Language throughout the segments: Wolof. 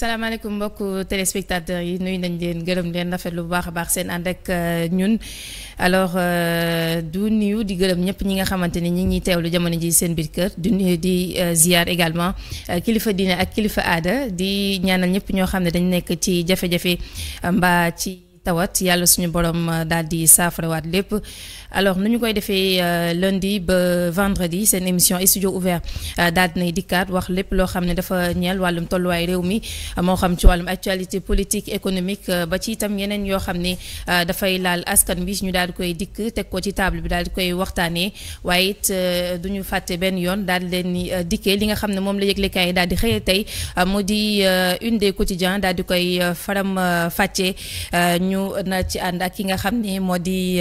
salaamaaleykum mbokk téléspectateurs yi nuyu nañ leen gërëm leen rafet bu baax a baax seen ànd ak euh, ñun alors euh, du nuyu di gërëm ñëpp ñi nga xamante ni ñi ngi teewlu jamono ji seen biir kër du nuyu di euh, ziar également kilifa diine ak kilifa aada di ñaanal ñëpp ñoo xam ne dañ nekk ci jafe-jafe mbaa ci tawat yàlla suñu borom daal di saafarawaat lépp alors nu ñu koy defee euh, lundi ba vendredi seen émission studio ouvert euh, daal dinay dikkaat wax lépp loo xam ne dafa ñeel wàllum tolluwaay réew mi moo xam ci wàllum actualité politique économique euh, ba ci itam yeneen yoo xam ne dafay laal askan bi ñu daal di koy dikk teg ko ci table bi daal di koy waxtaanee waaye it du ñu fàtte benn yoon daal di leen ni dikkee li nga xam ne moom la yëglekaay yi daal di xëyee tey mu di une des quotidiens daal di koy faram fàccee ñu na ci ànd ak ki nga xam ne moo di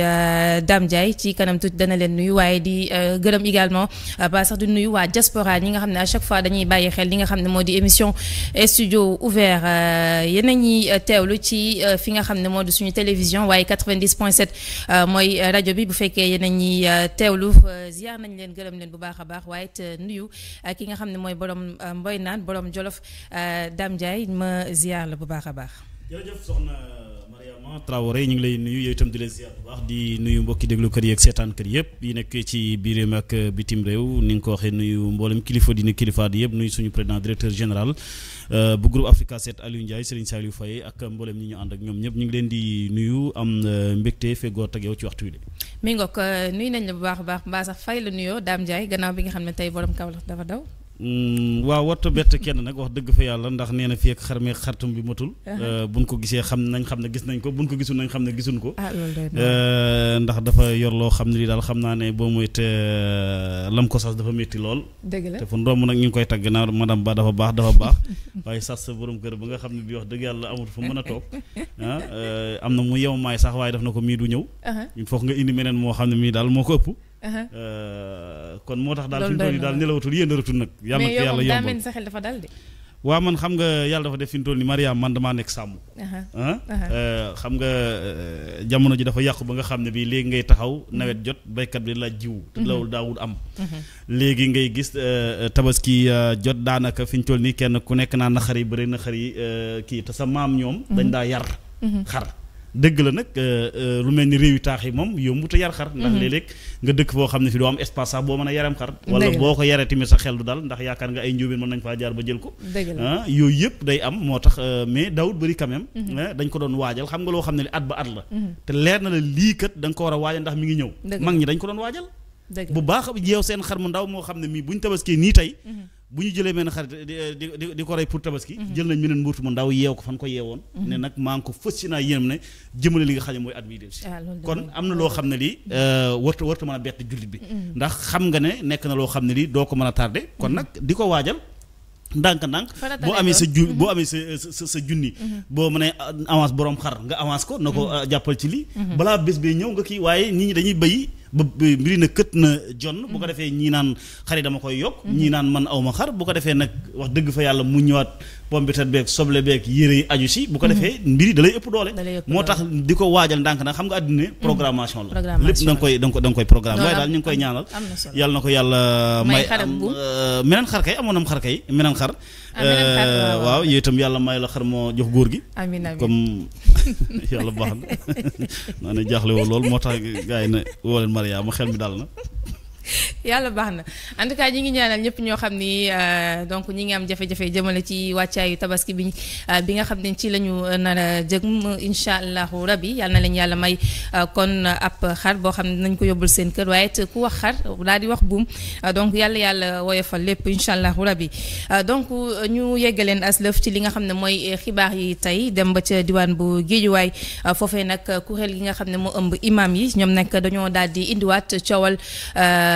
Dame Ndiaye ci kanam tuuti dana leen nuyu waaye di euh, gërëm également ba euh, sax di nuyu waa diaspora ñi nga xam ne à chaque fois dañuy bàyyi xel li nga xam ne moo di émission euh, studio ouvert yéen a ñuy teewlu ci fi nga xam ne moo di suñu télévision waaye 90 point 7 mooy rajo bi bu fekkee yéen ñi ñuy teewlu ziar nañ leen gërëm leen bu baax a baax waaye it nuyu ki nga xam ne mooy borom mboy naan boroom jolof Dame Ndiaye ma ziar la bu baax a baax. également Traoré ñu ngi lay nuyu yow itam di la ziar bu baax di nuyu mbokki déglu kër yi ak seetaan kër yëpp yi nekk ci biiram ak bitim réew ni nga ko waxee nuyu mboolem kilifa dina kilifaat yëpp nuyu suñu président directeur général euh, bu groupe Africa 7 Aliou Ndiaye Serigne Saliou Faye ak mboolem ñi ñu ànd ak ñoom ñëpp ñu ngi leen di nuyu am euh, mbégte feggoot ak yow ci waxtu wi de. mi ngoog euh, nuyu nañ la bu baax a baax mbaa sax fay la nuyoo Dame Ndiaye Mm, waaw warta bett kenn nag wax dëgg fa yàlla ndax nee na fii ak xarmee xartum bi matul euh, buñ ko gisee xam nañ xam ne gis nañ ko buñ ko gisul nañ xam ne gisuñ ko ah, euh, ndax dafa yor loo xam ne li daal xam naa ne boo mooy te euh, lam ko sas dafa metti lool te fu ndoom nag ñu ngi koy tagg naa madame ba dafa baax dafa baax waaye sas sa borom kër ba nga xam ne bii wax dëgg yàlla amul fa mën a toog ah am na mu yow maay sax waaye def na ko mii du ñëw il faut nga indi meneen moo xam ne mii daal moo ko ëpp Euh, kon moo tax daal fi mu toll nii daal nelawatul yéenaratul nag. yàlla na yàlla yombal mais dafa de. waaw man xam nga yàlla dafa def fi mu toll nii Mariam man damaa nekk sàmm. Ah? Euh, xam nga euh, jamono ji dafa yàqu ba nga xam ne bii léegi ngay taxaw nawet jot baykat bi la jiw. te mhm. loolu daawul am. Mhm. léegi ngay gis tabaski jot daanaka fi ñu toll nii kenn ku nekk naa naxar yi bëri naxar yi kii te sa maam ñoom. Mhm. dañ daa yar. xar. dëgg la nag euh, euh, lu mel ni réew yu taax yi moom yombut a yar xar ndax mhm. léeg-léeg nga dëkk foo xam ne fi doo am espace sax boo mën a yaram xar wala boo ko yaree tamit sa xel du daal ndax yaakaar nga ay njóobeen mën nañ faa jaar ba jël ko ah yooyu day am moo tax euh, mais daawut bëri quand mhm. ah, dañ ko doon waajal xam nga loo xam ne li at ba at la mhm. te leer na la lii kat da ko war a waajal ndax mi ngi ñëw mag ñi dañ ko doon waajal bu baax yeew seen xar mu ndaw moo bu ñu jëlee benn xarit eh, di di di ko rey pour tabaski. Mhm. jël nañ meneen mbuurtu mu ndaw yeew ko fan ko yeewoon. Mhm. ne nag maa ngi ko fës si naa yéenam ne jëmale li nga xam ne mooy at mi dem si. Ah, kon am na loo xam ne lii mhm. eh, warta warta mën a bett jullit bi. ndax xam nga ne nekk na loo xam ne lii doo ko mën a tàrde kon nag di ko waajal. ndànk-ndànk boo amee sa ju boo amee sa sa sa junni boo mënee eh, avance borom xar nga avance ko na ko jàppal ci lii balaa bés bee ñëw nga kii waaye nit ñi dañuy béy ba mbiri na kët na jonn bu ko mm-hmm. defee ñii naan xar yi dama koy yokk mm-hmm. ñii naan man awma xar bu ko defee nag wax dëgg fa yàlla mu ñëwaat pompitat beeg soble beeg yére yi aju si bu ko defee mm-hmm. mbiri da lay ëpp doole moo tax di ko waajal ndànk nag xam nga àddina programmation la lépp da koy da nga koy programme waaye daal ñu ngi koy ñaanal na ko yàlla may euh, meneen xar kay amoon am xar kay meneen ah, euh, waaw yooyu itam yàlla may xar moo jox góor gi amiin na naa ne jaaxle woo loolu moo tax yi ne woo leen Mariama xel mi dal na yàlla baax na en tout cas ñi ngi ñaanal ñëpp ñoo xam ni euh, donc ñi ngi am jafe-jafe jëmale ci wàccaayu tabaski bi euh, bi nga xam ne ci la ñu euh, nar a jëm incha allahu rabi yàlla na leen yàlla may kon ab xar boo xam ne nañ ko yóbbul seen kër waaye te ku wax xar daal di wax buum donc yàlla yàlla woyofal lépp incha allahu rabi donc ñu yeggaleen aslëf ci li nga xam ne mooy xibaar yi tey dem ba ca diwaan bu géejuwaay foofee nag kuréel gi nga xam ne moo ëmb imaam yi ñoom nag dañoo daal di indiwaat coowal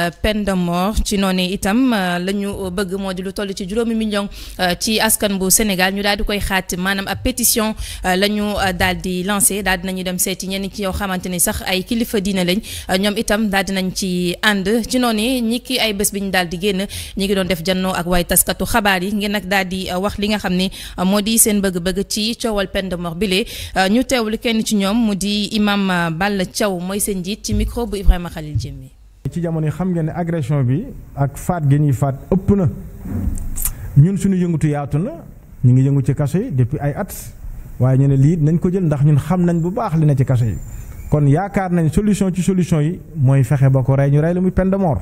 peine de mort ci noonu itam euh, la ñu bëgg moo di lu toll ci juróomi million euh, ci askan bu Sénégal ñu daal di koy xaat maanaam ab pétition euh, la ñu daal di lancé daal di nañu dem seeti ñenn ci yow xamante ni sax ay kilifa diine lañ ñoom itam daal di nañ ci ànd ci noonu ñi ki ay bés bi ñu daal di génn ñi ngi doon def jannoo ak waaye taskatu xabaar yi ngeen nag daal di wax li nga xam ni moo di seen bëgg-bëgg ci coowal peine de mort bile ñu teewlu kenn ci ñoom mu di imam Balla Thiaw mooy seen njiit ci micro bu Ibrahima Khalil Jemmi ci jamono yi xam ngeen ne agression bi ak faat gen ñuy faat ëpp na ñun suñu yëngutu yaatu na ñu ngi yëngu ci kaso yi depuis ay at waaye ñu ne lii nañ ko jël ndax ñun xam nañ bu baax li na ci kaso yi kon yaakaar nañ solution ci solution yi mooy fexe ba ko rey ñu rey la muy peine de mort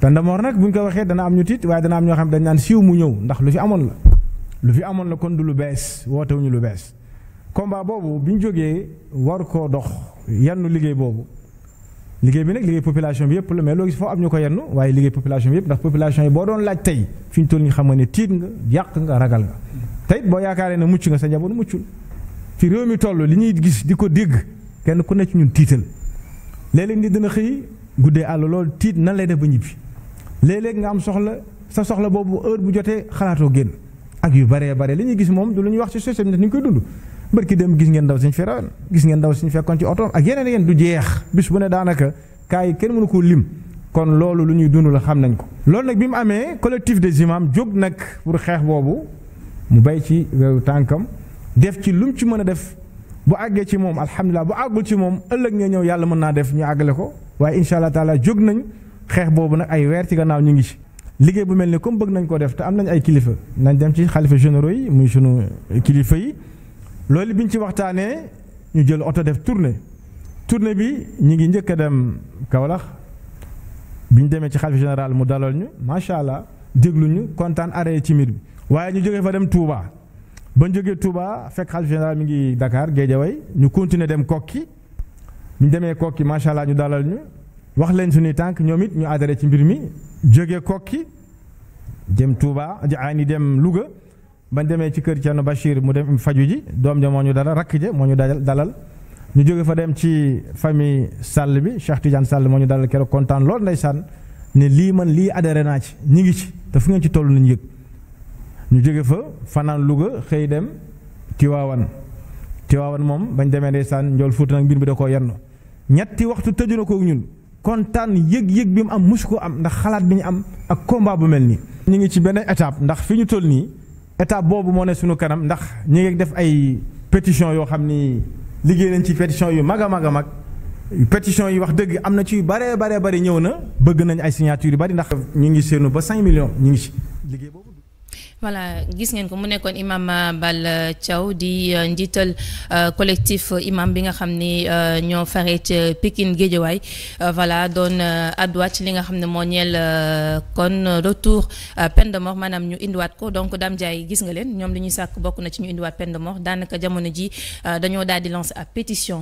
peine de mort nag buñ ko waxee dana am ñu tiit waaye dana am ñoo xam ne dañ naan siiw mu ñëw ndax lu fi amoon la lu fi amoon la kon du lu bees wootewuñu lu bees combat boobu biñ jógee war koo dox yannu liggéey boobu liggéey bi nag liggéey population bi yëpp la mais loolu foofu am ñu ko yenn waaye liggéey population bi yëpp ndax population yi boo doon laaj tey fi ñu toll ñu xam nga ne tiit nga yàq nga ragal tey boo yaakaaree ne mucc nga sa njaboot muccul fi réew mi toll li ñuy gis di ko dégg kenn ku ne ci ñun tiital léeg-léeg nit dina xëy guddee àll loolu tiit nan lay def ba ñibbi léeg léegi nga am soxla sa soxla boobu heure bu jotee xalaatoo génn ak yu baree bare li ñuy gis moom du lu ñuy wax ci société bi ni ñu koy dund ki dem gis ngeen ndaw suñ feroon gis ngeen ndaw suñ fekkoon ci oto ak yeneen yéen du jeex bis bu ne daanaka kaa yi kenn mënu koo lim kon loolu lu ñuy dund la xam nañ ko. loolu nag bi mu amee collectif des imams jóg nag pour xeex boobu mu bay ci wewu tànkam def ci lu mu ci mën a def bu àggee ci moom alhamdulilah bu àggul ci moom ëllëg nga ñëw yàlla mën naa def ñu àggale ko waaye incha allah taala jóg nañ xeex boobu nag ay weer ci gannaaw ñu ngi ci. liggéey bu mel ni comme bëgg nañ koo def te am nañ ay kilifa nañ dem ci xalifa yi muy kilifa yi loolu bi ñu ci waxtaanee ñu jël oto def tournée tournée bi ñu ngi njëkk a dem Kaolack bi ñu demee ci xalif général mu dalal ñu macha allah déglu ñu kontaan arrêté ci mbir bi waaye ñu jógee fa dem Touba ba ñu jógee Touba fekk xalif général mi ngi Dakar Guédiawaye ñu continuer dem Kokki bi ñu demee Kokki macha allah ñu dalal ñu wax leen suñuy tànk ñoom it ñu adhéré ci mbir mi jógee Kokki dem Touba ani dem Louga. bañ demee ci kër Thierno Bachir mu dem faju ji doom ja moo ñu dalal rakk ja moo ñu dalal ñu jóge fa dem ci famille Sall bi Cheikh Tidiane Sall moo ñu dalal keroog kontaan lool ndeysaan ni lii man lii adhéré naa ci ñu ngi ci te fu ngeen ci toll nañu yëg ñu jóge fa fanaan Louga xëy dem Tiwaawan Tiwaawan moom bañ demee ndeysaan njool fuuta nag mbir bi da koo yenn ñetti waxtu tëju na kook ñun kontaan yëg-yëg bi mu am musu ko am ndax xalaat bi ñu am ak combat bu mel nii. ñu ngi ci benn étape ndax fi ñu toll nii. étape boobu moo ne suñu kanam ndax ñi ngi def ay pétition yoo xam ni liggéey nañ ci pétition yu mag a mag a mag pétition yi wax dëgg am na ci yu bare bare bare ñëw na bëgg nañ ay signature yu bari ndax ñu ngi seenu ba 5 millions ñu ngi ci liggéey boobu voilà gis ngeen ko mu nekkoon imam Bal Thiaw di euh, njiital euh, collectif imam bi nga xam ni euh, ñoo fare ca Pikine Guédiawaye voilà doon adduwaat ci li nga xam ne moo ñeel kon retour peine de mort maanaam ñu indiwaat ko donc Dame Ndiaye gis nga leen ñoom li ñuy sàkk bokk na ci ñu indiwaat peine de daanaka jamono ji dañoo daal di lancer ab pétition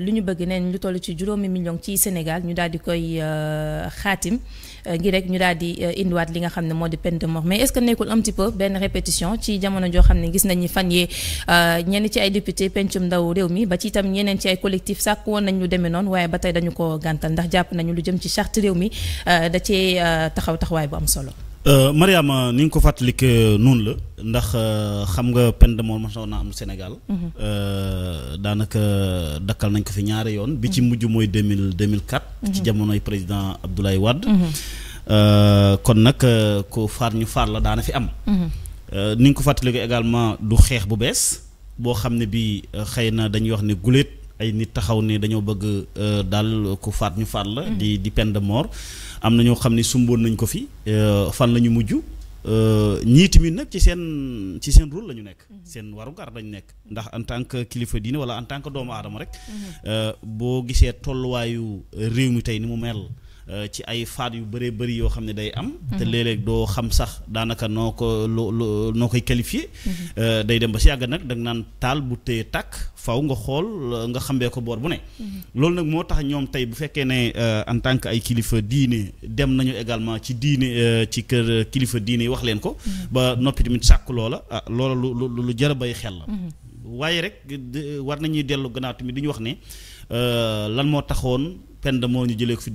lu ñu bëgg neen lu toll ci juróomi million ci Sénégal ñu daal di koy xaatim ngir rek ñu daal di euh, indiwaat li nga xam ne moo di peine de mort mais est-ce que nekkul un petit peu benn répétition ci jamono joo xam ne gis nañu fan yee euh, ñenn ci ay député pencum ndaw réew mi ba ci itam ñeneen ci ay collectif sàkk woon nañ ñu demee noonu waaye ba tey dañu ko gàntal ndax jàpp nañu lu jëm ci charte réew mi euh, da cee taxaw taxawaay bu am solo. Euh, Mariama ni nga ko fàttalik noonu la ndax euh, xam nga peine de mort mosoon na am Sénégal. Mhm. Euh, daanaka dakkal nañ ko fi ñaari yoon. bi ci mujj mooy deux mille deux mille quatre. Mhm. ci jamonoy président Abdoulaye Wade. Mhm. kon nag ko faar ñu faar la daana fi am. ni nga ko fàttaliku également du xeex bu bees boo xam ne bi xëy na dañuy wax ne guléet. ay nit taxaw ne dañoo bëgg euh, daal ku faat ñu faat la. Mm-hmm. di di peine de am na ñoo xam ne sumboon nañ ko fi euh, fan la ñu mujj. Euh, ñii mi nag ci seen ci seen rôle la ñu nekk mm-hmm. seen warugar dañ nekk ndax en tant que kilifa diine wala en tant que doomu aadama rek mm-hmm. boo gisee tolluwaayu réew mi tey ni mu mel Euh, ci ay faat yu bëree bëri yoo xam ne day am. te mhm. léeg doo xam sax daanaka noo ko loo loo noo koy qualifié. Mhm. Euh, day dem ba si yàgg nag da naan taal bu téye tàkk faw nga xool euh, nga xambee ko boor bu ne. Mhm. loolu nag moo tax ñoom tey bu fekkee ne en tant que ay kilifa diine dem nañu également ci diine ci kër kilifa diine yi wax leen ko. ba noppi tamit sàkk loola ah loola lu lu lu jar bay xel la. waaye rek war nañuy dellu gannaaw tamit di ñu wax ne lan moo taxoon Penda moo ñu jëlee ko fi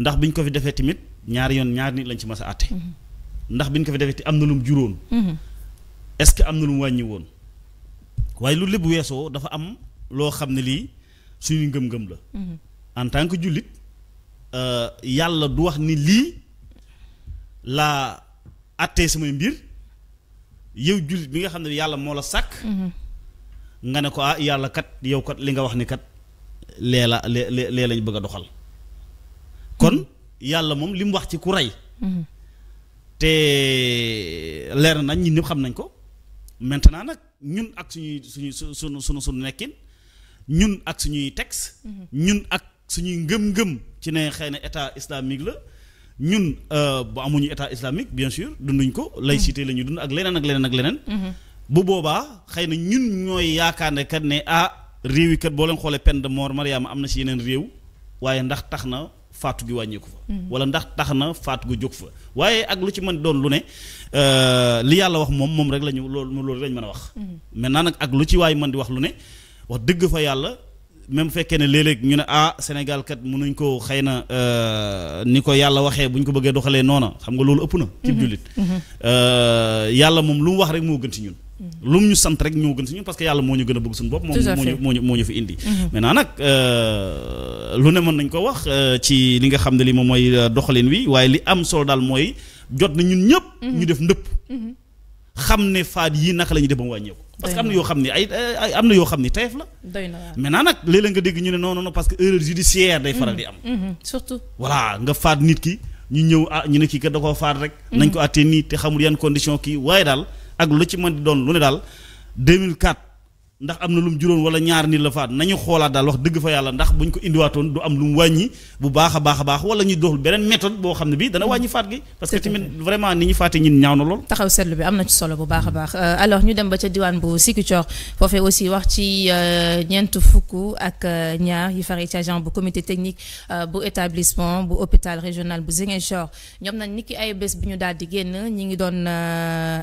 ndax biñ ko fi defee tamit ñaari yoon ñaari nit lañ ci mas a àtte mm-hmm. ndax biñ ko fi defee ti am na lum juróon mm-hmm. est-ce que am na lum wàññi woon waaye lu lépp weesoo dafa am loo xam ne lii suñu ngëm-ngëm la mm-hmm. en tant que jullit euh, yàlla du wax ni lii laa àttee samay mbir yow jullit bi nga xam ne yàlla moo la sàkk nga ne ko ah yàlla kat yow kat li nga wax ni kat lee la lee lee lañ bëgg a doxal kon yàlla moom li wax ci ku rey. Mm-hmm. te leer nañ ñun ñëpp xam nañ ko maintenant nag ñun ak suñuy suñuy su suñu suñu nekkin ñun ak suñuy tex mm-hmm. ñun ak suñuy ngëm-ngëm ci ne xëy na état islamique la ñun euh, bu amuñu état islamique bien sûr dunduñ ko. Mm-hmm. laïcité la ñuy dund ak leneen ak leneen ak leneen. bu boobaa xëy na ñun ñooy yaakaar ne kat ne ah réew kat boo leen xoolee peine de mort Mariama am na si yeneen réew waaye ndax tax na. faatu gi wàññeeku fa. Mm-hmm. wala ndax tax na faat gu jóg fa waaye ak lu ci mën doon lu ne euh, li yàlla wax moom moom rek la ñu loolu loolu rek lañ mën a wax. Mm-hmm. maintenant nag ak lu ci waay man di wax lu ne wax dëgg fa yàlla. même fekkee ne léeg ñu ne ah Sénégal kat mënuñ ko xëy na euh, ni ko yàlla waxee bu ñu ko bëggee doxalee noona xam nga loolu ëpp na. cib mm-hmm. jullit euh, yàlla moom lu mu wax rek moo gën ci ñun. lu mu ñu sant rek ñoo gën si ñun parce que yàlla moo ñu gën a bëgg suñu bopp. moom moo ñu moo ñu fi indi. Mhm. maintenant nag euh, lu ne mën nañ ko wax euh, ci li nga xam ne li moom mooy euh, doxalin wi waaye li am solo daal mooy jot na ñun ñëpp. Mhm. ñu def ndëpp. Mhm. xam ne faat yii naka la ñuy def ba mu wàññeeku. parce que am nga ñu ne non non parce que erreur judiciaire faat nit ki ñu ñëw ah ñu ne kii kat da faat rek. nañ ko àttee nii te xamul yan condition kii waaye daal ak lu ci mën di doon lu ne daal 2004 ndax am na lu mu juróon wala ñaar nit la faat nañu xoolaat daal wax dëgg fa yàlla ndax buñ ko indiwaatoon du am lu mu wàññi bu baax a baax a baax wala ñu doxul beneen méthode boo xam ne bi dana wàññi faat gi parce que tamit vraiment ni ñu faatee ñun ñaaw na lool taxaw seetlu bi am na ci solo bu baax a baax euh, alors ñu dem ba ca diwaan bu Ziguinchor foofee aussi wax ci euh, ñeent fukk ak euh, ñaar yi fare ci agent bu commité technique bu établissement bu hôpital régional bu Ziguinchor ñoom nag niki ay bés bi ñu daal di génn ñi ngi doon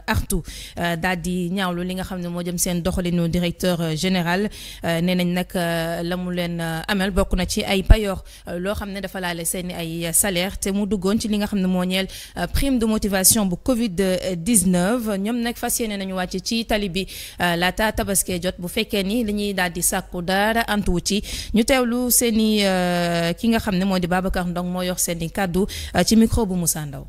artu daal di ñaawlu li nga xam ne moo jëm seen doxalinu direct directeur euh, général euh, nee nañ nag euh, la mu leen amal bokk na ci ay payoor loo xam ne dafa laale seen ay salaire te mu duggoon ci li nga xam ne moo ñeel prime de motivation bu Covid 19 ñoom nag fas yéene nañu wàcc ci tali bi laata tabaskee jot bu fekkee ni li ñuy daal di sàkku dara antuwu ci ñu teewlu seen i ki nga xam ne moo di Babacar Ndong moo yor seen i kàddu ci micro bu Moussa Ndaw.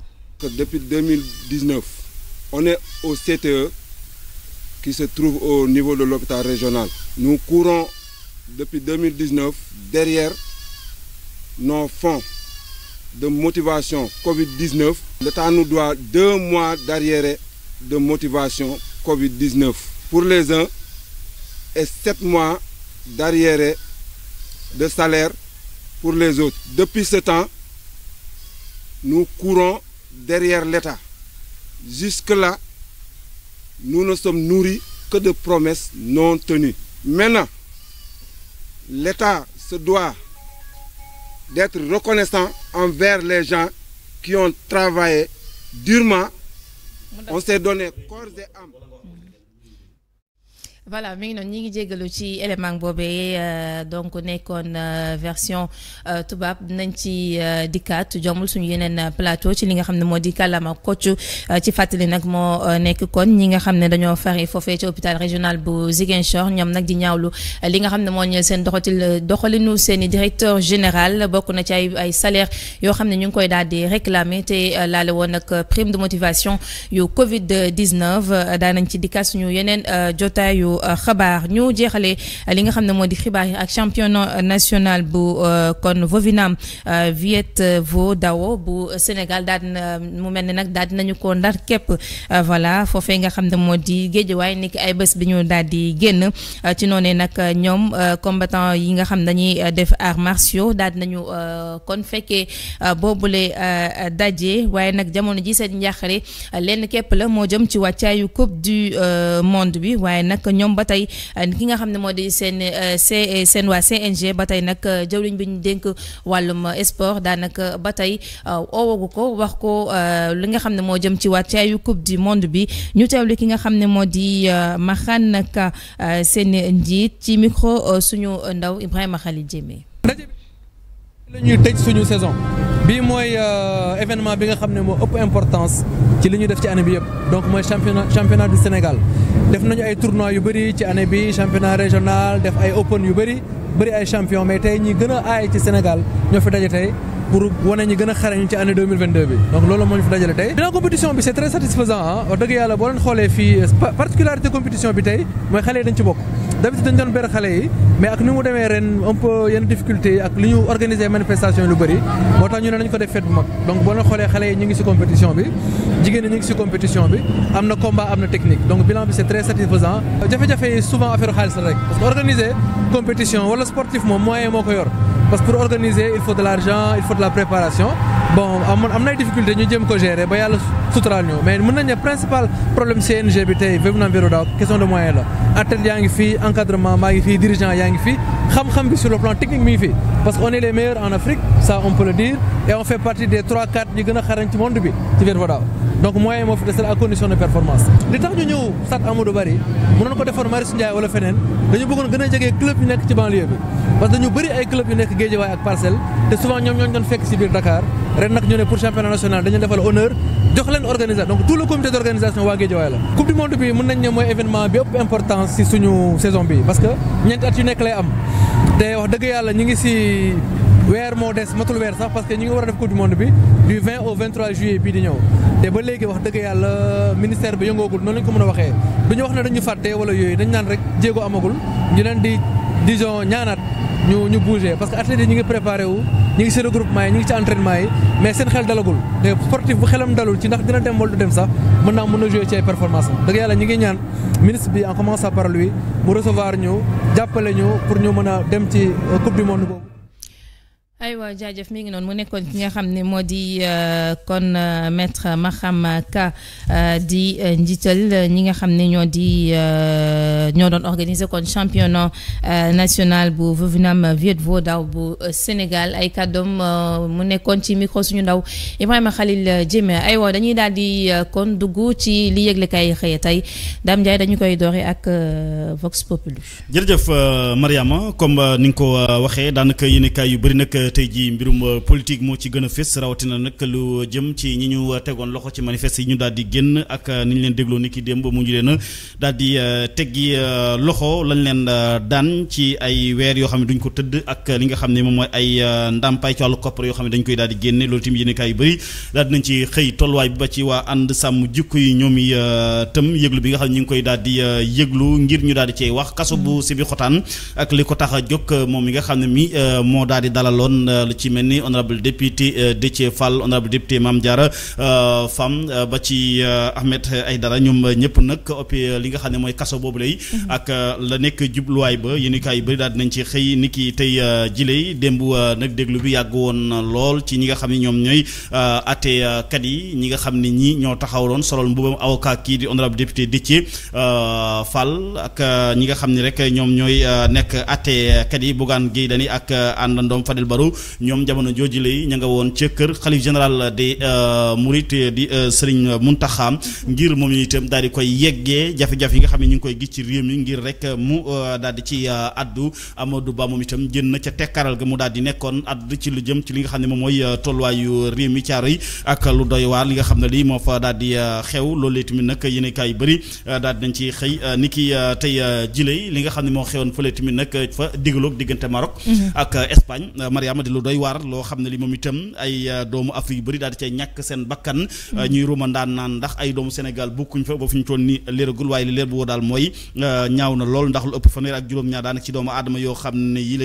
qui se trouve au niveau de l'hôpital régional. Nous courons depuis 2019 derrière nos fonds de motivation Covid-19. L'État nous doit deux mois d'arriérés de motivation Covid-19 pour les uns et sept mois d'arriérés de salaire pour les autres. Depuis ce temps, nous courons derrière l'État. Jusque-là, nous ne sommes nourris que de promesses non tenues. Maintenant, l'État se doit d'être reconnaissant envers les gens qui ont travaillé durement. On s'est donné corps et âme. voilà mi ngi noonu ñi ngi jégalu ci élément boobee euh, donc nekkoon euh, version euh, tubaab dinañ ci dikkaat jomul suñu yeneen plateau ci li nga xam ne moo di kalama kocc ci fàttali nag moo nekk kon ñi nga xam ne dañoo fari foofee ci hôpital régional bu Ziguinchor ñoom nag ji ñaawlu li nga xam ne moo ñeel seen doxatil doxalinu seen i directeur général bokk na ci ay ay salaire yoo xam ne ñu ngi koy daal di réclamer te laale woon nag prime de motivation yu Covid 19 daanañ ci dikkaat suñu yeneen jotaayu. taskatu xabaar ñu jeexale euh, li nga xam ne moo di xibaar yi ak championnat national bu euh, kon Vovinam euh, Viet-Vo Dao bu Sénégal daal dina mu mel ni nag daal dinañu ko ndar képp voilà foofee nga xam ne moo di waaye nekk ay bés bi ñu daal di génn ci noonee nag ñoom combattant yi nga xam dañuy def arts martiaux daal dinañu kon fekkee boobule daje waaye nag jamono ji seen njàqare lenn képp la moo jëm ci wàccaayu coupe du monde bi waaye nag ñoom ba tey eh, ki nga xam ne moo di seen eh, c eh, seen CNG ba tey nag jawriñ bi ñu dénk wàllum sport daanaka ba tey oowagu ko wax ko li nga xam ne moo jëm ci wàccaayu coupe du monde bi ñu teewlu ki nga xam ne moo di Makhane Ka seen njiit ci micro suñu ndaw Ibrahima Khalil Diémé la ñuy tëj mooy événement bi nga xam ne moo ëpp importance ci li ñu def ci année bi yëpp donc mooy championnat du Sénégal def nañu ay tournois yu bëri ci année bi championnat régional def ay open yu bëri bëri ay champion mais tey ñi gën a aay ci Sénégal ñoo fi daje tey pour wane ñi gën a xarañ ci année 2022 bi donc loolu moo ñu fi dajale tey dina compétition bi c'est très satisfaisant ah dëgg yàlla boo leen xoolee fii euh, particularité compétition bi tey mooy xale dañ ci bokk d'habitude dañ doon ber xale yi mais ak ni mu demee ren un peu yenn difficulté yi ak li ñu organiser manifestation yi lu bëri moo tax ñu ne nañ ko def fête bu mag donc boo leen xoolee xale yi ñu ngi si compétition bi jigéen ni ñu ngi si compétition bi am na combat am na technique donc bilan bi c'est très satisfaisant jafe-jafe yi souvent affaire xaalis la rek parce que organiser compétition wala sportif moom moyen moo ko yor parce que pour organiser il faut de l'argent il faut de la préparation bon amoon am nay difficulté ñu jéem ko gérer ba yàlla suturaal ñu mais mën nañ ne principal problème CNG bi tey Vémouna Mbirou question de moyen la athlète yaa ngi fii encadrement maa ngi fii dirigeant yaa ngi fi xam-xam bi sur le plan technique mi ngi parce que on est les en Afrique ça on peut le dire et on fait partie des trois quatre ñi gën a ci monde bi ci donc moyen moo fi desal à condition de performance li tax ñu ñëw stade Amadou Barry mënoon ko defoon Marius Ndiaye wala feneen dañu bëggoon gën a jege club yu nekk ci banlieue bi parce te souvent ñoom ñoo doon fekk si biir Dakar ren nag ñu ne pour championnat national dañu defal honneur jox leen organisation donc tout le comité d' waa Guédiawaye la coupe du monde bi mën nañ mooy événement bi ëpp importance si suñu saison bi weer moo des matul weer sax parce que ñu ngi war a def coupe du monde bi du au juillet bii di ñëw te ba léegi wax dëgg yàlla ministère bi yëngoogul noonu lañ ko mën a waxee du ñu wax ne dañu fàtte wala yooyu dañ naan rek jéego amagul ñu leen di disons ñaanaat ñu ñu parce que athlètes yi ñu ngi préparé wu ñu ngi ci regroupement yi ñu ngi ci mais seen xel dalagul te sportif bu xelam dalul ci ndax dina dem wala dem sax mën naa mën a jouer ci ay performance am dëgg yàlla ñu ngi ñaan ministre bi en commençant par lui a dem ci euh, aywa jaajëf mi ngi noonu mu nekkoon ki nga xam ne moo di euh, kon euh, maître Maham Ka euh, di njiital ñi nga xam ne ñoo di ñoo doon organiser kon championnat national bu Vovinam Viet Vo bu Sénégal ay kàddoom mu nekkoon ci micro suñu ndaw Ibrahima Khalil Diémé aywa dañuy daal di kon dugg ci li yëgle kay xëye tey Dame Ndiaye dañu koy doxe ak Vox Populi. jërëjëf Mariama comme ni nga ko waxee daanaka yéen kay yu bëri nag. tey jii mbirum euh, politique moo ci gën a fës rawatina nag lu jëm ci ñi ñu euh, tegoon loxo ci manifeste yi ñu daal di génn ak euh, ni ñu leen dégloo ni ki démb mu ñu leen daal di teggi loxo lañ leen daan ci ay weer yoo xam ne duñ ko tëdd ak li nga xam ne moom mooy ay ndàmpaay ci wàllu koppar yoo xam ne dañ koy daal di génne loolu tamit yéenekaay yu bëri daal dinañ ci xëy tolluwaay bi ba ci waa ànd sàmm jikko yi ñoom yi tëm yëglu bi nga xam ne ñu ngi koy daal di yëglu ngir ñu daal wax kaso bu mm. si kon euh, lu ci mel ni honorable député euh, Déthié Fall honorable député Mame Diarra euh, Fam ba ci Ahmed Aïdara ñoom ñëpp nag oppi li nga xam ne mooy kaso boobu lay mhm. ak la nekk jubluwaay ba yéen kaay yu bëri daal dinañ ci xëy ni ki tey jiley démb nag déglu bi yàgg woon lool ci ñi nga xam ne ñoom ñooy àttekat yi ñi nga xam ne ñi ñoo taxawloon solol mbubam avocat kii di honorable député Déthié Fall ak ñi nga xam ne rek ñoom ñooy nekk àttekat yi Bougane Guèye Dany loolu ñoom jamono jooju lay ña nga woon ca kër xalif de des euh, Mourides euh, di euh, Serigne Mountakha ngir moom itam daal di koy yeggee jafe-jafe yi nga xam ne ñu ngi koy gis ci réew mi ngir rek mu daal di ci addu Amadou Ba moom itam jën na ca tekkaral ga mu daal di nekkoon addu ci lu jëm ci li nga xam ne moom mooy tolluwaayu réew mi caaro yi ak lu doy waar li nga xam ne lii moo fa daal di xew loolu tamit nag yéen kaay yu bëri daal dinañ ci xëy ni ki tey jiley li nga xam ne moo xewoon fële tamit nag fa digaloog diggante Maroc mhm. jàmm di lu doy waar loo xam ne li moom itam ay euh, doomu Afrique yu bëri daal di cay ñàkk seen bakkan mm-hmm. euh, ñuy rumandaan naan ndax ay doomu Sénégal bokkuñ fa ba fu ñu toll ni léeragul waaye li leer bu woo daal mooy euh, ñaaw na lool ndax yi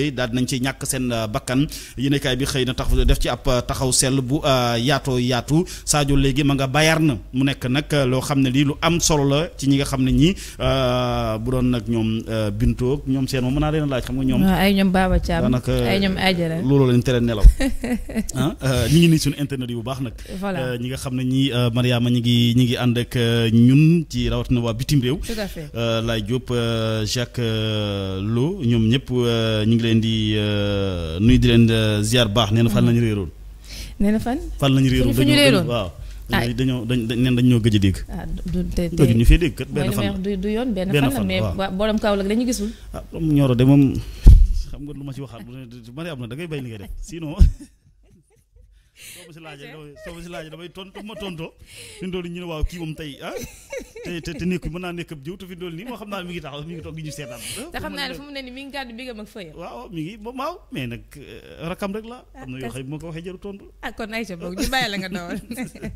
lay bi xëy na tax def ci ab taxaw sell bu yaatoo yaatu Sadio léegi ma nga na mu nekk nag loo xam ne lii lu am solo la ci ñi nga xam ne ñi bu doon nag ñoom bintoog ñoom seen moom mën naa leen laaj xam nga ñoom ay ñoom Baba Thiam ay ñoom Adjara looloo leen tere nelaw ah euh, ñu ngi nii suñu internet yu baax nag. voilà euh, ñi nga xam ne ñii euh, Mariama ñi ngi ñi ngi ànd ak ñun ci rawatina waa bitim réew. tout à fait Laye Diop Jacques Lo ñoom ñëpp ñu ngi leen di nuy di leen ziar baax nee fan lañu réeroon. Mm-hmm. nee na fan. fan lañu réeroon waaw. Ah. dañoo dañ dañ ñoo gëj a dégg. ah ñu fee dégg kat. benn fan la du yoon benn fan la mais borom Kaolack dañu gisul. ah ñoro de moom. am nga lu ma ci waxaat bu ne ma ne soo ma si laajee soo ma si laajee damay tontu ma tontoo fi mu toll nii ñu ne waaw kii moom tey ah te te te nekk mën naa nekk ab jiw te fi mu toll nii moo xam naa mi ngi taxaw mi ngi toog di ñu seetaan. te ah, xam naa ne fu mu ne nii mi ngi gàddu bi gëm ak fëyam. waaw mi ngi ba maaw mais nag euh, rakam rek la ah, am na yoo xam ne moo ko waxee jaru tontu. ah kon Aïcha boog ñu bàyyi la nga dawal.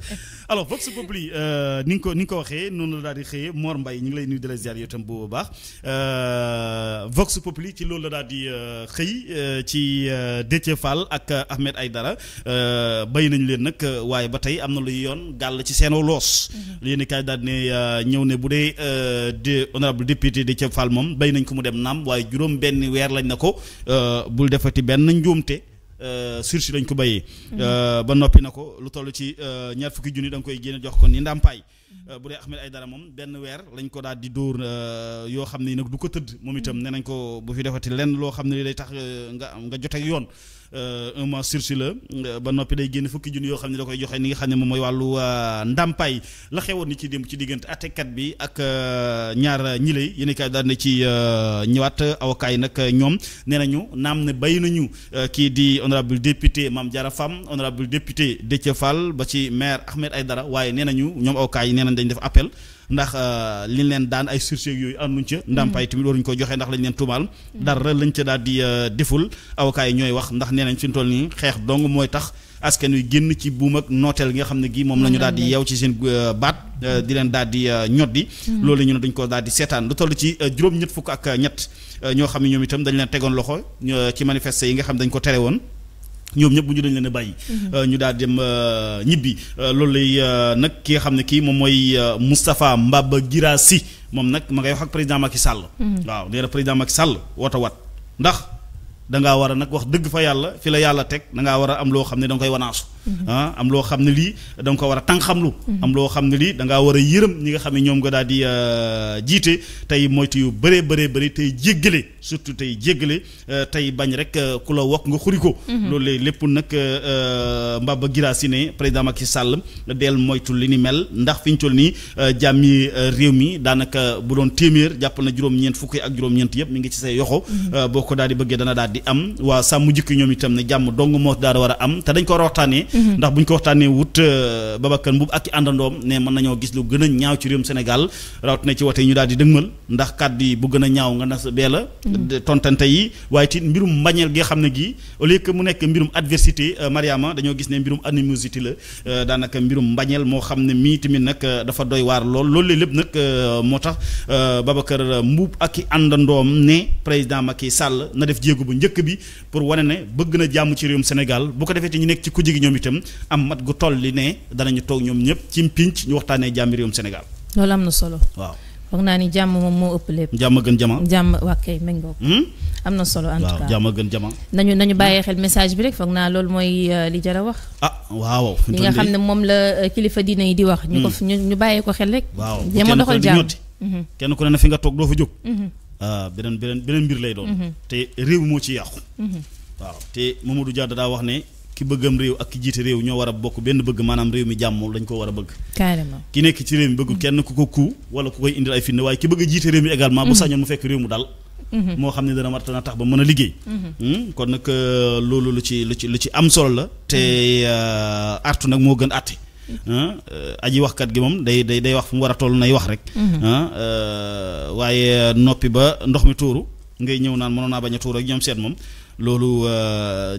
alors Vox Populi euh, ni nga ko ni nga ko waxee noonu la daal di xëyee Mor Mbaye ñu ngi lay nuyu di la ziar yow itam bu baax euh, Vox Populi ci loolu la daal di xëy ci Déthié Fall ak Ahmed Aïdara bay nañ leen nag euh, waaye ba tey am na luy yoon gàll ci seen loos. Mhm. lii ni kaay daal ne euh, ñëw ne bu dee euh, de honorable député Déthié Fall moom bay nañ ko mu dem naam waaye juróom benn weer lañ na ko bul defati benn njuumte. sursi lañ ko béyee. Mhm. ba noppi na ko lu toll ci ñaar fukki junni da nga koy génne jox ko ni ndàmpaay. Mhm. bu dee Ahmed Aïdara moom benn weer lañ ko daal di dóor yoo xam ne nag du ko tëdd. moom itam ne nañ ko bu fi defati lenn loo xam ne li day tax nga nga jot yoon. Euh, un mois sursis la euh, ba noppi day génn fukki junni yoo xam ne da koy joxe ni nga xam ne moom mooy wàllu euh, ndàmpaay la xewoon ni ci démb ci diggante àttekat bi ak ñaar ñile lay yéen kaay daal na ci ñëwaat avocat yi nag ñoom nee nañu naam ne bay nañu kii di honorable député maam Diarra Fam honorable député Déthié Fall ba ci maire Ahmed Aïdara waaye nee nañu ñoom avocat yi nee nañ dañu def appel ndax euh, li leen daan ay sursis yooyu ànduñ ca ndàmpaay tamit waruñ ko joxe ndax lañ leen tuumaal dara lañ ca daal di euh, deful avocat ñooy wax ndax nee nañ fi ñu toll nii xeex dong mooy tax askan wi génn ci buum ak nooteel gi nga xam ne gi moom la ñu daal di yeew ci seen euh, baat di leen daal di ñoddi hmm. loolu ñu ne dañ ko daal di seetaan lu toll ci juróom-ñett fukk ak ñett ñoo xam ne ñoom itam dañ leen tegoon loxo ci manifester yi nga xam dañ ko tere woon ñoom ñëpp bu ñu dañ leen a bàyyi mhm. euh, ñu daal dem euh, ñibbi euh, loolu lay nag ki xam ne kii moom mooy Moustapha Mbaba Guirassy moom nag ma ngay wax ak président Macky Sall mhm. waaw nee na président Macky Sall woota wat ndax dangaa war a nag wax dëgg fa yàlla fi la yàlla teg dangaa war a am loo xam ne danga koy wanaasu Mm-hmm. ah am loo xam ne lii da ko war a tànqamlu mm-hmm. am loo xam ne lii da ngaa war a yërëm ñi nga xam ne ñoom nga daal di euh, jiite tey moytu yu bëree bëree bëri tey jéggale surtout tey jéggale euh, tey bañ rek euh, ku la wokk nga xuri ko mm-hmm. loolu léegi lépp nag Mbaba Guirassy ne président Macky Sall del moytu li ni mel ndax fi ñu toll nii jàmmi réew mi daanaka bu doon téeméer jàpp na juróom-ñeent fukki ak juróom-ñeent yëpp mi ngi ci say yoxo boo ko daal di bëggee dana daal di am waa sàmm ñoom itam ne jàmm dong moo daal war a am te dañ ko Mm-hmm. ndax bu ñu ko waxtaanee wut euh, Babacar Mbuub ak i àndandoom ne mën nañoo gis lu gën a ñaaw ci réewum Sénégal rawatina ci wote yi ñu daal di dëgmal ndax kàddu yi bu gën a ñaaw nga nas bee la mm-hmm. tontante yi waaye it mbirum mbañeel gi xam ne gii au lieu que mu nekk mbirum adversité euh, Mariama dañoo gis ne mbirum animosité la euh, daanaka mbirum mbañeel moo xam ne mii tamit nag dafa doy waar lool loolu lépp nag moo tax Babacar Mbuub ak i àndandoom ne président Macky Sall na def jéego bu njëkk bi pour wane ne bëgg na jàmm ci réewum Sénégal bu defee ñu nekk ci kujje gi ñoom it itam am mat gu toll li ne danañu toog ñoom ñëpp ci mpinc ñu waxtaanee jàmmi réewum Sénégal. loolu am na solo. waaw foog naa ni jàmm moom moo ëpp lépp. jàmm gën jama. jàmm waa kay méngoo hmm? am na solo en tout cas waaw jàmm gën jama. nañu nañu bàyyee xel message bi rek foog naa loolu mooy euh, li jar a wax. ah waaw. li nga xam ne moom la euh, kilifa diina yi di wax. ñu ko hmm. ñu ñu bàyyee ko xel rek. waaw jama doxal jàmm mhm. kenn ku ne na fi nga toog doo fa jóg. Mhm. Ah, beneen beneen beneen mbir lay doon. Mhm. te réew moo ci yàqu. waaw te Mamadou Dia daa wax ne ki bëggam réew ak ki jiite ñoo war bokk benn bëgg maanaam réew mi ko war a ki nekk ci réew ku ko kuu wala ku koy indil ay fitna waaye ki a jiite réew mi également mhm. mhm. xam ne dana war dana tax ba mën a liggéey mhm. hmm? kon nag euh, loolu lu ci lu ci lu ci am solo la te euh, artu nag moo gën àtte euh, aji waxkat gi moom day day day wax fu mu war a toll nay wax rek waaye noppi ba ndox mi tuuru ngay ñëw naan mënoon naa bañ a tuuru ak ñoom seet moom loolu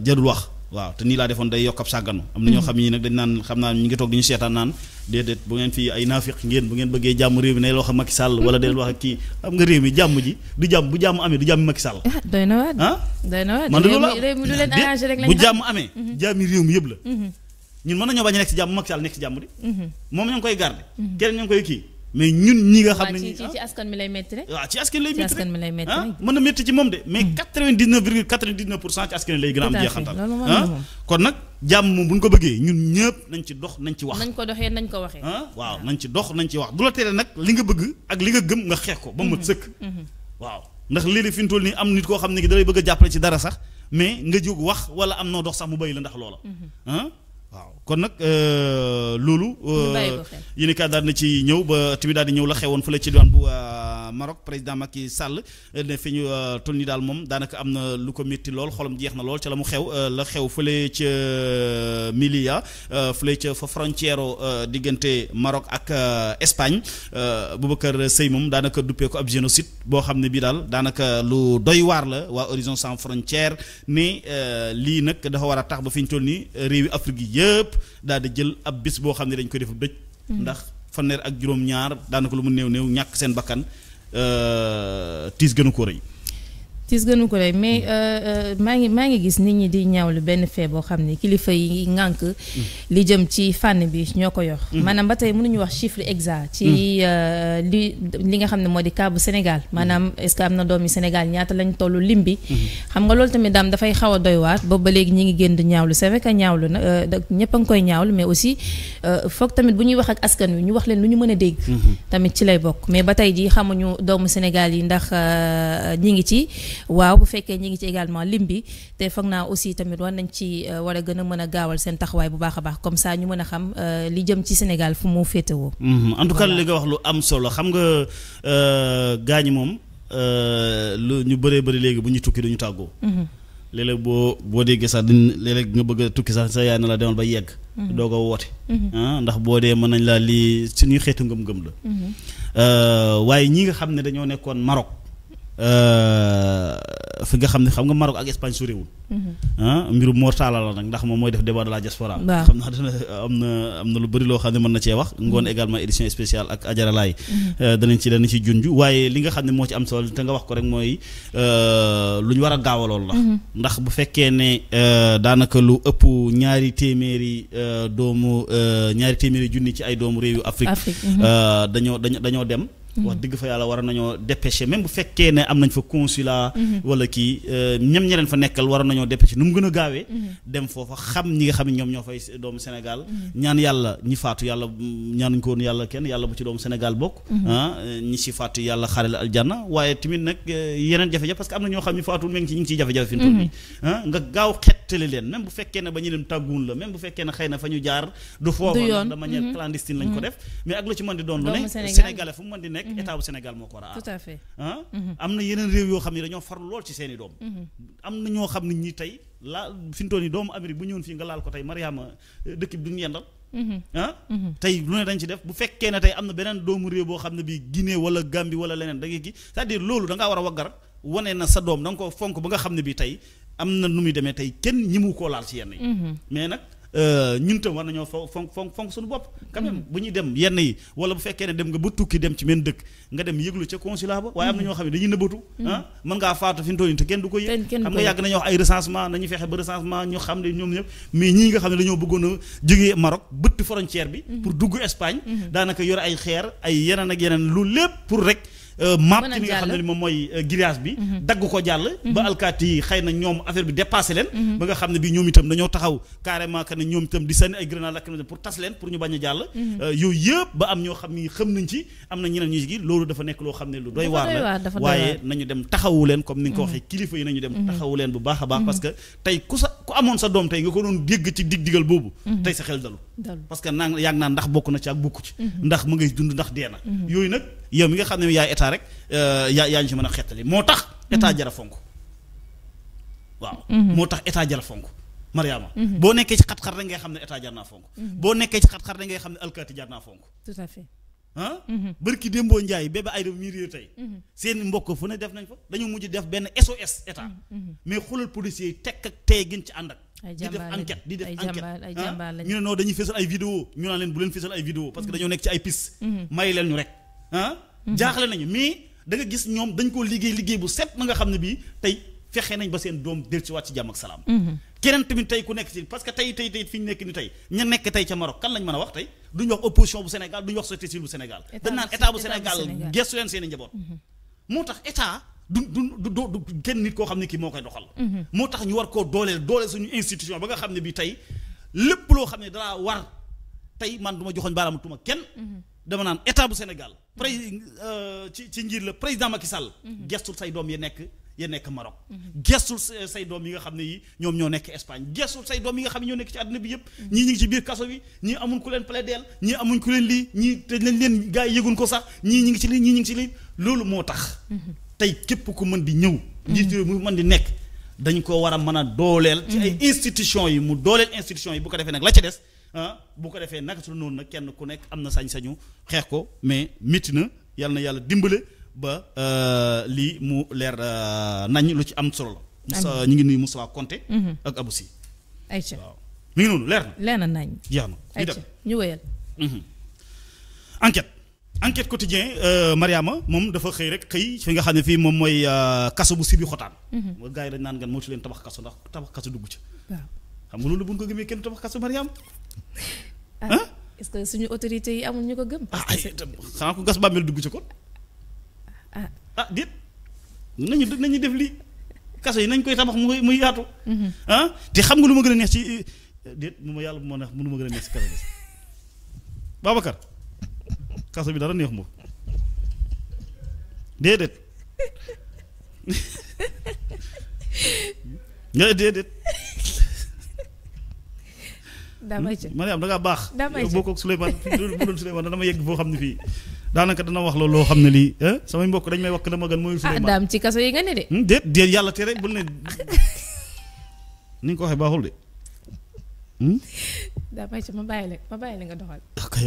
jarul wax waaw te nii laa defoon day yokk ab sàgganu am na ñoo mm-hmm. xam ñi nag dañ naan xam naa ñu ngi toog di ñu seetaan naan déedéet bu ngeen fii ay naafiq ngeen bu ngeen bëggee jàmm réew mi jàmm ji du jàmm bu jàmm amee jàmmi réew mi yëpp la mm-hmm. ñun mën nañoo bañ a nekk si jàmm Macky Sall nekk si jàmm di mm-hmm. moom ñoo ngi koy garde keneen ñoo ngi koy kii mais ñun ñi nga xam ne ci ah. ci askan mi lay métti rek waaw ci askan lay métti rek ah, mën na métti ci moom de mais hmm. quatre-vingt-dix-neuf quatre vingt dix pour cent ci askan lay gën a am jeexantal ah. kon nag jàmm moom bu ñu ko bëggee ñun ñëpp nañ ci dox nañ ci wax nañ ko doxee nañ ko waxee waaw nañ ci dox nañ ci wax du la tere nag li nga bëgg ak li nga gëm nga xeex ko ba mu hmm. sëkk hmm. waaw ndax léeg-léeg fi nii am nit koo xam ne da lay bëgg a jàppale kon nag euh, loolu. yéen i kat na ci ñëw ba tamit daal di ñëw la xewoon fële ci diwaan bu waa euh, Maroc président Macky Sall euh, ne fi ñu toll nii daal moom daanaka am na lu ko métti lool xolam jeex na lool ca la mu xew la xew fële ca Melilla fële ca fa frontière diggante Maroc ak Espagne Boubacar sëy moom daanaka duppee ko ab génocide boo xam ne bii daal daanaka lu doy waar la waa Horizon Sans Frontières ne lii nag dafa war a tax ba fi ñu toll nii réewi Afrique yi yëpp. daal di jël ab bis boo xam ne dañ koy def dëj mm. ndax fanweer ak juróom-ñaar daanaka lu mu néew néew ñàkk seen bakkan euh, tiis gënu ko rëy tis gënu ko lay mais euh, euh, maa ngi maa ngi gis nit ñi di ñaawlu benn fee boo xam ne kilifa yi ŋànk li jëm ci fànn bi ñoo ko yor mm-hmm. maanaam ba tey mënuñu wax chiffre exact ci mm-hmm. euh, li li nga xam ne moo di cas Sénégal maanaam mm-hmm. est am na doomi Sénégal ñaata lañ toll lim bi xam nga loolu tamit dafay xaw a doy ba ba léegi ñi ngi génn di ñaawlu c'est vrai que ñaawlu na ñëpp a koy ñaawlu mais aussi foog tamit bu ñuy wax ak askan wi ñu wax leen lu ñu mën a dégg tamit ci lay bokk mais ba tey ji xamuñu doomu Sénégal yi ndax ñi ngi ci waaw bu fekkee ñi ngi ci également lim bi te foog naa aussi tamit war nañ ci euh, war a gën a mën a gaawal seen taxawaay bu baax a baax comme ça ñu mën a xam euh, li jëm ci Sénégal fu mu féetewoo. Mhm. en tout cas li nga wax lu am solo xam nga euh, gaañ moom lu ñu bëree bëri léegi bu ñu tukki duñu tàggoo. Mhm. léeg boo boo déggee sax dañ léeg-léeg nga bëgg a tukki sax sa yaay na la demal ba yegg. Mhm. doo ko woote. Ah, ndax boo dee mën nañ laa lii suñuy xeetu ngëm-ngëm la. waaye ñi nga xam ne dañoo nekkoon Maroc. Euh, fi nga xam ne xam nga Maroc ak Espagne soriwul. Mhm. Ah, mbiru Mor la nag ndax moom mooy def débat de la xam naa dana am na am lu bëri loo xam ne mën na cee wax. Mhm. ngoon également édition spéciale ak Adjara mhm. euh, danañ ci danañ ci junj waaye li nga xam ne moo ci am solo te nga wax ko rek mooy euh, lu ñu war a gaawalool la. ndax bu fekkee ne daanaka lu ëpp ñaari téeméeri doomu ñaari téeméeri junni ci ay doomu réew yu Afrique. dañoo dañoo dañoo dem. Mm-hmm. wax dëgg fa yàlla war nañoo dépêché même bu fekkee ne am nañ fa consulat. Mm-hmm. wala kii euh, ñam ña leen fa nekkal war nañoo dépêché nu mu gën a gaawee. Mm-hmm. dem foofa xam ñi nga xam ñi faatu yàlla ñaanuñ ah, faatu yàlla euh, ah, nga gaaw xettali leen même bu fekkee ne ba ñu dem tàgguwul la même bu fekkee ne xëy na fa ñu jaar. du foofa de manière clandestine lañ ko def mais ak lu ci mën di doon lu ne sénégalais fu mu di nekk rek mhm. état bu moo ko war a aar. tout à fait ah. Mhm. am na yeneen réew yoo xam ne dañoo farlu lool ci seen i doom. Mhm. am na ñoo xam ne ñi tey laa fi mu toll nii doomu Amérique bu ñëwoon fii nga laal ko tey Mariama euh, dëkk bi ah? bu fekkee ne tey am na beneen doomu réew boo xam ne bii Guinée wala Gambie wala leneen da ngay gi cest loolu da war a waggar wane na sa doom da ko fonk ba nga xam ne bii tey am na nu muy demee tey kenn ñi mu koo laal ci yenn yi mais nag Euh, ñun tam war nañoo fo fonk fonk fonk suñu bopp quand bu ñuy dem yenn yi wala bu fekkee ne dem nga ba tukki dem ci benn dëkk nga dem yëglu ca consulat ba waaye am na ñoo xam ne dañuy nëbbatu mm. ah ngaa faatu fi ñu te kenn du ko yëg xam nga yàgg nañu wax ay recensement fexe ba recensement ñu xam ne ñoom ñëpp mais ñii nga xam ne dañoo bëggoon a jógee Maroc bëtt frontière bi mm-hmm. pour dugg Espagne mm-hmm. daanaka yor ay xeer ay yeneen ak yeneen lu lépp pour rek Euh, maap ci nga xam ne moom mooy euh, grillage bi mhm. dagg ko jàll mhm. ba alkaati yi na ñoom affaire bi dépassé leen mhm. ba nga xam ne bi ñoom itam dañoo taxaw carrément que ne ñoom itam di sànni leen pour euh, am ñoo xam ni xam nañ ci am na ñeneen ñu ci loolu dafa nekk loo xam ne lu doy waar la waaye nañu dem taxawu leen comme ni nga ko waxee kilifa yi nañu dem taxawu leen bu baax a baax parce que tey ku sa ku amoon sa doom tey nga ko doon dégg ci dig digal boobu tey sa xel dalu parce que naan yàgg naa ndax bokk na ci ak bokku ci mhm. ndax mu ngay dund ndax dee mhm. yooyu nag yow mi nga xam ne yaay état rek euh, yaa yaa ñu ci mën a xettali moo tax état mhm. jara fonk waaw moo boo ne jar naa fonk boo nekkee ci xat-xat rek ngay xam ne alkaati jar naa fonk tout à fait ah bërki démboo njaay bébé ay def miir tey seen mbokk fu ne def nañ fa dañu mujj def benn SOS état mais xoolal policiers yi tekk ak tey gin ci ànd ak di def enquête di def enquête ah? ñu ne non dañuy fésal ay vidéo ñu naan leen bu leen fésal ay vidéo parce que mm-hmm. dañoo nekk ci ay piste mm-hmm. may ñu rek ah? mm-hmm. jaaxle nañu mais da gis ñoom dañ koo liggéey liggéey bu set ma nga xam ne bii tey fexe nañ ba seen doom del ci waat jàmm ak salaam keneen tamit tey ku nekk ci parce que tey tey tey fi nekk ni tey ña nekk tey ca Maroc kan lañ mën a wax tey duñu wax opposition bu Sénégal duñu wax société civile bu Sénégal dañ naan i njaboot moo du du du kenn nit koo xam ne kii moo koy doxal. Mhm. moo tax ñu war koo dooleel dooleel suñu institution ba nga xam ne bii tey lépp loo xam ne dalaa war tey man du ma joxoñ baaraam tuma kenn. Mhm. dama naan état bu Sénégal. prés euh, ci ci njiit la président Macky Sall. Mhm. gestul say doom yi nekk. ya nekk Maroc gestul say doom yi nga xam ne yi ñoom ñoo nekk Espagne gestul say doom yi nga xam ne ñoo nekk ci àdduna bi yëpp ñii ñu ngi ci biir kaso bi ñii amuñ ku leen plaideel ñii amuñ ku leen lii ñii te leen gars yëguñ ko sax ñii ñu ngi ci lii moo tax tey képp ku man di ñëw. njiitu réew mu mën di nekk dañ ko war a mën a dooleel. ci ay mm-hmm. institution yi mu dooleel institution yi bu ko defee nag la ci des ah, bu ko defee nag su noonu nag kenn ku nekk am na sañ-sañu xeex ko mais métti na yàlla na yàlla dimbale ba euh, li mu leer euh, nañ lu ci am solo la. Moussa ñu ngi nuyu Moussa Konté mm-hmm. ak Abou Sy. ayca waaw mi ngi noonu leer na. leer na nañ. jeex na ñu enquête quotidien euh, Mariama moom dafa xëy rek xëy fi nga xam ne fii moom mooy euh, kaso bu sibi xotaan mhm. mooy gars yi dañ naan gan moo ci leen tabax kaso ndax tabax kaso dugg ci xam nga loolu buñ ko gëmee kenn tabax kaso Mariama ah est-ce suñu autorités yi amul ñu ko gëm ah xanaa ko gas bàmmeel dugg ci kon ah, ah déet nañu nañu def yi nañ koy tabax muy muy yaatu ah xam nga lu ma gën a neex ci déet mu ma yàlla bu ma neex mënu ma gën a neex ci kaso bi kaso bi dara neex ma déedéet nga déedéet. dama ca Mariam da ngaa baax. dama ca boo ko Souleymane bu doon Souleymane dama yegg foo xam ne fii daanaka dana wax loolu loo xam ne lii samay mbokk dañ may wax dama gën mooy. Souleymane ah ci kaso yi nga ne de. Hmm, déet déet yàlla tere bul ne ni nga ko waxee baaxul de. Hmm? daa may ci ma bàyyi la ma bàyyi la nga doxal. ok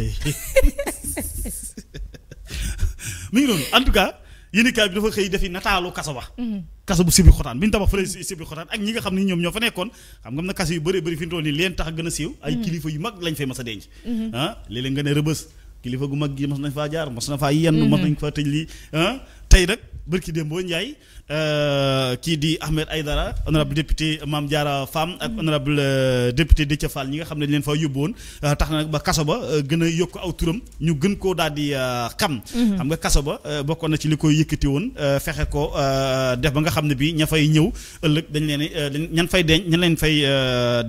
mi ngi noonu en tout cas yéen kaay bi dafa xëy defi nataalu kaso ba. Mhm. kaso bu sibi xotaan bi ñu tabax fële sibi xotaan ak ñi nga xam ne ñoom ñoo fa nekkoon xam nga am na kaso yu bëree bëri fi mu toll nii leen tax a gën a siiw. ay mhm. kilifa yu mag lañ fay mas a denc. Mhm. ah léeg nga ne rëbës kilifa gu mag gi mas nañ faa jaar mas na faa yenn. mas nañ faa tëj lii ah tey nag bërki démboo Njaay Euh, kii di Ahmed Aydara honorable député Mame Diarra Fam ak honorable euh, député Déthié Fall ñi nga xam ne leen fa yóbbuwoon euh, tax na nag ba kaso ba gën a yokk aw ñu gën koo daal di xam mhm. xam nga kaso ba bokkoon na ci li koy yëkkati woon fexe ko def ba nga xam ne bi ña fay ñëw ëllëg dañ leen ñan fay denc ñan leen fay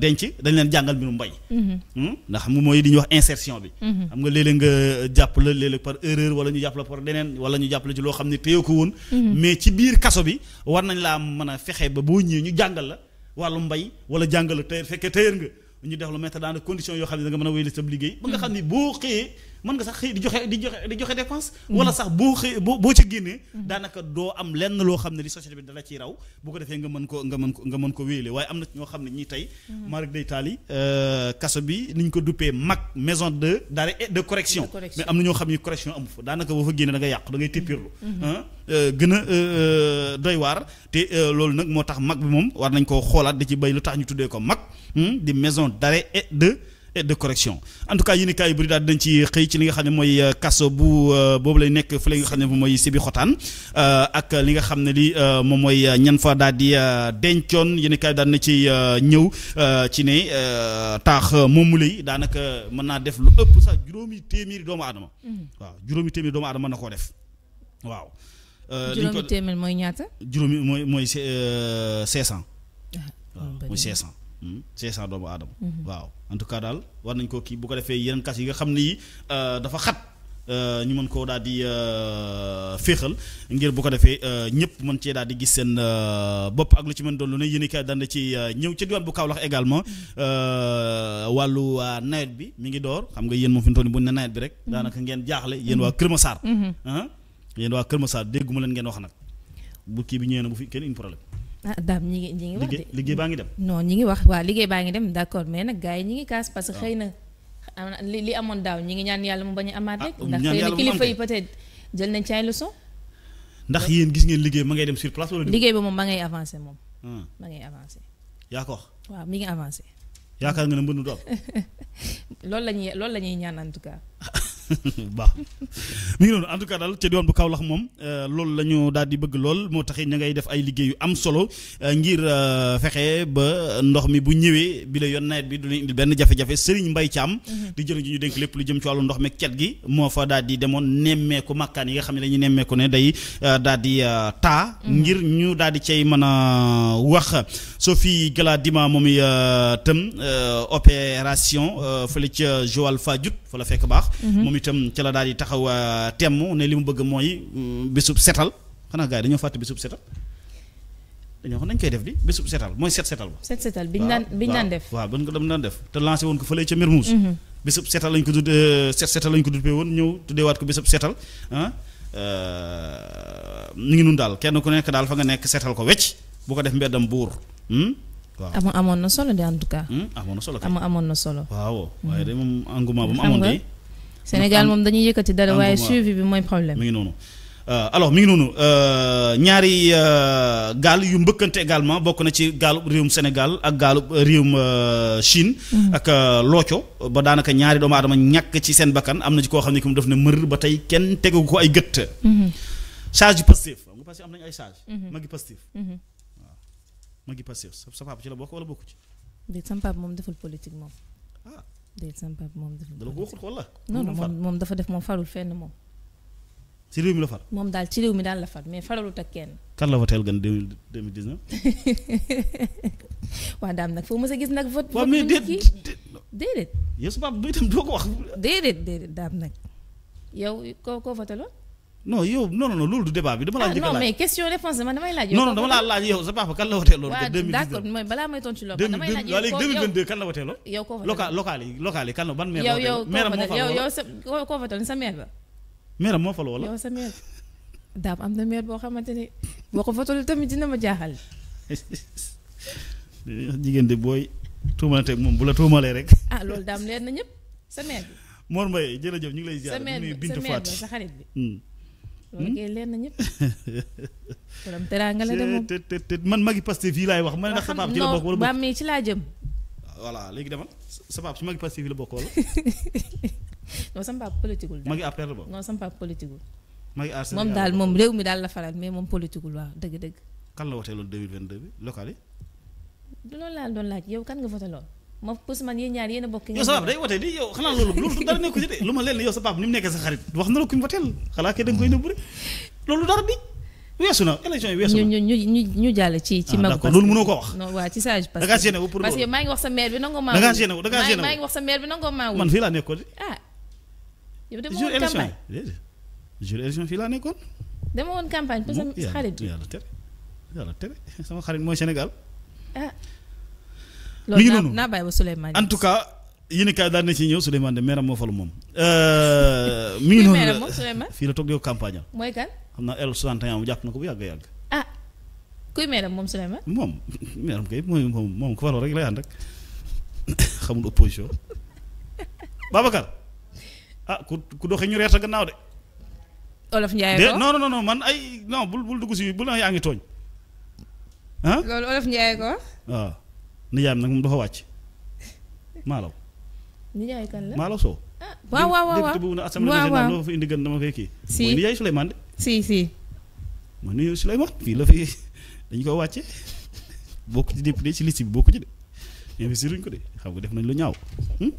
denc dañ leen jàngal mbirum mbay mhm. hmm? ndax mu mooy li ñuy wax insertion bi mhm. xam nga léeg-léeg nga jàpp la léeg par erreur wala ñu jàpp la par leneen wala ñu jàpp la ci loo xam ne téye ko woon mais ci biir kaso bi bi war nañ laa mën a fexe ba boo ñëwee ñu jàngal la wàllu mbay wala jàngal la tëyër fekkee tëyër nga ñu def la mettre dans des conditions yoo xam ne da mën a wéyal sa liggéey ba nga xam ni boo xëyee mën nga sax xëy di joxe di joxe di joxe dépense mm-hmm. wala sax boo xëy boo boo ci génnee mm-hmm. daanaka doo am lenn loo xam ne li société bi dala ciy raw bu ko defee nga mën ko nga mën ko nga mën ko wéyle waaye am na ñoo xam ne ñii tey mm-hmm. Marek day taali euh, kaso bi ñu ko duppee mag maison de d'arrêt et de correction mais am na ñoo xam ne correction amu fa daanaka boo fa génnee da nga yàqu da ngay téppirlu euh, gën a euh, doy waar te loolu nag moo tax mag bi moom war nañ koo xoolaat da ci bay lu tax ñu tuddee ko MAC hmm, di maison d'arrêt et et de correction en tout cas yéen i kaay yu bëri daal dinañ ci xëy ci li nga xam ne mooy euh, kaso bu euh, boobu lay nekk fële nga xam ne mooy sibi xotaan euh, ak li nga xam ne li moom mooy ñan fa daal di dencoon yéen i na ci ñëw ci ne taax moom mu lay daanaka mën naa def lu ëpp sax juróomi téeméeri doomu aadama mm. waaw juróomi téeméeri doomu aadama mën na koo def waaw juróomi téeméer mooy ñaata juróomi mooy mooy cinq cent ah, waaw mooy cinq cinq cent doomu aadama mhm. waaw en tout cas daal war nañ koo kii bu ko defee yeneen cas yi nga xam ni euh, dafa xat euh, ñu mën koo daal di euh, féexal ngir bu ko defee ñëpp mën cee daal di gis seen bopp ak lu ci mën doon lu ne yéen kay daan ci ñëw ca diwaan bu Kaolack également mhm. wàllu nawet bi mi ngi door xam nga yéen moom fi mu toll nii bu ne nawet bi rek. Mhm. daanaka ngeen jaaxle yéen waa Kër Massar. Ah? yéen waa Kër Massar dégguma leen ngeen wax nag bu kii bi ñëwee na ah daam ñi ngi ñi ngi wax liggéey baa ngi dem. non ñi ngi wax waa liggéey baa ngi dem d'accord mais nag gars yi ñi ngi kaas parce que ah. xëy na li amoon daaw ñi ngi ñaan yàlla mu bañ a amaat ah, rek. ndax xëy na kilifa yi peut-être nañ ci ay leçon ndax yéen gis ngeen liggéey ma ngay dem sur place liggéey ba moom ma ngay avancé moom. Hmm. ma ngay avancé. yaa ko wax. waaw mi ngi avancé. yaakaar nga ne mbënd du am. loolu la ñuy loolu la ñuy ñaan en tout cas. baax mi ngi noonu en tout cas daal ca diwaan bu Kaolack moom euh, loolu la ñu daal di bëgg lool moo taxit ña ngay def ay liggéeyu am solo euh, ngir euh, fexe ba ndox mi bu ñëwee bi la yoon nawet bi du leen benn jafe-jafe Serigne Mbaye Thiam. Mhm. di jëriñ ji ñu dénk lépp lu jëm ci wàllu ndox mi ket gi moo fa daal di demoon nemmeeku makkaan yi nga xam ne dañuy nemmeeku ne day daal di taa. Mhm. ngir ñu daal di cay mën a wax Sophie Galadima moom itam opération fële ca Joal Fadiouth fa la fekk itam ci la daal di taxaw euh, temm ne li mu bëgg mooy mm, bésub setal xanaa gars yi dañoo fàtte bésub setal dañoo xam nañ koy def di bésub setal mooy set setal ba. set setal bi daan biñ daan def ban ko dam daan def te lancé woon ko fële ca Mermoz. Mhm. bésub setal lañ ko tudd euh, set setal lañ ko tuddee woon ñëw tuddeewaat ko bésub setal ah ni euh, ngi nun daal kenn ku nekk daal fa nga nekk setal ko wecc bu ko def mbeddam buur. Hmm? waaw amoon amoon na solo de en hmm, amoon na solo kay amoon na solo. waaw waaye mhm. de moom engouement ba mu amoon de. Sénégal moom dañuy yëkkati dara waaye suivi bi mooy problème mi ngi noonu euh, alors mi ngi noonu euh, ñaari euh, gaal yu mbëkkante gaal également bokk na ci gaalub réewum Sénégal ak gaalub réewum Chine mhm. ak looco ba daanaka ñaari doomu aadama ñàkk ci seen bakkan am na ci koo xam ne ki mu def na mër ba tey kenn tegu ko ay gëtt mhm. charge yu Pastef xam am nañu ay charge mhm. magi Pastef waaw magi Pastef sa papa ci la bokk wala bokku ci déet sama papa moom deful politique moom ah. déet sama moom ko waxut wala. non moom moom dafa def moom farul fenn moom. ci réew mi la far. moom daal ci réew mi daal la far mais faralut ak kenn. kan la voteel gën deux mille dix neuf. waa daam nag foo mës a gis nag. vote vote mais déet déedéet. yow su papa bi ko wax. déedéet daam nag yow koo koo voteloon non yow non non loolu du débat bi dama laa ah, njëkk a laaj question réponse dama damay laaj. non non dama laa laaj yow sa papa kan la wotee loolu. waaw d'accord mooy balaa la wotee ba. maire moo fa la sa maire am na maire boo xamante ne boo ko fa tamit dina ma jaaxal. jigéen de booy tuumalanteeg moom bu la rek. ah loolu daam leer na ñëpp sa maire bi. Mor Mbaye jërëjëf ñu ngi lay ziar. sa maire bi sa xarit bi hmm. loolu hmm? kay lenn ñëpp. borom teraanga la demoon te te te man magi Pastef yi laay wax. ma ne ndax sa baab ci la bokk wala bokk bàmmee ci laa jëm. voilà léegi demal sa baab ci magi Pastef yi la bokk wala. non sama baab politique wul. magi APR la bokk non sama baab moom daal moom réew mi daal la faral mais moom politique wul waaw dëgg dëgg. kan la wootee loolu 2022 bi local yi. loolu laa doon laaj yow kan nga voté lool. ma pour man yéen ñaar yéen a bokk. yow sa papa day wote di yow xanaa loolu loolu dara nekku ci de lu ma leen yow sa papa ni mu nekkee sa xarit wax na la ku ñu woteel xalaa kay da koy nëbbu loolu dara di weesu na élection yi weesu na ñu ñu ñu ñu jàll ci ah, magu loolu maa ngi wax sa maire bi nangoo maa da man fii laa nekkoon di ah yow dama woon campagne jour élection fii laa yàlla tere yàlla tere sama xarit mooy Sénégal ah. mi ngi noonu naa bàyyi ba Souleymane en tout cas yéen ci ñëw Souleymane de meeram moo falu moom. Euh, mi ngi noonu fii la toog di campagne am. mooy kan. xam naa L61 ah ku faloo ñu reer sa gannaaw de. Olof Ndiaye ko de non man ay non bul bul dugg si bul na yaa ngi tooñ. loolu Olof Ndiaye ko. waaw. Ah. nijaayam nag moom dafa wàcc maalaw. nijaay kan la maalaw soo. ah waaw waaw waaw bu ne assemblée nationale dafa fi indi gën dama koy kii. si mooy nijaay Souleymane de. si si. mooy nijaay Souleymane fii la fi dañu ko wàcce bokk ci député ci liste bi bokk ci de investir ko de. xam nga def nañ lu ñaaw mu hmm?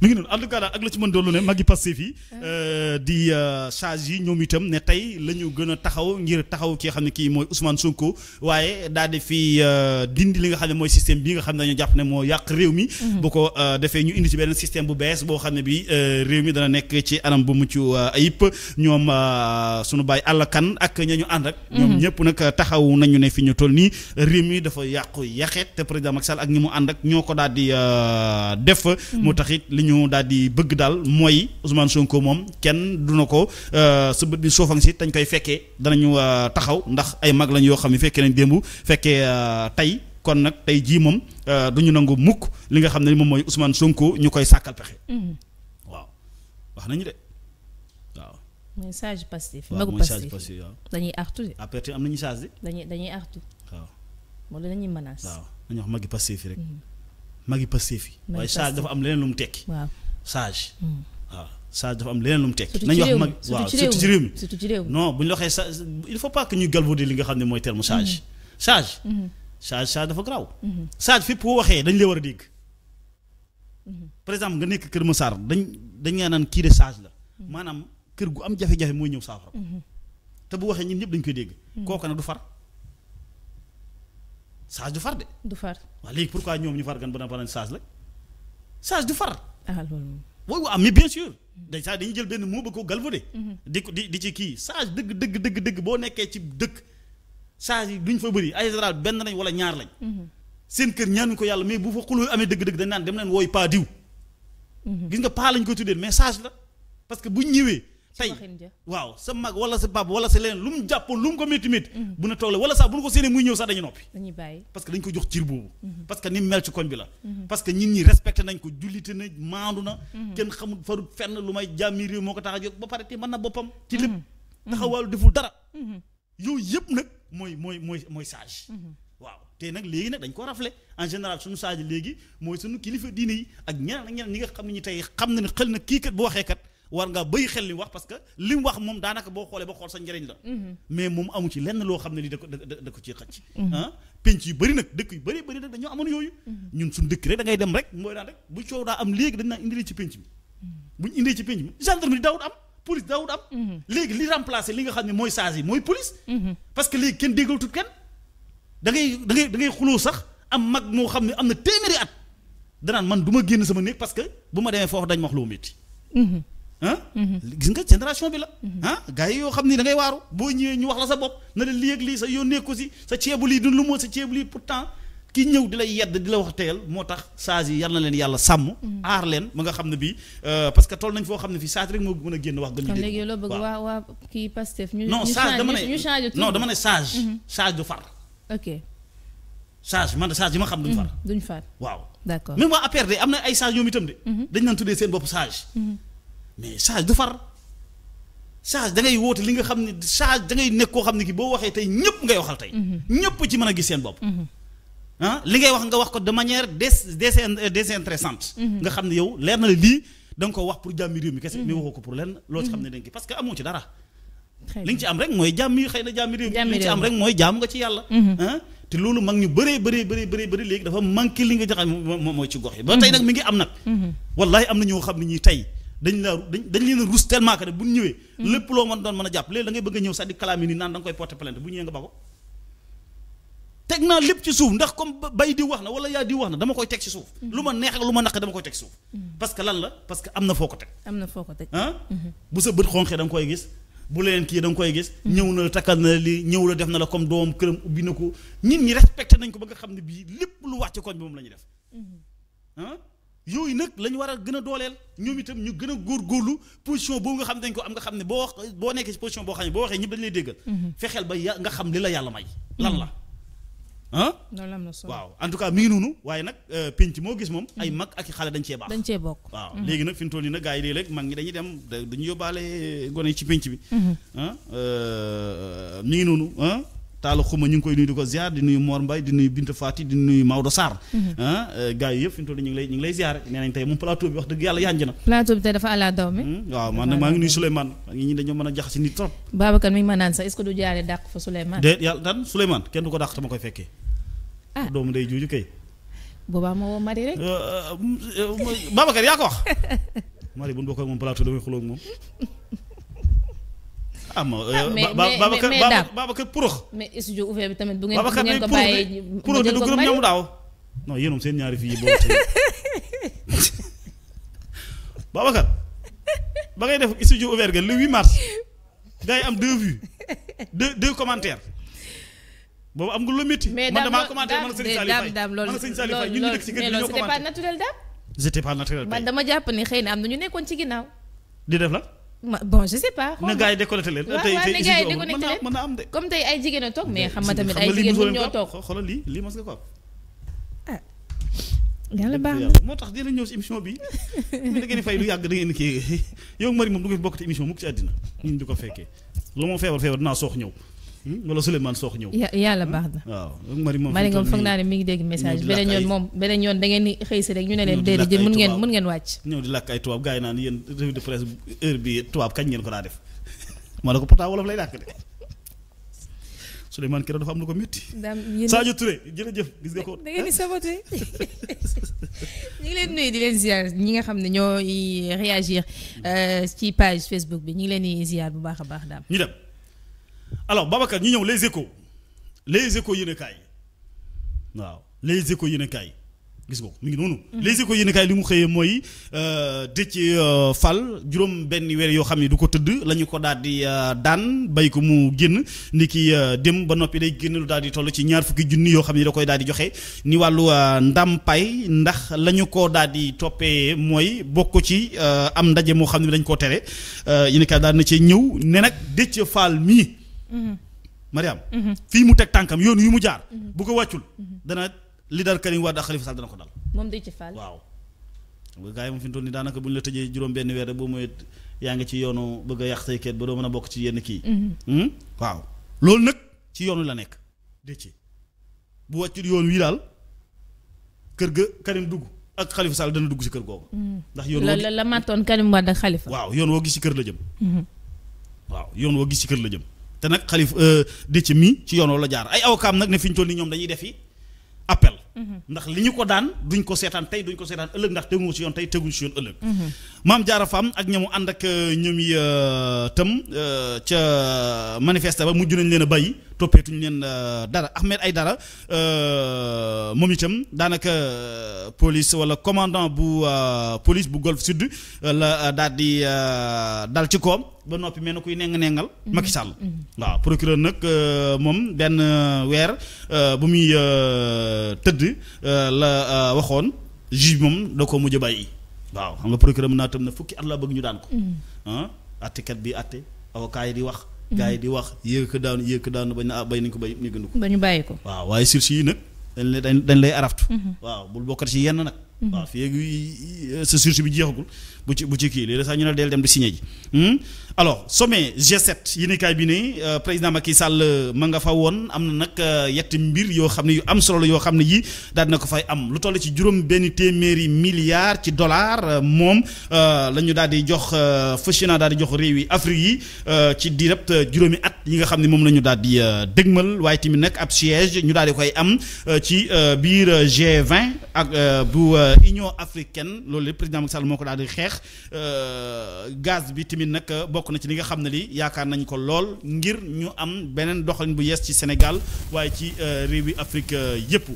ngi noonu en daal ak la ci mën doolu ne magi Pastef fii ah. euh, di euh, charge yi ñoom itam ne tey lañu ñu gën a taxaw ngir taxaw ki xam ne kii mooy Ousmane Sonko waaye daal di fi euh, dindi li nga xam ne mooy système bi nga xam ne dañoo jàpp ne moo yàq réew mm-hmm. bu ko defee ñu indi ci beneen système bu bees boo xam ne réew mi dana nekk ci anam bu mucc ayib ñoom sunu bàyyi àll kan ak ñañu ànd ak mm-hmm. ñoom ñëpp nag taxaw nañu ne fi ñu toll nii réew mi dafa yàqu yàqeet te président Macky Sall ak ñi mu ànd ak ñoo ko daal daal di euh, def. mu mm. taxit li ñu daal di bëgg daal mooy Ousmane Sonko moom kenn du na ko euh, sa bët bi soofang si dañ koy fekkee danañu euh, taxaw ndax ay mag lañ yoo xam ne fekkee nañ démb fekkee tey kon nag tey jii moom du ñu nangu mukk li nga xam ne moom mooy Ousmane Sonko ñu koy sàkkal pexe. Mm-hmm. waaw wax nañu de waaw. message passif. waaw message passif waaw. dañuy artu de. après am na rek. Mm-hmm. magi Pastef yi. waaye sage dafa am leneen lu mu tekki. Hmm. dafa am leneen lu mu tekki. nañu wax mag waaw surtout ci réew mi surtout ci réew mi non bu ñu la waxee sage il faut pas ñuy galvauder li nga xam ne mooy terme sage. sage. sage sage dafa garaaw. Hmm. sage fépp boo waxee dañ lay war a dégg. Hmm. par exemple nga nekk Kër Massar dañ dañ ngaa naan kii de sage la. maanaam kër gu am jafe-jafe mooy ñëw saafara. te bu waxee ñun ñëpp dañ koy dégg. kooku nag du far. saas du far de. du far waaw léegi pourquoi ñoom ñu far gan ba na ba saas du far. ah loolu. waaw waaw bien sûr. dañ saa dañuy jël benn mot ba ko galvaudé. Mhm. di ko di di ci kii saas dëgg dëgg dëgg boo nekkee ci dëkk. saas yi duñ fa bëri ay général benn lañ wala ñaar lañ. Mhm. seen kër ñaanuñ ko yàlla mais bu fa xuloo amee dëgg-dëgg dañ naan dem leen wooy paa diw. Mhm. gis nga paa lañ ko tuddee mais saas la parce que buñ ñëwee. tey waaw sa mag wala sa bab wala sa leneen lu mu jàppoon lu mu ko métti métti mhm. bu ne toog la wala sax bu nu ko séenee muy ñëw sax dañu noppi parce que dañ ko jox cir boobu mhm. parce que ni mel koñ bi la mhm. parce que nit ñi respecté nañ ko jullite na maandu na kenn xamul farut fenn lu may jàmmi réew moo ko tax a jóg ba pare te mën na boppam ci lépp taxawaalu deful dara yooyu yëpp nag mooy mooy mooy mooy sage waaw te nag léegi nag dañ ko rafle en war nga bëy xel li wax parce que li wax moom daanaka boo xoolee ba xool sa njëriñ la mhm. mais moom amu ci lenn loo xam ne li da ko da ko ci xëcc mhm. ah yu bëri nag dëkk yu bëri bëri nag dañoo amoon yooyu mhm. ñun suñu dëkk rek da ngay dem rek mooy daan rek bu coow daa am léegi dañ naan police daawut am léegi li remplacé li nga xam ne mooy sages mooy police parce que léegi kenn déggal tut kenn da ngay da ngay da ngay xuloo sax am mag moo xam ne am na téeméeri at danaan man du ma génn sama néeg parce que bu ma demee foofu dañ wax loo métti ah. gis nga génération bi la. ah yi yoo xam ni da ngay waaru boo ñëwee ñu wax la sa bopp na la lii ak lii sa yónnee ko si sa ceebu lii du lu moo sa ceebu lii pourtant ki ñëw di lay yedd di la wax teyal moo tax saas yi yal na leen yàlla sàmm. Mhm. aar leen ma nga xam ne bi euh, parce que toll nañ foo xam ne fii saas rek moo mën a génn wax. gën ñu loo bëgg waa waa kii Pastef. ñu ñu changé dama ne sage sage du far. ok man de yi ma xam duñ far. duñ far waaw. d'accord na ay sage ñoom itam de. dañ naan tuddee seen mais change du far change da ngay woote li nga xam ne change da nekk koo xam ne ki boo waxee tey ñëpp ngay waxal tey. Mhm. ñëpp ci mën a gis seen bopp. Mhm. Ah, li ngay wax nga wax ko de manière des désintéressante. Mhm. nga xam ne yow leer na la lii da nga ko wax pour jàmmi réew mi kese. mais waxoo ko pour lenn loo ci xam ne da parce que amoo ci dara. li nga ci am rek mooy jàmm yi xëy na jàmm réew mi li nga ci am rek mooy jàmm nga ci yàlla ah, te loolu mag ñu bëree li nga joxe mooy ci gox yi dañ la dañ dañ leen a bu ñëwee. lépp loo man doon mën a jàpp léegi da ngay bëgg a ñëw sax di kalaami nii naan da koy porter plainte bu ñëwee nga ba ko. teg naa lépp ci suuf ndax comme ba bay di wax na wala yaa di wax na dama koy teg ci suuf. Mm-hmm. lu neex ak ma naq dama koy teg ci suuf. Mm-hmm. parce que lan la parce que am na foo ko teg. am ko teg ah. Mm-hmm. bu sa bët xonqee da nga koy gis. bu leneen kii danga koy gis. ñëw na la takkal na la lii ñëw la def na la comme doom këram ubbi na ko nit ñi respecté nañ ko ba nga xam ne bii lépp lu wàcc koñ bi moom la ñuy def ah? yooyu nag la ñu war a gën a dooleel ñoom itam ñu gën a góorgóorlu position boobu nga xam dañ ko am nga xam ne boo wax boo nekkee si position boo xam ne boo waxee ñëpp dañ lay déggal. Mhm. fexeel ba ya nga xam li la yàlla may. Mhm. lan la ah. loolu am na solo waaw en tout cas mi ngi noonu waaye nag euh, penc moo gis moom. ay mhm. mag ak i xale dañ cee baax. dañ cee bokk waaw léegi nag fi mu toll nii nag gars mag ñi dañuy dem dañuy yóbbaale gone ci penc bi. ah noonu taala xuma ñu ngi koy nuyu di ko ziar di nuyu Mor Mbaye di nuyu Binta Fati di nuyu Maodo Sarr mhm. ah eh, yi yëpp fi ñu toll ñu ngi lay ñu ngi lay ziar nee nañ tey moom plateau bi wax dëgg yàlla yanj na plateau bi tey dafa àla daw mi hmm, waaw man maa ngi nuyu Souleymane ñi ñi dañoo mën a jaxasi nit trop Babacar mi ngi ma naan sax est-ce du jaaree dàq fa Souleymane déet yàlla daan Souleymane kenn du ko dàq tama koy fekkee ah. doomu day juuju kay boobaa ma woo rek euh, euh, euh, Babacar bu ñu bokkee moom plateau ah ma ah, euh, Babacar Babacar Purux. mais studio ouvert bi tamit bu ngeen bu ngeen ko bàyyee Purux di du gërëm ñoom daaw. non yéen seen ñaari fii yi boobu Babacar ba ngay def studio ouvert ga le 8 mars day am deux vues deux deux commentaires. boobu am nga lu métti. mais daam daam daam daam loolu loolu mais loolu c'était daam. dama jàpp ni xëy na am na ñu nekkoon ci ginnaaw. di def la. bon je sais pas. na gars yi leen. tey tey gars yi leen mën na am de. comme tey ay jigéen a toog mais xam nga tamit ay jigéen ñun ñoo toog xoolal lii lii mas nga ko am. Ah, na moo tax dina ñëw si émission bi da ngeen fay lu yàgg da ngeen kii yow Marie moom du nga fi bokk ci émission mukk ci àddina ñun di ko fekkee lu ma feebar feebar dinaa soox ñëw. Hmm? wala Souleymane Sokh ñëw. yàlla hmm? baax na waaw. Marie Ngom foog naa ne mi ngi dégg message beneen yoon moom beneen yoon da ngeen ni xëy si rek ñu ne leen déedéet mën ngeen mën ngeen wàcc. ñëw di làkk ay tubaab gars yi naan yéen revue de presse heure bi tubaab kañ ngeen ko daa def ma ne ko pourtant wolof lay làkk de Souleymane keroog dafa am lu ko métti. Sadio Touré jërëjëf gis nga ko. da ngeen di saboté ñu ngi leen nuyu di leen ziar ñi nga xam ne ñooy réagir euh, ci page Facebook bi ñu ngi leen di ziar bu baax a baax daam alors Babacar ñu ñëw les échos les échos yéen waaw les échos yéen gis nga noonu. Mhm. les échos yéen a kaay li mu xëyee mooy euh, Déthié euh, Fall juróom benn weer yoo xam ne du ko tëdd lañu ko daal di euh, daan bay ko mu génn ni ki dem ba noppi day génn lu daal di toll ci ñaar fukki junni yoo xam ni da koy daal joxe ni wàllu ndàmpaay ndax lañu ko daal di toppee mooy bokk ci am ndaje moo xam ne dañ koo tere yéen a kaay na cee ñëw ne nag Déthié Fall mii. Mariam. Mhm. Mhm. fii mu teg tànkam yoon yu mu jaar. Mhm. bu ko wàccul. dana li dal Karim Wade ak Khalifa Sall dana ko dal. moom day ci faal waaw. gars yi moom fi mu toll nii daanaka bu ñu la tëjee juróom-benn weer rek boo mooy yaa ngi ci yoonu bëgg a yàq say keet ba doo mën a bokk ci yenn kii. Hmm? waaw loolu nag ci yoonu la nekk. dëcc bu wàccul yoon wi daal kër ga Karim dugg ak Khalifa Sall dana dugg si kër googu. ndax yoon la la la màttoon Karim Wade ak Khalifa. waaw yoon woo gis si kër la jëm. waaw yoon woo gis si kër la jëm. te nag xalif euh, dëcc mi ci yoon la jaar ay awkaam nag ne fi ñu toll nii ñoom dañuy defi appel. Mhm. ndax li ñu ko daan duñ ko seetaan tey duñ ko seetaan ëllëg ndax teguñu ci yoon tey teguñu ci yoon ëllëg. Mhm. maam jaara faam ak ñoomu ànd ak euh, ñoom yi euh, tam euh, ca manifester ba mujj nañ leen a bàyyi toppeetuñ leen dara Ahmed Aïdara moom itam daanaka police wala commandant bu police bu Golf Sud la daal di dal ci koom ba noppi mel na kuy neng nengal mhm. Macky Sall mhm. waaw procureur nag moom benn weer bu muy tëdd la waxoon juge moom da ko mujj bàyyi waaw xam nga a mën naa tam na fukki at la bëgg ñu daan ko mm. ah attekat bi atte avocat yi di wax mm. gars yi di wax yéeg ko daanu yéeg ko daanu bay nañ ah, ko bay ñu gënd ko ba ñu bàyyi ko waaw waaye sursis yi nag dañ lay dañ lay araftu mm-hmm. waaw bul bokkat ci yenn nag mm-hmm. waaw fii ak sa sursis bi jeexagul bu ci kii léeg-léeg sax ñu ne del dem di signé ji hmm? alors sommet G7 yi nekkaay bi ne euh, président Macky Sall euh, ma nga fa woon am na nag euh, yetti mbir yoo xam ne yu am solo la yoo xam ne yi daal na ko fay am lu toll ci juróom benn téeméeri milliards ci dollar moom la ñu daal di jox fësina daal di jox réew yi Afrique yi ci direct juróomi at yi nga xam ne moom lañu ñu daal di dégmal waaye tamit nag ab siège ñu daal di koy am ci biir G20 ak bu Union kenn loolu lépp président Macky Sall moo ko daal di xeex gaz bi tamit nag bokk na ci li nga xam ne li yaakaar nañ ko lool ngir ñu am beneen doxalin bu yees ci senegal waaye ci euh, réew yi Afrique euh, yëpp.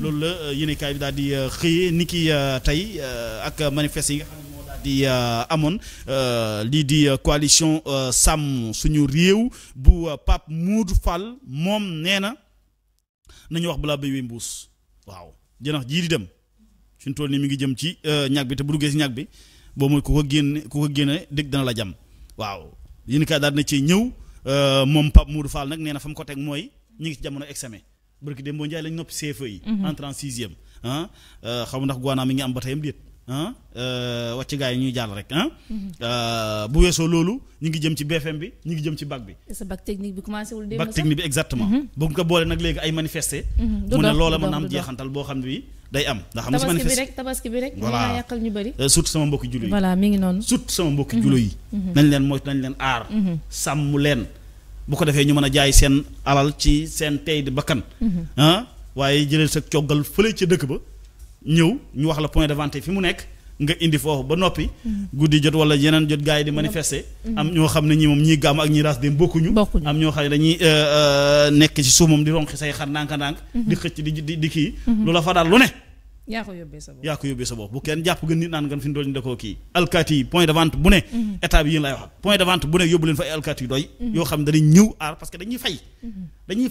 loolu la euh, yéenekaay bi daal di xëyee ni ki tey ak manifeste yi nga xam ne di amoon lii di coalition sàmm suñu réew bu Pape Moudou Fall moom nee na nañu wax balaa béy wi mbuus waaw jënax jii di dem suñu tool nii mi ngi jëm ci ñag bi te bu duggee si ñag bi boo mooy ku ko génne ku ko génne dégg dana la jam waaw yéen kaay daal na ci ñëw euh, moom Pape Moudou Fall nag nee na fa mu ko teg mooy ñu ngi ci jamono examen barki démb Ndiaye lañ noppi CFEE yi. Mhm. entrée en sixième ah euh, ndax Guanaa mi ngi am ba déet ah euh, gaa yi ñuy jàll rek ah. Mhm. bu weesoo loolu ñu ngi jëm ci BFM bi ñu ngi jëm ci bac bi. sa bac bi commencé wul démb sax bac technique bi exactement. Mhm. bu nga boole nag léegi ay manifester. mu ne loola mën am jeexantal boo xam ne bi. day am ndax xam nga si manifeste tabaski bi rek tabaski bi rek. voilà mën naa yàqal ñu bëri. Euh, surtout sama mbokki julo yi voilà mi ngi noonu. surtout sama mbokki mhm. julo yi. Mhm. nañ leen moytu nañ leen aar. Mhm. sàmm leen bu ko defee ñu mën a jaay seen alal ci seen tey di bakkan. Ah, waaye jëleel sa coggal fële ca dëkk ba ñëw ñu wax la point de vente fi mu nekk. nga indi foofu ba noppi. guddi jot wala yeneen jot gars yi di mm-hmm. manifester. Mm-hmm. am ñoo xam ne ñi moom ñii gàmm ak ñii ras dem bokkuñu. am ñoo xam ne dañuy euh, euh, nekk ci suuf moom di ronqi say xar ndànk-ndànk. Mm-hmm. di xëcc di kii. lu la fa daal lu ne. yaa ko yóbbee sa bopp bu kenn jàpp nga nit naan nga fi ñu doon da koo kii. alkaati yi point de vente bu ne. état bi yéen lay wax point de vente bu ne yóbbu leen fa ay alkaati yu doy. yoo xam ne dañuy ñëw aar parce que dañuy fay. dañuy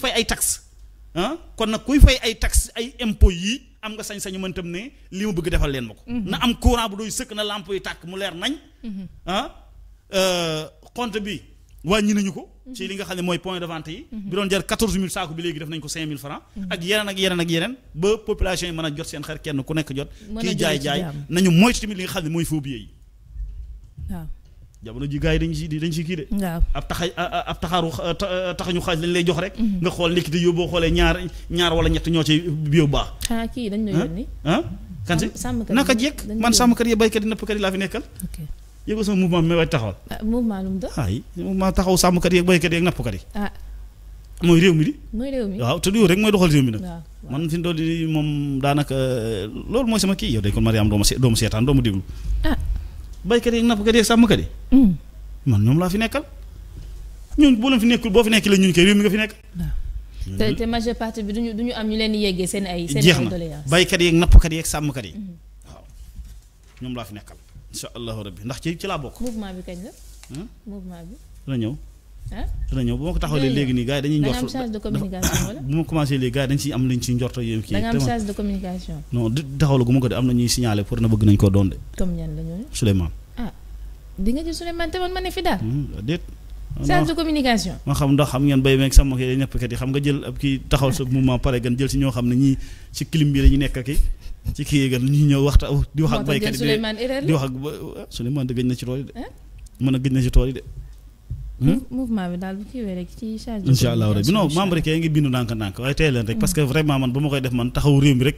am nga sañ-sañu man tam ne li ma bëgg defal leen ma ko. Mhm. na am courant bu doy sëkk na lamp yi tàkk mu leer nañ. Mhm. ah euh, compte bi wàññi nañu ko. Mhm. ci li nga xam ne mooy point de vente yi. bi doon jar quatorze mille saako bi léegi def nañ ko cinq mille francs. ak yeneen ak yeneen ak yeneen ba population yi mën a jot seen xar kenn ku nekk jot. mën a jaay jaay nañu moytu tamit li nga xam ne mooy faux yi. jamono ji gars yi dañ si dañ si kii de. waaw ab taxa ab taxaaru taxañu xaalis lañ lay jox rek. Mhm. nga xool ndekete yow boo xoolee ñaar ñaar wala ñett ñoo ci biir bu baax. ah kii dañ la yónni. ah kan si naka jekk man sàmmkat yi béykat yi nappkat laa fi nekkal. yëgul sama mouvement bi may waaj taxawal. Ah, mouvement lu mu doon. ay mouvement taxaw sàmmkat yi. ah mooy réew mi di. mooy réew mi waaw te du yow rek mooy doxal réew mi nag. man fi mu doon moom daanaka loolu mooy sama kii yow dañ ko Mariam doo ma seetaan doo ma déglu. Ah. baykat yi nappkat yi sàmmkat yi. Mm. man ñoom laa fi nekkal ñun boo leen fi nekk boo fi nekk la ñun kay réew mi nga fi nekk. te te majeure partie bi duñu duñu am ñu leen yeggee seen ay. seen ay doléances jeex na baykat yeeg nappkat yeeg sàmmkat yi. Mm-hmm. waaw ñoom laa fi nekkal. incha allahu rabbi ndax ci ci laa bokk. mouvement bi kañ la. mouvement bi. la ñëw. dana ñëw bu ma ko taxawalee léegi nii gars yi dañuy njort bu ma commencé léegi gars yi dañ kii da nga gu ma ko de am na ñuy signaler pour na bëgg nañ ko doon de comme ah, di nga ci Souleymane te fi daal hmm, déet charge de communication xam ndax xam ngeen bay meeg sama kii nappkat yi xam nga jël ab kii taxaw sa mouvement pare gan jël si ñoo xam ne ñii ci clim bi la ñu nekk ki ci kii gan ñu ñëw waxta di wax ak baykat yi di wax ak Souleymane dëgg na ci tool yi de mën a gëj na ci tool yi de Hmm? mouvement bi daal bu kiiwee rek ci charge. incha allah rabi non membre yi kay ngi bindu ndànk-ndànk waaye tey leen rek parce hmm. que vraiment man ba ma koy def man taxaw réew mi rek.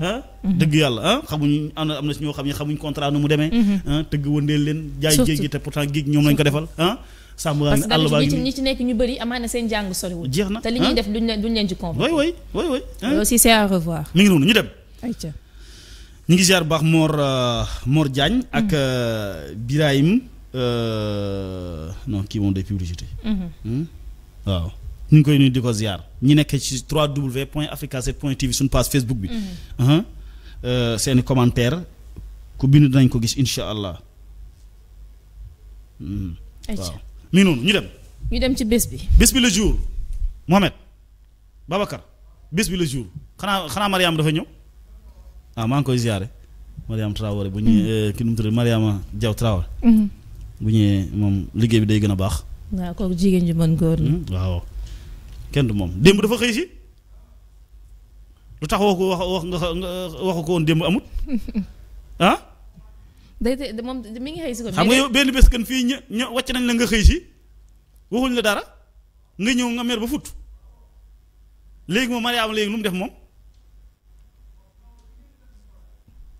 ah dëgg yàlla ah xamuñ am na si ñoo xam ne xamuñ contrat nu mu demee ah tëgg wëndeel leen jaay géej gi te pourtant géej ñoom lañ ko defal ah sàmbaa ngi àll baa ñi ci nekk ñu bari bëri amaana seen jàng soriwul jeex na te li ñuy def duñ leen duñ leen ci convaincre oui oui oui oui loolu aussi c'est revoir mi ngi noonu ñu dem ayca ñu ngi ziar baax Mor uh, Mor ak mm-hmm. uh, Birahim uh, non kii moom day publicité mm-hmm. hmm? waaw ñu ngi koy nuyu di ko ziar ñi nekk ci 3w point africa 7 point tv suñu page facebook bi mhm. euh, seeni commentaire ku bind dinañ ko gis insha allah hmm. waaw noonu ñu dem ñu dem ci bés bi bés bi le jour Mohamed Babacar bés bi le jour xanaa xanaa Mariam dafa ñëw ah koy ziare Mariam Traoré bu ñu mhm. euh, ki mu tudd Mariama Diaw Traoré mhm. bu ñëwee moom liggéey bi day gën a baax waaw kooku jigéen ju mën góor la hmm, kenn du moom démb dafa xëy si lu tax woo ko wax wax nga waxu ko woon démb amut ah. day tey moom mi ngi xëy si ko. xam nga yow benn bés kan fii ña ña wàcc nañ la nga xëy si waxuñ la dara nga ñëw nga mer ba fut léegi moom am léegi lu mu def moom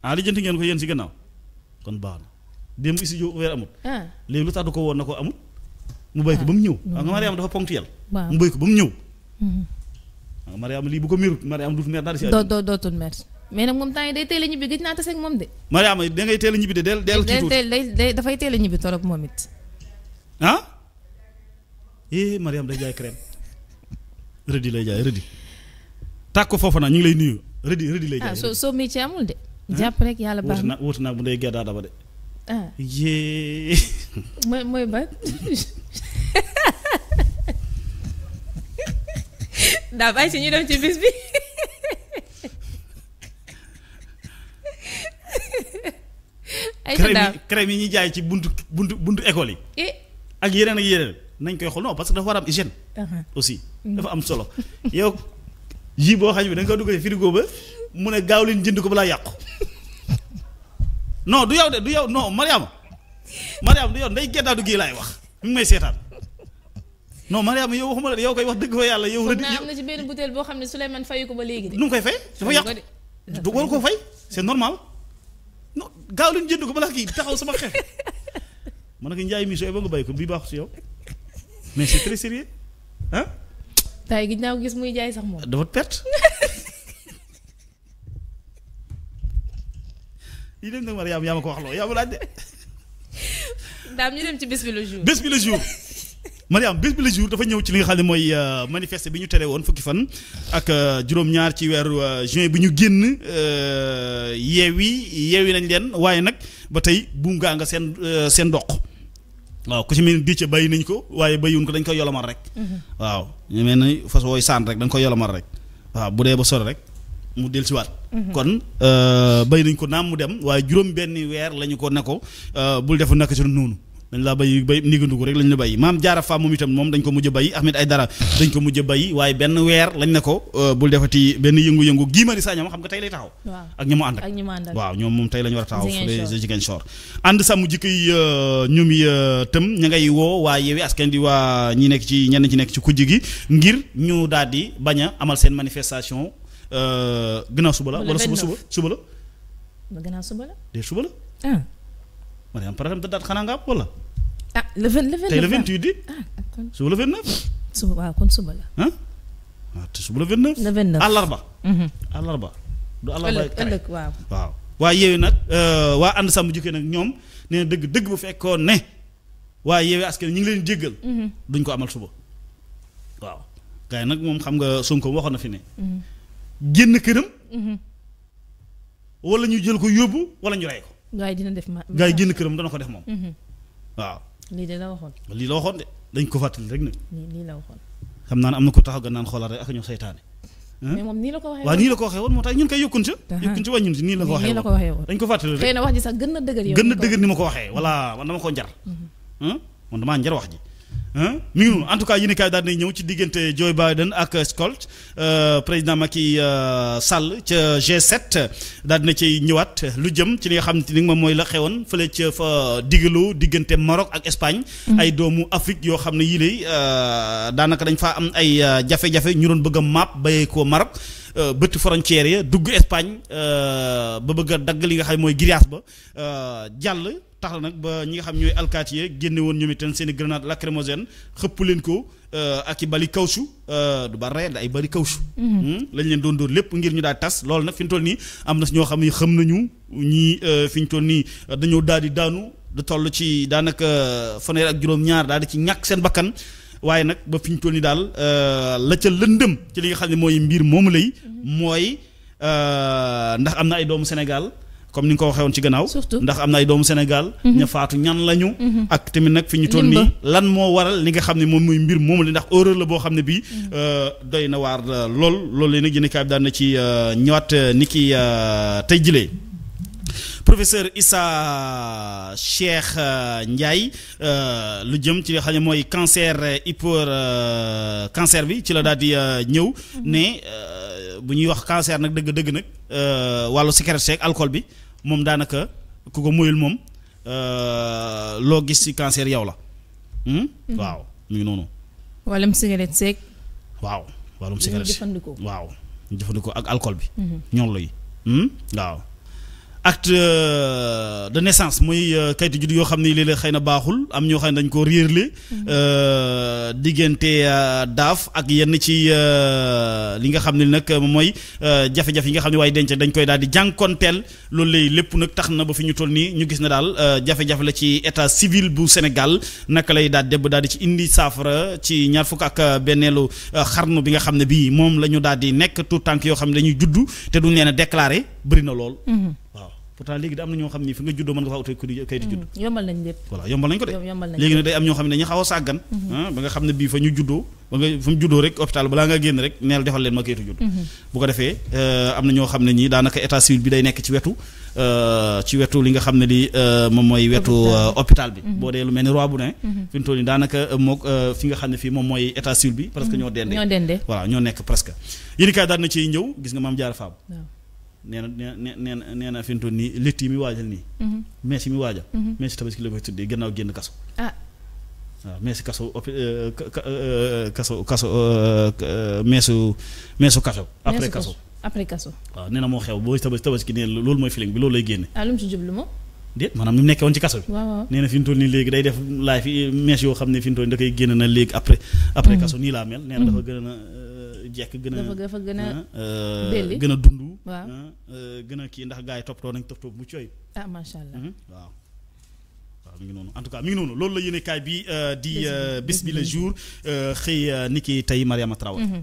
ah lijjanti ngeen ko yéen si gannaaw kon baax na démb studio ouvert amut. Ah. léegi lu tax du ko woon na ko amut. mu béy ko ba mu ñëw waaw nga Mariama dafa ponctuel mu béy ko ba mu ñëw waaw mm-hmm. ah, Mariama lii bu ko merut Mariama duutu mer dara si doo dootul mer mais nag moom temps yi day teel a ñibbi gëj naa taseeg moom de Mariama da ngay a ñibbi de del del ci dafay teel a ñibbi torop moom it ah eh Mariama day jaay crème rëdi lay jaay rëdi tàkk foofu naa ñu ngi lay nuyu rëdi rëdi lay ah, jaay ah soo soo métier amul de ah? jàpp rek yàlla baax na wóotu naa bu ndey gerdaa ah yee. mooy mooy ban. daa bàyyi si ñu dem ci bis bi. crème yi ñuy jaay ci buntu buntu buntu école yi. ak yeneen ak yeneen nañ koy xool non parce que dafa war a am hygiène. Uh-huh. aussi mm-hmm. dafa am solo. yow ji boo xam ne da nga ko dugal frigo ba mu ne gaaw leen jënd ko balaa yàqu. non du yow de du yow non Mariama Mariama du yow nday geddaadu gii laay wax mi ngi may seetaan non Mariama yow waxuma la yow koy wax dëgg fa yàlla yow. rëdd am na ci benn butéel boo xam ne Souleymane fayu ko ba léegi de. nu mu koy fay dafa yàq du war koo fay c'est normal non gaaw leen jënd ko balaa kii taxaw sama xeex ma ne ki njaay mission ba nga bàyyi ko bii baaxul si yow mais c'est très sérieux ah. tay gi naa ko gis muy jaay sax moom dafa perte. li dem nag ma yaa ma ko wax loolu yaa ma laaj de. daam ñu dem ci bés bi le jour. bés bi le jour. Mariam bés bi le jour dafa ñëw ci li nga xam ne mooy euh, manifeste bi ñu tere woon fukki fan ak euh, juróom-ñaar ci weeru euh, juin bi ñu génn yeewi yeewi nañ leen waaye nag ba tey buum gaa nga seen seen doq waaw ku ci mel ni dëcc bàyyi nañ ko waaye bàyyiwuñ ko dañ koy yolomal rek. Mhm. waaw ñu mel ni fas wooy saan rek dañ koy yolomal rek waaw bu dee ba sori rek. mu dellusiwaat. Mhm. kon euh, bay nañ ko naam mu dem waaye juróom benn weer lañu ko ne ko euh, bul defu naka si noonu dañ laa bay bay niganduko rek lañ la bay maam jaara fa moom itam moom dañ ko mujj a bay ay dara dañ ko mujj a bay waaye benn weer lañ ne ko euh, bul defati benn yëngu-yëngu Guy Marius Sagna xam nga tey lay taxaw ak ñi mu ànd ak waaw ñoom moom tey la ñu war a taxaw fële Ziguinchor ànd sàmm jikko yi ñoom yi tëm ña ngay woo waa yeewi askan di waa ñi nekk ci ñenn ci nekk ci kujj gi ngir ñu daal di bañ a amal seen manifestation Euh, gannaaw suba la wala suba suba suba la. ba gannaaw suba la. de suba la. ah. ma ne am problème de date xanaa nga am wala. ah le vingt di. Ah, suba le vingt suba waaw kon suba la. ah waaw te suba le vingt neuf. le vingt neuf àllarba. Mhm. àllarba du àllarba ëllëg ëllëg waaw. waaw waaye yeewi nag euh, waa ànd sàmm jukkee nag ñoom nee dëgg dëgg bu fekkoon ne waaye yeewi askan ñu ngi leen jéggal. Mhm. duñ ko amal suba waaw. gars yi nag moom xam nga Sonko waxoon na fi ne. Mhm. génn këram. Mhm. wala ñu jël ko yóbbu wala ñu rey ko. gaa yi dina def ma. gaa yi génn këram dana ko def moom. Mhm. waaw. lii de la waxoon. lii la waxoon de dañ ko fàttali rek nag. lii la waxoon. xam naa ne am na ko taxaw gannaan xoolaat rek ak ñoo saytaane. mais moom nii la ko waxee woon waaw nii la ko waxee woon moo tax ñun kay yokkuñ ca. yokkuñ ca wàññiwuñ si nii la ko waxee woon nii la ko waxee woon. dama ko njar. Mhm. man damaa njar wax ji mi ngi en tout cas yéen i kaay ñëw ci diggante Joe Biden ak Scholz euh, président Macky euh, Sall ca G7 daal dina ciy ñëwaat lu jëm ci li nga xam ne ni moom mooy la xewoon fële ca fa digaloo diggante Maroc ak Espagne. Mhm. ay doomu Afrique yoo xam ne yii lay euh, daanaka dañ faa am ay jafe-jafe ñu doon bëgg a maap bayee ko Maroc. bëtt frontière ya dugg Espagne ba bëgg dagg li nga xam mooy grillage ba jàll. tax na nag ba ñi nga xam ñooy alkaati yee génne woon ñoom itam seen i grenade lacrymogène xëpp leen ko euh, ak i bali kawsu euh, du ba rey ay bali kawsu. Mhm. Hmm? lañu leen doon dóor lépp ngir ñu daal tas loolu nag fi ñu nii am na ñoo xam ne xam nañu ñii euh, fi ñu nii dañoo daal di daanu du toll ci daanaka fanweer ak juróom-ñaar daal di ci ñàkk seen bakkan. waaye nag ba fi ñu toll nii daal la ca lëndëm ci li nga xam ne mooy mbir moomu lay. Mhm. mooy ndax am na ay doomu Sénégal. comme ni nga ko waxee woon ci gannaaw. ndax am na ay doomu senegal mhm. ña faatu ñan lañu. Mhm. ak tamit nag fi ñu toll nii lan moo waral li nga xam ne moom muy mbir moomu la ndax horreur la boo xam ne bii. Mhm. Euh, doy na waar euh, lool loolu la nag yéen a kaay bi daan na ci euh, ñëwaat ni ki tey jilee professeur Issa Cheikh euh, Ndiaye euh, lu jëm ci xam ne mooy cancer euh, hyper cancer bi ci la daal di ñëw mhm. ne bu ñuy wax cancer nag dëgg dëgg nag wàllu cigarette seeg alcool bi moom daanaka ku ko moyul moom loo gis ci cancer yow la hmm? mhm. waaw mu ngi noonu wàllum cigarette seeg waaw wàllum cigarette waaw jëfandikoo ak alcool bi mhm. ñoom lay hmm? waaw acte euh, de naissance mooy euh, kayitu juddu yoo xam ne léeg-léeg xëy na baaxul am ñoo xam ne dañ ko réerle mhm. euh, diggante daaf ak yenn ci li nga xam ne nag mooy jafe-jafe yi nga xam ne waaye denc dañ koy daal di jànkonteel loolu lay lépp nag tax na ba fi ñu toll nii ñu gis na daal jafe-jafe la ci état civil bu Sénégal naka lay daal debb daal di ci indi saafara ci ñaar fukk ak benneelu xarnu bi nga xam ne bii moom la ñu daal di nekk tout tànk yoo xam ne dañuy juddu te duñ leen a déclaré bëri na lool. Mhm. pourtant léegi da am na ñoo xam ni fi nga juddoo mën nga faa utee kayitu mm. judd yombal nañ lépp voilà yombal nañ ko de léegi nag day am ñoo xam ne dañu a mm-hmm. ah, nga xam ne bii ñu juddoo ba nga fa balaa nga génn rek neel defal leen ma kayitu judd mm-hmm. bu ko defee euh, am na ñoo xam ne ñi daanaka état civil bi day nekk ci wetu euh, li nga xam ne li euh, moom mooy wetu hôpital bi mm-hmm. boo dee lu mel ni roi bu ne fi mu daanaka mook fi nga xam ne fii moom mooy état civil bi presque ñoo dende voilà ñoo nekk presque yéen kaay daan na ñëw gis nga maam jaar faam nee na nee na nee na fi mu toll nii létt yi muy waajal nii. Mhm. mees yi muy waajal. Mhm. mees tabaski la koy tuddee gannaaw génn kaso. ah waaw mees kaso op euh, euh, kaso kaso euh, meesu meesu kaso. après kaso après kaso. waaw nee na moo xew boo tabaski tabaski nee loolu mooy filim bi loolu lay génne. ah lu mu ci jublu moom. déet maanaam mu nekkee woon ci kaso bi. waaw nee na léegi day def laay fi mees yoo xam ne fi mu toll nii da koy génn na léegi après. après mhm. kaso nii laa mel. nee dafa gën a. jekk gën a dafa gën a ah, euh, belli gën a dund waaw ah, euh, gën a kii ndax gars yi toppatoo nañ toppatoo bu cooy ah macha allah mhm. waaw waaw mi ngi noonu en tout cas mi ngi noonu loolu la yéene bi euh, di bis bi le jour xëy ni ki tey Mariama Traoré mhm.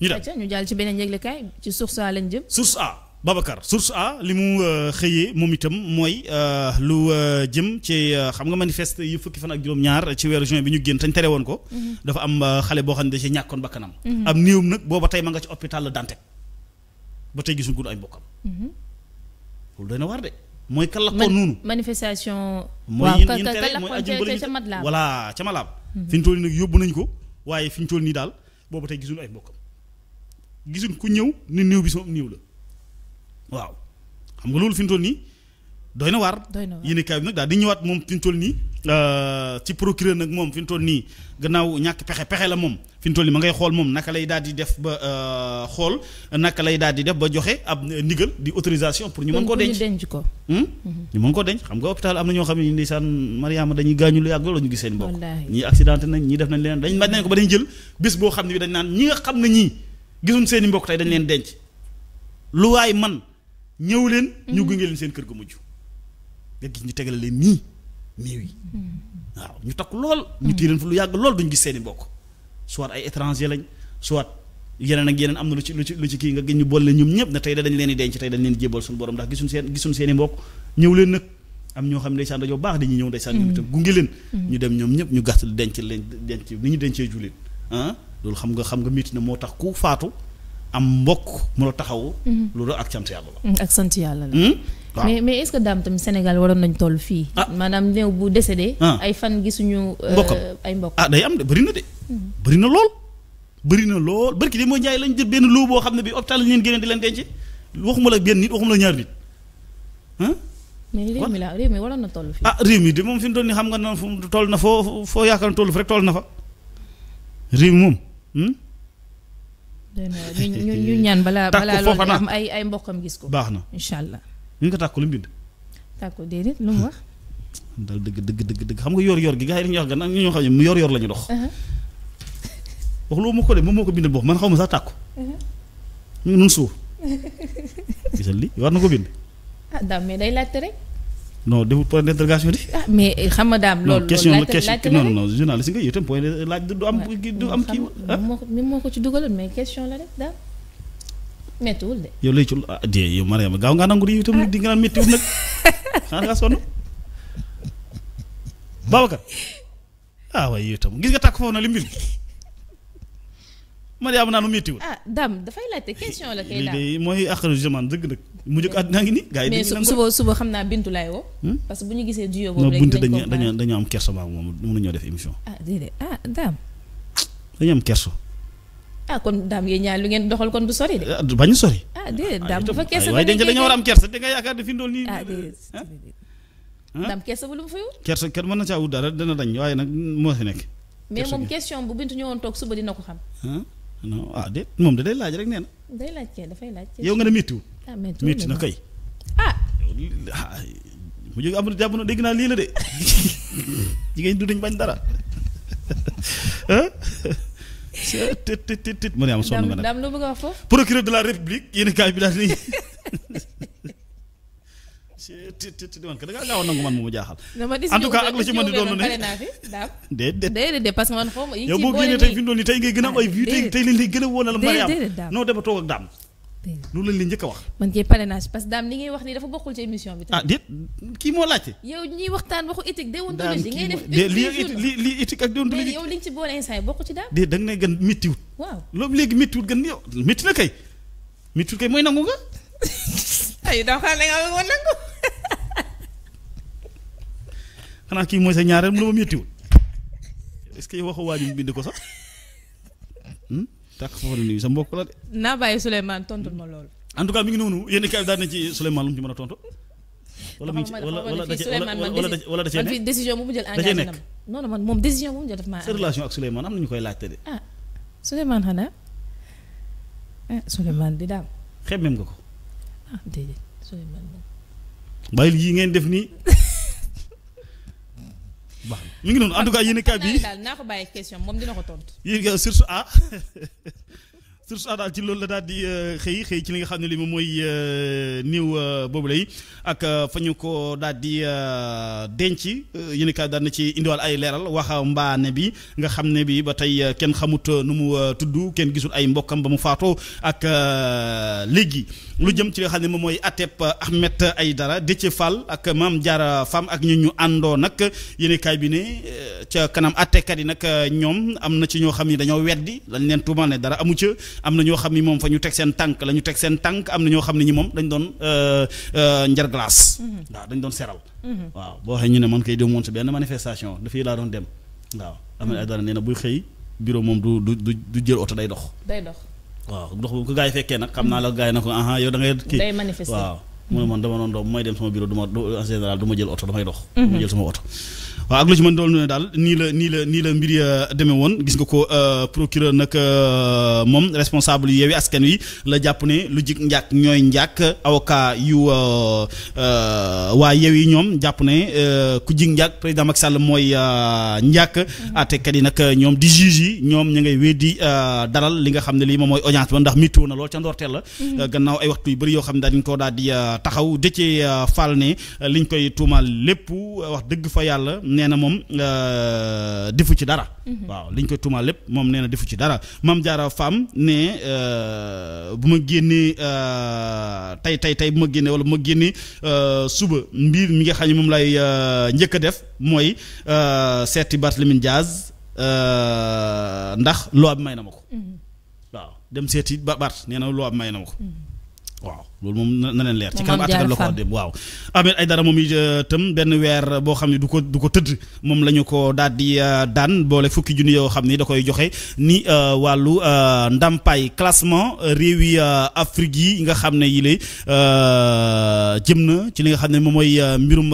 ñu ñu jàll ci beneen yëgle ci source a lañ jëm source a Babacar source A li mu euh, xëyee moom itam mooy euh, lu euh, jëm ci xam nga manifeste yi fukki fan ak juróom-ñaar ci weeru juin bi ñu génn tañ tere woon ko. Mhm. dafa am xale boo xam ne da ci ñàkkoon bakkanam. Mhm. am néewam ma nga ci hôpital la Dantec ba ko ay mbokkam. Mhm. loolu doy mooy kan la ko noonu manifestation. waaw ka ka la ko ca ca Matlaab voilà nañ ko waaye fi ñu toll nii daal booba tey gisuñu ay mbokkam gisuñ ku ñëw ni néew bi sama néew la. waaw xam nga loolu fi mu toll nii doy na waar. doy na waar yéen kaay bi nag daal di ñëwaat moom fi nii euh, ci procureur nag moom fi mu toll nii gannaaw ñàkk pexe pexe la moom fi mu toll nii ma ngay xool moom naka lay daal di def ba euh, xool naka lay daal di def ba joxe ab ndigal di autorisation. pour ñu mën koo denc denc ko. Hmm? Mhm. ñu mën koo denc xam nga hôpital am na ñoo xam ne ndeysaan Mariama dañuy gaañu lu yàgg loolu ñu gis seen mbokk. ñii accidenté nañ ñii def nañ leen dañ mën nañ ko ba dañ jël bés boo xam ne bi dañ naan ñi nga xam ne ñii gisuñ seen i mbokk tey dañ leen denc lu waay man ñëw leen ñu mm-hmm. gunge leen seen kër gu mujj nga gis ñu tegale leen nii néew yi mm-hmm. waaw ñu takk lool ñu téye leen fa lu yàgg lool duñ gis seeni mbokk soit ay étranger lañ soit yeneen ak yeneen am na lu ci lu ci lu ci kii nga gis ñu boole leen ñëpp ne tey da dañ leen di denc tey dañ leen jébal suñu borom ndax gisuñ seeni mbokk ñëw nag am ñoo xam ne ndeysaan dañoo baax dañuy ñëw ndeysaan ñoom itam mm-hmm. gunge leen ñu dem ñoom ñëpp ñu gàttal denc leen denc ni ñu dencee jullit ah loolu xam nga xam nga métti na moo tax ku faatu am mbokk mu la taxaw mhm. loolu ak sant yàlla la. Mm, sant yàlla la. Hmm? waaw mais mais est-ce que daam tamit Sénégal waroon nañ toll fii. ah maanaam néew bu décédé. Ah. ay fan gisuñu. Euh, mbokkam ay mbokk ah day am de bëri na de. Hmm. bëri na lool. bëri na lool barki de mooy njaay lañ jël benn loo boo xam ne bi hôpital lañ leen génne di leen denc waxuma la benn nit waxuma la ñaar nit. mais réew mi la réew mi waroon na toll fii. ah réew mi de moom fi mu toll xam nga noonu fu mu toll na foo foo yaakaar toll fi na fa réew ñu ñaan balaa balaa loolu am ay ay mbokkam gis ko. baax na incha allah. ñu ngi ko tàkku lu mu bind. tàkku déedéet lu mu wax. dal dëgg dëgg dëgg dëgg xam nga yor-yor gi gars yi dañuy wax gannaaw ñoo xam ne uh-huh. mu yor-yor la ñu dox. wax loolu moo ko de moom moo ko bind boo man xaw ma sax tàkku. ñu ngi noonu suuf. gisal li war na ko bind. ah daam mais day laajte rek. non deful point d'interrogation de. ah mais eh, xam nga daam loolu. question la question non laaj du am. du am kii ah ni moo ko ci dugaloon mais question la rek daam méttiwul de. yow lay ci ah de yow gaaw ngaa nangu yow itam di nga naan méttiwul nag xanaa ngaa ah, waaye yow itam gis nga tàkk foofu na li mbir. Mariama naa nu méttiwul. ah Dame dafay laajte question la kay. lii mooy àqaru jamono dëgg nag. mujj ak àddina ngi nii gars yi. xam naa Bintu laay woo. Hmm? parce ñu gisee duyo boobu rek. dañu dañu dañu am kerso maag moom mënuñoo def émission. Ah, ah, ah kon Dame yéen ñaar lu ngeen doxal kon ah, bu fa kersa waaye denc dañoo a am kersa da nga yaakaar ne fi ndool nii. ah déedéet Dame kersa bu lu na caa wut dara dana dañ waaye nag moo fi nekk. mais moom question bu Bintu ñëwoon toog suba dina ko xam non ah déet moom da day laaj rek nee day laaj kay dafay laaj. yow nga ne méttiwul. ah métti na kay. Ah. ah. mu jóg amul jàpp na dégg naa lii la de jigéen du dañ bañ dara. tit tit tit mu ne ma sonn nga nag. daam lu bëgg a wax foofu. procureur de la république yéen kaay bi daal di. ti ti ti nangu man mu jaaxal. en ak la ci mën di doon ne déedéet déedéet parce que man xaw yi yow gën a am ay vues tey tey lañ lay gën a wóonal Mariam noo dema ak daam loolu lañ la njëkk a wax man ci parrainage parce que daam li ngay wax ni dafa bokkul ci émission bi ah déet kii moo laajte yow ñuy waxtaan waxu éthique déontologie yow li ci boole instant yi ci daam déet da ne gën méttiwut loolu léegi méttiwut gën yow métti na kay méttiwut kay mooy ay donc da ngaa bëgg ma nangu. xanaa kii mooy sa ñaareel mu ne ma méttiwul est-ce que waxu waa ji bind ko sax hmm? tàkk foofu la nuyu mbokk la de. naa bàyyi Souleymane tontul ma loolu. en tout cas mi ngi noonu yéen kay daal na ci Souleymane lu mu a tontu. wala mu wala wala wala da cee nekk décision bu mu jël engagé na non non man moom décision bu mu jël daf maa. sa relation am na ñu koy laajte de. ah xanaa ah Souleymane di daal. xeeb nga ko. ah déedéet bàyyil yi ngeen def nii. baax na ngi noonu en tout cas yéen kaay bi daal naa ko bàyyi question moom dina ko tontu. yéen source A source A daal ci loolu la daal di euh, xëy xëy ci li nga xam ne li moom mooy euh, néew euh, boobu lay ak fa ñu ko daal di denc yéen kaay daal na ci indiwal ay leeral wax mbaane bi nga xam ne bi ba tey kenn xamut nu mu tudd kenn gisul ay mbokkam ba mu faatoo ak léegi. lu jëm ci li nga xam ne moom mooy atep Ahmed Aïdara Déthié Fall ak Mame Diarra Fam ak ñu ñu àndoo nag yenekaay bi ne euh, ca kanam attekat yi nag euh, ñoom am na ci ñoo xam ni dañoo weddi lañ leen tuumal ne dara amu ca am na ñoo xam ne moom fa ñu teg seen tànk la ñu teg seen tànk am na ñoo xam ne ñi moom dañ doon euh, njar glace. Mm-hmm. waaw dañ doon seral. Mm-hmm. waaw boo waxee ñu ne man kay dem woon si benn manifestation dafay laa doon dem waaw Ahmed Aïdara nee na buy xëy bureau moom du du du jël oto day dox. waaw ndox boobu ko gars yi fekkee nag xam naa la gars yi na ko aha yow da ngay kii day manifester waaw mooy man dama noonu doom mooy dem sama bureau du ma en général du ma jël oto damay dox mhm. du jël sama oto waaw ak lu ci mën doon euh, daal nii la nii la nii la mbir ya demee woon gis nga ko euh, procureur nag euh, moom responsable yi Askan Wi la jàpp ne lu jig njàkk ñooy njàkk avocat yu waa Yewwi ñoom jàpp ne ku jik njàkk président Macky Sall mooy njàkk mhm. àttekat yi nag ñoom di juge ñoom ñu ngay weddi daral li nga xam ne lii moom mooy audience ba ndax météo na lool ca ndoorteel la mhm. gannaaw ay waxtu yu bëri yoo xam ne dañ ko daal di taxaw dëcee faal ne liñ koy tuumaal lépp wax dëgg fa yàlla nee na moom euh, defu ci dara. Mhm. waaw liñ koy tuumaal lépp moom nee na defu ci dara Mame Diarra Fam ne euh, bu ma génnee euh, tey tey tey bu ma génnee walla bu ma génnee suba mbir mi nga xam ne moom lay njëkk a def mooy seeti Barthélémy Diaz ndax loi bi may na ma ko. Mhm. waaw dem seeti Bart nee na loi bi may na ma ko mhm. waaw. loolu moom na leer ci kanam àttekat la ko dem waaw Ahmed moom itam euh, benn weer boo xam ne du ko du ko tëdd moom la ñu ko daal di euh, daan boole fukki junni yoo xam ni da koy joxe ni euh, wàllu ndàmpaay classement réew yi Afrique yi nga xam ne yi lay jëm na ci li nga xam ne moom mooy mbirum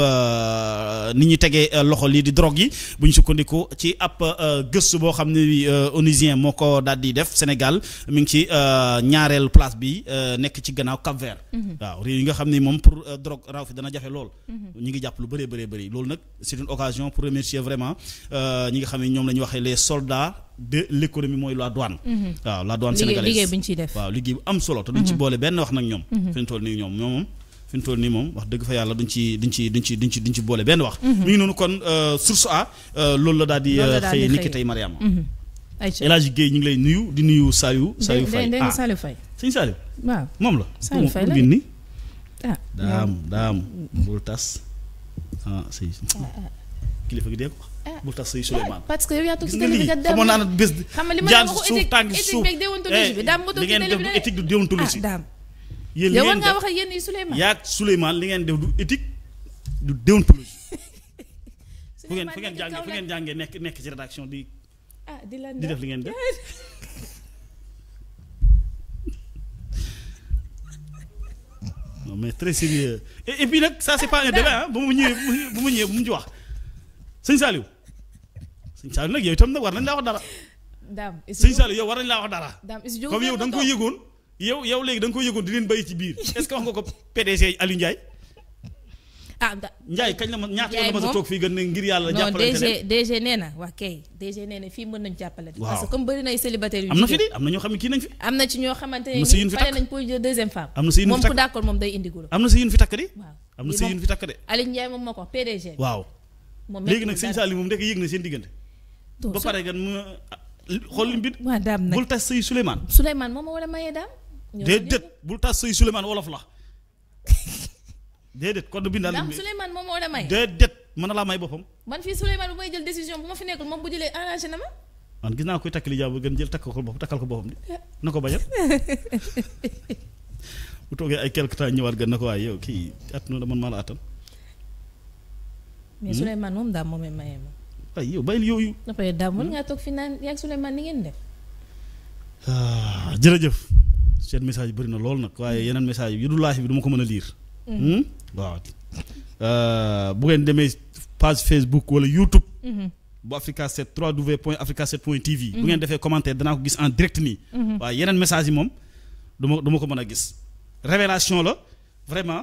ni ñuy tegee loxo lii di drogue yi bu ñu sukkandiku ci ab gëstu boo xam ne onusien moo ko daal di def Sénégal mu ngi ci ñaareel place bi nekk ci gannaaw Cap-Vert leer mhm. waaw réew yi nga xam ne moom pour euh, drogue raw fi dana jafe lool mhm. ñu ngi jàpp lu bëree bëree bëri loolu nag c'est une occasion pour remercier vraiment euh, ñi nga xam ne ñoom la waxee les soldats de l'économie mooy la douane mhm. waaw la douane sénégalaise liggéey bi ñu ciy def liggéey bu am solo te duñ ci boole benn wax nag ñoom fi toll nii moom wax dëgg fa yàlla duñ ci duñ ci ci duñ ci ci boole benn wax mu ngi noonu kon euh, source a loolu la daal di xëyee niki tey waaw moom la. Saalum Faye la moom ni. ah daam daam bul tas ah sëy kilifa gi dee ko. Ah. bul tas sëy Souleymane. Ah, parce que yow yaa toog si nga xamoon naa ne bés. xam nga li ma la wax éthique éthique eh, li ngeen def du éthique du déontologie. ah daam yéen li ngeen def yow war ngaa wax ak yéen yi Souleymane. yaa Souleymane li ngeen def du éthique du déontologie. fu ngeen fu ngeen jàngee fu ngeen jàngee nekk nekk ci rédaction di. ah di la di def li ngeen def. non mais très sérieux et, et puis nag ça c'est pas un débat ah ba mu ñëwee ba mu ñëwee bu mu ci wax sëñ Saliou sëñ Saliou nag yow itam nag war nañ laa wax dara. daam sëñ Saliou yow war nañ laa wax dara. daam comme yow da nga koy yëgoon. yow yow léegi da nga koy yëgoon di leen bàyyi ci biir est-ce que wax nga ko PDG Aliou Ndiaye. ah Ndiaye kañ la ma ñaata la ma toog fii gën ngir yàlla. jàppalante leen non DG DG nee na waa kay DG nee na fii mën nañu jàppalante. waaw parce que comme bëri na ay célibataire yu. ne kii nañ fi. na ci ñoo xamante ne nii pare nañ pour deuxième femme. am na si yu ñu de. de. bul tas sëy Souleymane. Souleymane moom moo war a daam. ñoo déedéet bul tas sëy Souleymane wolof la déedéet code bi daal Souleymane moom moo la may. déedéet mën na laa may boppam. man fii Souleymane bu may jël décision bu ma fi nekkul moom bu jëlee arrangé na ma. man gis naa koy takk li jàmbur gën jël takk ko bopp takkal ko boppam de na ko bañal bu toogee ay quelque temps ñëwaat gën na ko waaye yow kii at noonu man maa la attan. mais hmm? Souleymane moom daal moom maye ma. ay yow bàyyil yooyu. dafay daal mën hmm? ngaa toog fi naan yaa ngi Souleymane ni ngeen def. Ah, jërëjëf seen message bëri na lool nag waaye hmm. yeneen message yu laaj bi du ko mën a lire. waaw euh, bu ngeen demee page Facebook wala YouTube. Mhm. bu Africa 7 3w point Africa 7 point TV. Mhm. bu ngeen defee commentaire danaa ko gis en direct nii. Mhm. waaw yeneen message yi moom du ma du ma ko mën a gis. révélation la vraiment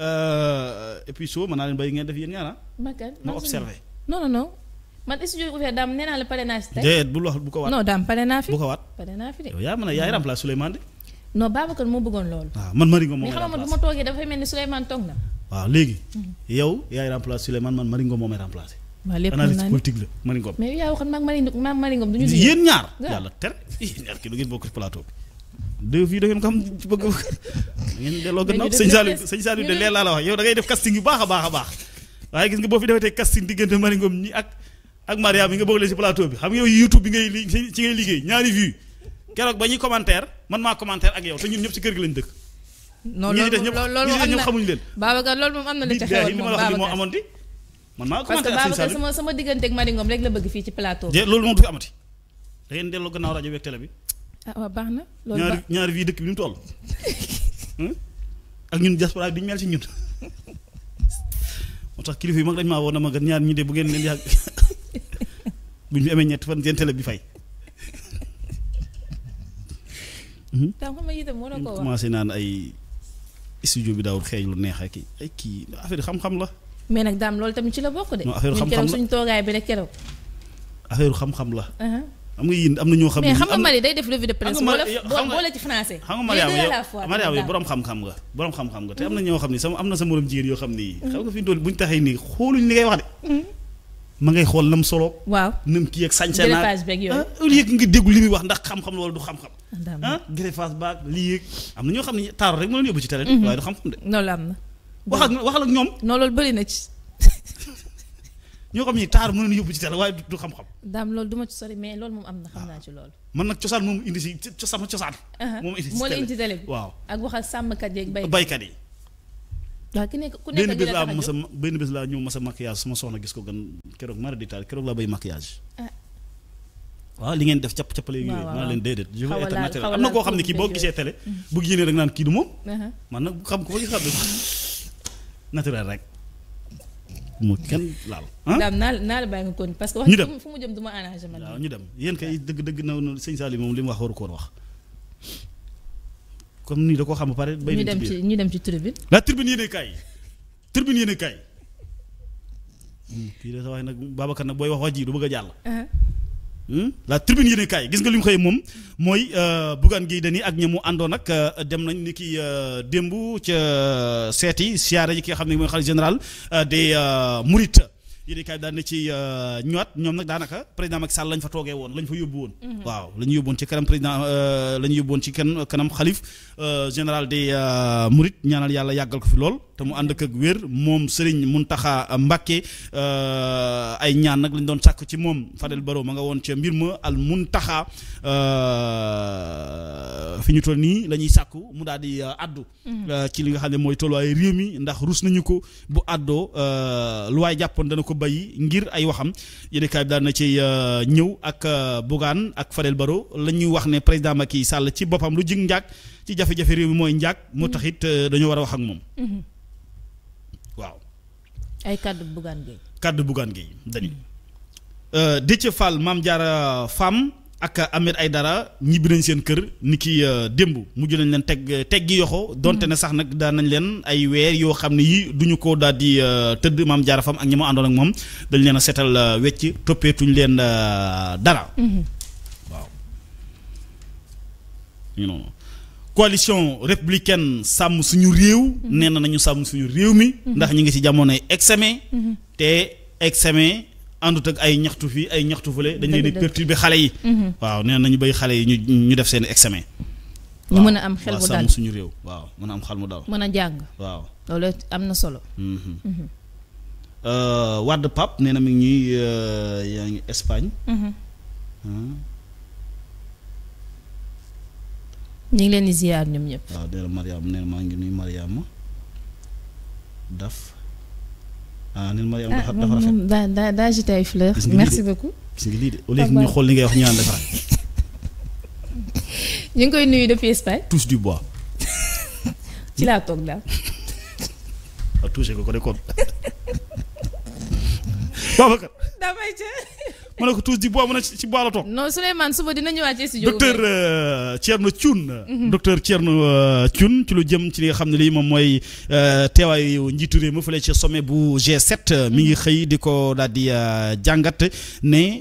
euh, et puis soo mën naa leen bay ngeen def yéen ñaar ah. ma observé non non non. man studio ouvert daam nee naa la pare naa si tey. déedéet bu wax bu ko waat. non daam pare naa fi bu ko waat. pare naa fi de. yow yaa mën a yaay remplace Souleymane de. non Babacar moo bëggoon loolu. waaw ah, man Maringo moo may ma toogee dafay mel ni Souleymane na. waaw léegi. Mm-hmm. yow yaay remplacé Souleymane man Maringo moo may remplacé. waaw lépp analyse politique la Maringo. mais yaa waxoon maag Maringo maag Maringo du ñaar yàlla tere yéen ñaar kii du ngeen bokk plateau bi. da ngeen de leer laa la wax yow da ngay def casting yu baax a baax a baax waaye gis nga boo fi defee tey casting diggante Maringo ñi ak ak Maria bi nga bëgg leen ci plateau bi xam yow YouTube bi ngay ci keroog ba ñu commentaire man maa commentaire ak yow te ñun ñëpp ci kër gi lañ dëkk. non loolu moom loolu moom ñëpp xamuñu leen. Babacar loolu na li ca xewoon moom Babacar li ma la wax nii moo sama sama digganteeg Mari Ngom rek la bëgg fii ci plateau bi. loolu moom du fi amati da ngeen delloo gannaaw rajo bi ak télé bi. Ah, baax na. loolu ñaari ñaari dëkk bi ni mu toll. Hmm? ñun diaspora bi duñu mel ci ñun. moo tax kilifa yi mag dañ maa woo na ma gën ñaar ñu dee bu ngeen leen yàgg bu ñu amee ñett fan seen télé bi fay Mhm. tam xam nga na koo bi daawul xeeñ lu neex ak ay kii affaire xam-xam la. mais nag daam loolu tamit ci la bokk de. non affaire xam-xam la ñun bi rek keroog. affaire xam la. Uh-huh. am nga yéen ñoo xam ne mais xam nga Marie day def revue de presse. boole ci français. xam nga Mariama yow borom xam-xam nga borom xam-xam te am na mm-hmm. ñoo xam ne sama am na sa morom jigéen yoo xam ne. Mm-hmm. xam nga fi mu toll bu ñu taxee nii xooluñ li ngay wax de mm-hmm. ma ngay xool nam solo. waaw nam kii ak sañse naa greffage beeg yooyu ah, au lieu nga déglu li muy wax ndax xam-xam la wala du xam-xam. ah greffage baag lii yëg am na ñoo xam ne taaru rek moo leen yóbbu ci tere. Mhm. waaye du xam-xam de. loolu am na. wax ak waxal ak ñoom. non loolu bëri na ci. ñoo xam ne taaru moo leen yóbbu ci tere waaye du xam-xam. daam loolu du ma ci sori mais loolu moom am na xam naa ci loolu. Ah, man nag cosaan moom indi si sama cosaan. Uh-huh. moom indi si télé moo la indi télé bi waaw ak waxal sàmmkat yeeg baykat yi waaw ki nekk ku nekk benn laa mos a benn bés laa ñëw mos a maquillage sama soxna gis ko gan keroog mara di taal keroog laa bay maquillage. Ah. waaw li ngeen def cap capale yooyu. waaw waaw leen déedéet. je veux être naturel koo xam ne boo gisee télé. Uh-huh. bu génnee rek naan kii du moom. Uh-huh. man nag xam naturel rek. mu kenn laal. Ah? daam naa naa la bàyyi nga kon parce que. ñu dem wax fu mu jëm du ma arrangé ñu dem yéen kay dëgg dëgg na sëñ Saliou moom li mu wax waru ko wax. comme nii da koo xam ba pare. bay ñu dem ci ñu dem ci tribune. la tribune yéene kaay tribune yéene kaay hmm, kii nag booy wax wax ji du bëgg a jàll. Uh-huh. Hmm? la tribune yéene kaay gis nga li mu xëy moom mooy euh, Bougane Gueye Dany ak ña mu àndoon ak euh, dem nañ ni ki euh, démb ca seeti siyaare yi ki xam ne mooy xalifa général des Mourides. yéen i kaay daan na ci euh, ñëwaat ñoom nag daanaka président Macky Sall lañ fa toogee woon lañ fa yóbbu woon mhm. waaw la ñu yóbbu woon ci kanam président euh, lañu ñu yóbbu woon ci kanam xalif euh, général des Mourides ñaanal yàlla yàggal ko fi lool te mu ànd ak ak wér moom Serigne Mountakha Mbacké euh, ay ñaan nag lañ doon sàkk ci moom Fadel Baro ma nga woon ca mbir ma al mun Mountakha euh, fi ñu toll nii lañuy sàkk mu daal di addu euh, mm-hmm. ci li nga xam ne mooy tolluwaay réew mi ndax rus nañu ko bu àddoo lu waay jàppoon dana ko bàyyi ngir ay waxam yéenekaay bi daal na ci ñëw ak Bougane ak Fadel Baro la ñuy wax ne président yi Sall ci boppam lu jig njaag ci jafe-jafe réew mi mooy njaag moo mm-hmm. taxit dañoo war a wax ak moom mm-hmm. ay kaddu Bougane Gueye. kaddu Bougane Gueye dañu. Euh, Déthié Fall Mame Diarra Fam ak Ahmed Aïdara ñibbi nañ seen kër ni ki euh, démb mujj nañ leen teg teggi yoxo donte ne sax nag daan nañ leen ay weer yoo xam ne yi duñu ko daal di euh, tëdd Mame Diarra Fam ak ñi ma àndoon ak moom dañ leen a seetal wecc toppeetuñ leen dara. Mhm. waaw. coalition républicaine sàmm suñu réew. Mhm. nee na nañu sàmm suñu réew mi. Mhm. ndax ñu ngi ci jamonoy examen. Mhm. te examen àndut ak ay ñaxtu fii ay ñaxtu fële dañ leen di perturber xale yi. waaw nee nañu bay xale yi ñu ñu def seen examen. ñu mën a am xel mu suñu réew waaw mën a am xel mu dal. mën a jàng waaw. loolu am na solo. Euh, Wade Pape nee na mi ngi ñuy euh, yaa Espagne. ñu ngi leen di ziar ñoom ñëpp. waaw delloo Mariama nee na maa ngi nuyu Mariama daf ah nee na Mariama dafa ah, dafa daa daa jeté ay fleur. merci beaucoup gis nga lii de au lieu xool li ngay wax ñu naan dafa ñu ngi koy nuyu depuis Espagne. touche du bois. ci laa toog daal. ah touché ko ko de kon. Babacar. damay ca. ma ne ko tous di bois mu ne ci bois la toog. non Souleymane suba dina ñëwaat ci studio. docteur euh, Thierno Thioune. Mhm. docteur Thierno euh, Thioune ci lu jëm ci li nga xam ne lii moom mooy euh, teewaayu njiitu réew mi fële ci sommet bu G7. mi ngi mhm. xëy di ko daal di jàngat ne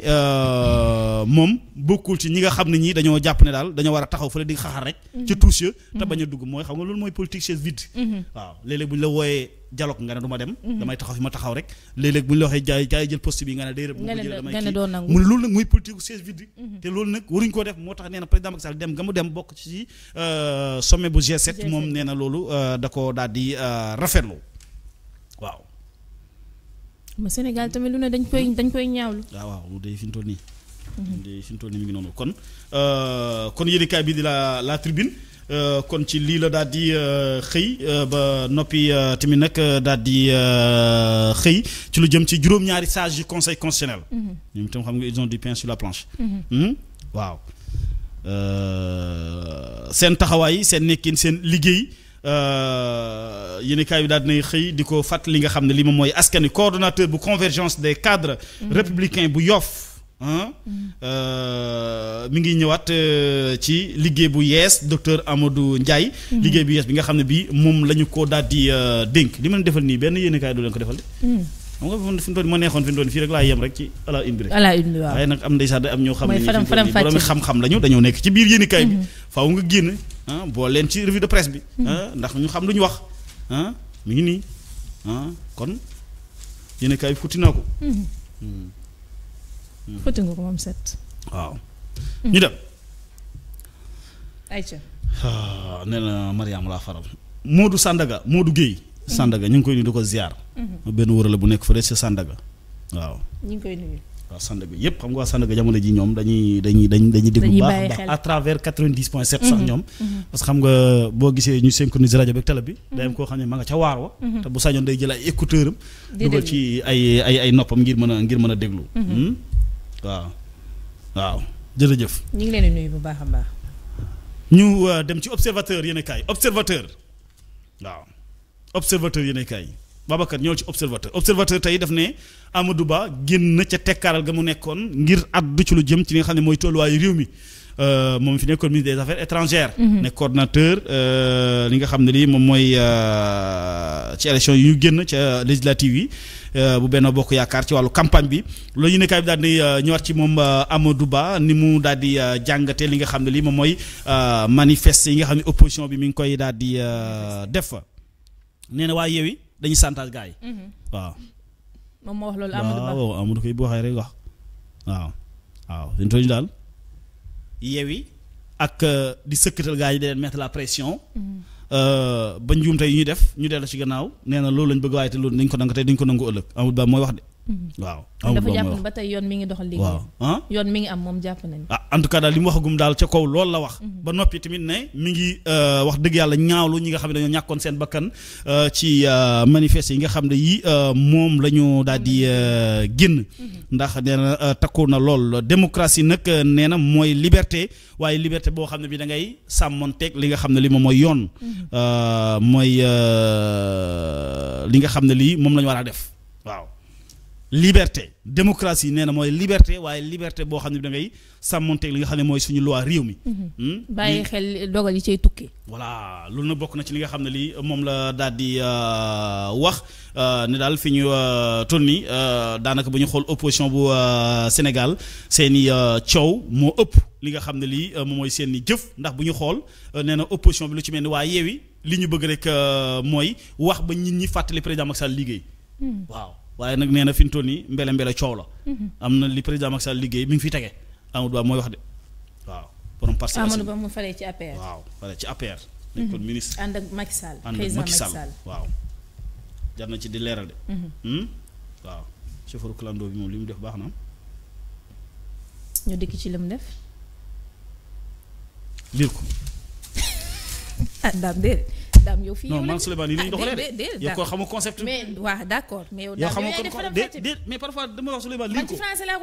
moom bokkul ci ñi nga xam ne ñii dañoo jàpp ne daal dañoo war a taxaw fële di xaxar rek. Mhm. ci tous ya te bañ a dugg mooy xam nga loolu mooy politique chaise vide. waaw léeg-léeg bu ñu la wooyee. ma dem. damay taxaw fi ma taxaw rek léeg bu ñu la waxee jaay jaay jël poste bi nga ne day rëbb. nga ne mu ne loolu nag muy politique siège vide mhm. te loolu nag waruñu koo def moo tax nee na président Macky Sall dem ga mu dem bokk ci euh, sommet bu G7 moom nee loolu euh, da ko daal di euh, rafetlu waaw ma Sénégal tamit lu ne dañ koy dañ koy ñaawlu waaw ah, waaw lu day fi mu toll nii mhm. mu ngi noonu kon kon yéenekaay bi di la tribune Euh, kon ci lii la dal di euh, xëy euh, ba noppi tamit nag daal di xëy ci lu jëm ci juróom-ñaari sages yu conseil constitutionnel. Mm-hmm. ñoom itam xam nga ils ont du pain sur la planche. Mm-hmm. Hmm? waaw seen taxawaay seen nekkin seen liggéey. yéenekaay bi daal dinay xëy di ko li nga xam ne li moom mooy askani coordonnateur bu convergence des cadres mm-hmm. républicains bu Yoff Euh, mi ngi ñëwaat euh, ci liggéey bu yees docteur Amadou Ndiaye. Mhm. liggéey bu yees bi nga xam ne bii moom la ñu ko daal di euh, dénk li ma leen defal nii benn yéenekaay du leen ko defal de. Mhm. xam nga fi mu doon ma neexoon fi mu fii rek laa yem rek ci ala une bi rek. ala une bi waaw waaye am ndeysaan am ñoo xam ne. mooy borom xam-xam lañu dañoo nekk ci biir yéenekaay bi. Mhm. faaw nga génn ah boo leen ci revue de presse bi. ndax ñu xam lu ñu wax ah mi ngi nii ah kon yéenekaay futti naa ko. Hmm. fëti nga ko moom set. waaw. Mm. ñu dem. ayca. nee na Mariam laa faral. Modou Sandaga Modou Guèye. Mm-hmm. Sandaga ñu ngi koy nuyu di ko ziar. Mm-hmm. benn wërale bu nekk fële ci Sandaga waaw. ñu ngi koy nuyu. waaw yëpp xam nga waa jamono ji ñoom dañuy dañuy dañuy dañuy déglu baax baax à travers 90 point 7 sax mm-hmm. ñoom parce que xam nga boo gisee ñu synchroniser rajo bi ak télé bi day am koo xam ne ma nga ca waar wa te bu sañoon day jël ay écouteur dugal ci ay ay ay noppam ngir mën a ngir mën a déglu hmm? waaw waaw jërëjëf. ñu ngi leen di nuyu bu baax a baax. ñu euh, dem ci observateur yéen kaay observateur waaw observateur yéen kaay Babacar ñëw ci observateur observateur tey daf ne Amadou Ba génn ca tekkaaral ga mu nekkoon ngir addu ci lu jëm ci li nga xam ne mooy tolluwaayu réew mi. Euh, moom fi nekkoon ministre des affaires étrangères. Mhm. nekk coordonnateur euh, li nga xam ne lii moom mooy euh, ci élection yu ñu génn ca législative yi bu benn bokk yaakaar ci wàllu campagne bi loolu yéen a kaay bi daal di ñëwaat ci moom Amadou Ba ni mu daal di jàngatee li nga xam ne lii moom mooy manifeste yi nga xam ne opposition bi mu ngi koy daal di def fa nee na waa Yewwi dañuy chantage gaa yi. Mhm. waaw. moom moo wax loolu Amadou Ba waaw Amadou koy bu waxee wax waaw waaw daal. yewi ak euh, di sëkkatal gars yi di leen mettre la pression. Mhm. Euh, ba njuumte yi ñuy def ñu dellu ci gannaaw nee loolu lañ bëgg waaye te loolu nañ ko nangu tey duñ ko nangu ëllëg amul ba mooy wax de. Mm-hmm. waaw amul dafa jàpp ne ba tey yoon mi ngi doxal liggéey. waaw ah? yoon mi ngi am moom jàpp nañu. ah en tout cas daal li mu waxagum daal ca kaw loolu la wax. Mm-hmm. ba noppi tamit ne mi ngi euh, wax dëgg yàlla ñaawlu ñi nga xam ne ñàkkoon seen bakkan euh, ci euh, manifeste yi nga xam ne yii moom la ñu daal di génn. Mm-hmm. ndax nee na na lool démocratie nag nee na mooy liberté waaye liberté boo xam ne bi da ngay sàmmonteeg li nga xam ne li moom mooy yoon. mooy li nga xam ne lii moom lañu ñu war a def. liberté démocratie nee na mooy liberté waaye liberté boo xam ne da ngay sàmmonteeg li nga xam ne mooy suñu loi réew mi. Mhm. Hmm? bàyyi xel dogal yi cay tukkee. voilà loolu na bokk na ci li nga xam ne lii moom la daal di euh, wax euh, ne daal fi ñu euh, toll nii daanaka bu ñu xool opposition bu Sénégal seeni i coow moo ëpp li nga xam ne lii moom mooy seen i jëf ndax bu ñu xool nee na opposition bi lu ci mel ni waa Yewwi li ñu bëgg rek mooy wax ba nit ñi fàttali président Macky Sall waaye nag nee na fi mu toll nii mbele mbele coow la. Mhm. am na li président Macky liggéey mi ngi fiy tege Amadou Ba mooy wax de waaw. borom parcelle Amadou Ba mu falee ci APR. waaw falee ci APR. dañ ko ministre ànd ak Macky Sall. président Macky waaw. jar na ci di leeral de. Mhm. Hmm? waaw chauffeur clando bi moom li mu def baax na. ñu dikk ci li mu def. liir ko. Ah, daam yow fii yow la ñu ah, doxalee de yow ko xamu concept mais waaw d'accord mais yow xamu déedéet mais parfois dama wax lii ko man laa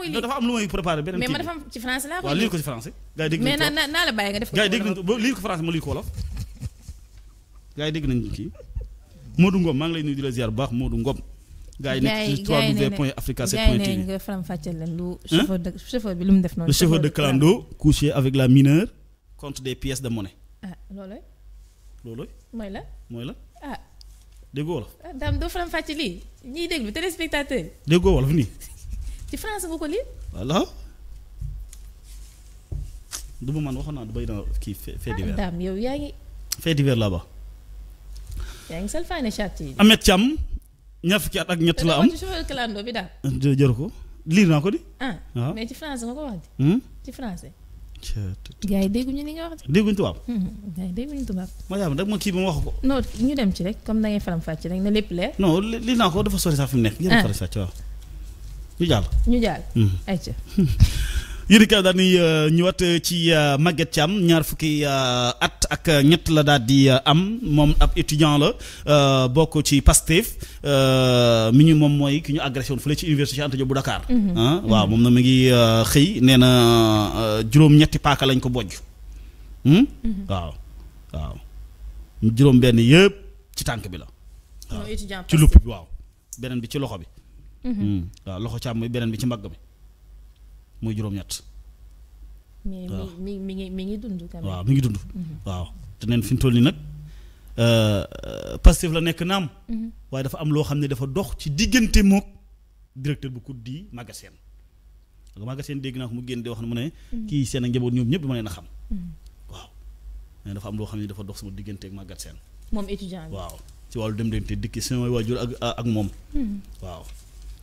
koy lii ko ci français yi dégg mais naa naa la nañ lii ko français ma lii maa ngi lay nuyu di la ziar bu baax Modou Ngom gaa yi nekk ci www.africa7.tv gaa yi nga faram fàcceel leen lu chauffeur de chauffeur bi lu mu def noonu. le chauffeur de clando couché avec la mineure contre des pièces de monnaie. ah mooy la mooy la ah. déggoo wolof. ah daam doo faram fàcce lii ñiy déglu téléspectateur. déggoo wolof nii. ci France bu ko lii. voilà. du ma man waxoon naa du bay na kii fait ah, divers. daam yow yaa ngi. fait divers laa ba. yaa ngi salfaane charte yi. Ahmed Thiam ñaar fukki at ak ñett la am te ko liir naa ko di. Ah, ah. mais ci français nga ko wax di. Hmm? ci français. gars yi dégguñu li nga wax de. dégguñu tubaab. Hmm, gars yi dégguñu tubaab. ma yaakaar nag ma kii bi ma wax ko. non ñu dem ci rek comme da ngay faram fàcce rek na lépp leer. non li naa ko dafa sori sax fi nekk. Ah. ñu jàll. ñu jàll. Hmm. ayca. yéen i daal ñu euh, ñëwaat euh, ci euh, Maguette am ñaar fukki at ak ñett la daal di am moom ab étudiant la bokk ci Pastef mi ñu moom mooy ki ñu agressé woon fële ci université Anta Diop bu dakaar mhm. ah, mhm. waaw moom na mi ngi xëy nee na juróom-ñetti paaka lañ ko bojj. Hmm? Mhm. waaw waaw juróom-benn yëpp ci tànk bi la. ci lupp bi waaw beneen bi ci loxo bi. Hmm. waaw loxo càmm bi beneen bi ci mbagg bi. muy juróom-ñett. waaw mi mi ngi mi ngi dund. waaw mi ngi dund. Mhm. waaw te neen fi mu toll nii nag euh, euh, Pastef la nekk naam. Mhm. waaye dafa am loo xam ne dafa dox ci diggante mook directeur bu COUD di magasin. waaw magasin dégg naa ko mu génn di wax na mu ne. Mhm. kii seen ak njaboot ñoom ñëpp dama leen a xam. waaw mais dafa am loo xam ne dafa dox sama diggante ak magasin. moom étudiant bi waaw ci wàllu dem dem te dikki sama waajur ak ak moom. waaw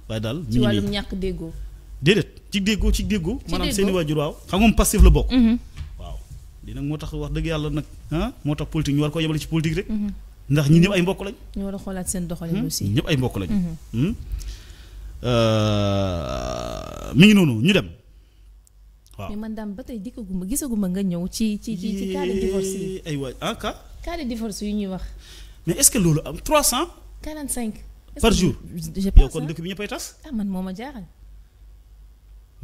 waaye daal. ci wàllum ñàkk déggoo. déedéet ci déggoo ci déggoo. maanaam seen i waajur waaw xam nga passif la bokk. Mhm. waaw lii nag moo tax wax dëgg yàlla nag ah moo tax politique ñu war ko yemale ci politique rek. Mhm. ndax ñi ñëpp ay mbokk lañ. ñu war a xoolaat seen doxalin hmm? aussi. ñëpp ay mbokk lañ. Mhm. Hmm? Euh, mi ngi noonu ñu dem. waaw mais man daam ba tey dikkaguma gisaguma nga ñëw ci ci ci ci cas divorce yi. ay waay ah cas. cas de divorce yu ñuy wax. mais est-ce que loolu am 300. 45. par jour. je pense yow kon dëkk bi ñëppay tas. ah man moo ma jaaxal.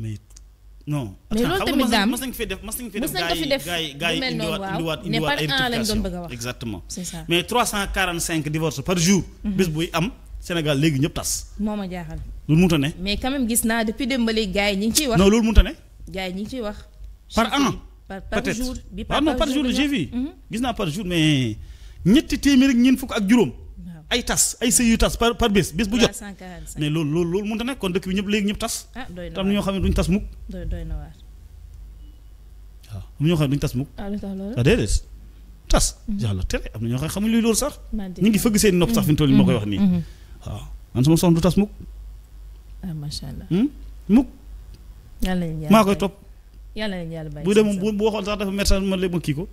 mais loolu tamit daam mas nañ def mas nañ def. gaa yi indiwaat indiwaat indiwaat ay rectification exactement. c'est ça mais 345 divorces par jour. Mhm. bés buy am Sénégal léegi ñëpp tas. moo ma jaaxal. loolu mënut a mais quand gis naa depuis démb léegi gaa ciy wax. non loolu mënut a ne. gaa ciy wax. par an par par jour bi par par jour j'ai mhm. gis naa par jour mais ñetti téeméer ak fukk ak juróom. ay tas ay sëy yu tas par par bés bés bu jot mais loolu loolu loolu mënta nekk kon dëkk bi ñëpp léegi ñëpp tas tam ah, na waar waaw ah, am na ñoo xam ne duñ tas mukk ah, ah déedéet tas mhm. yàlla tere am na ñoo xam ne xamuñ luy loolu sax ñu ngi fëgg seen nopp sax fi mu toll nii moo koy wax nii waaw mhm. man sama soxna du tas mukk macha allah hmm? mukk maa koy topp bu dee moom bu waxoon sax dafa médecin man léegi ma kii ko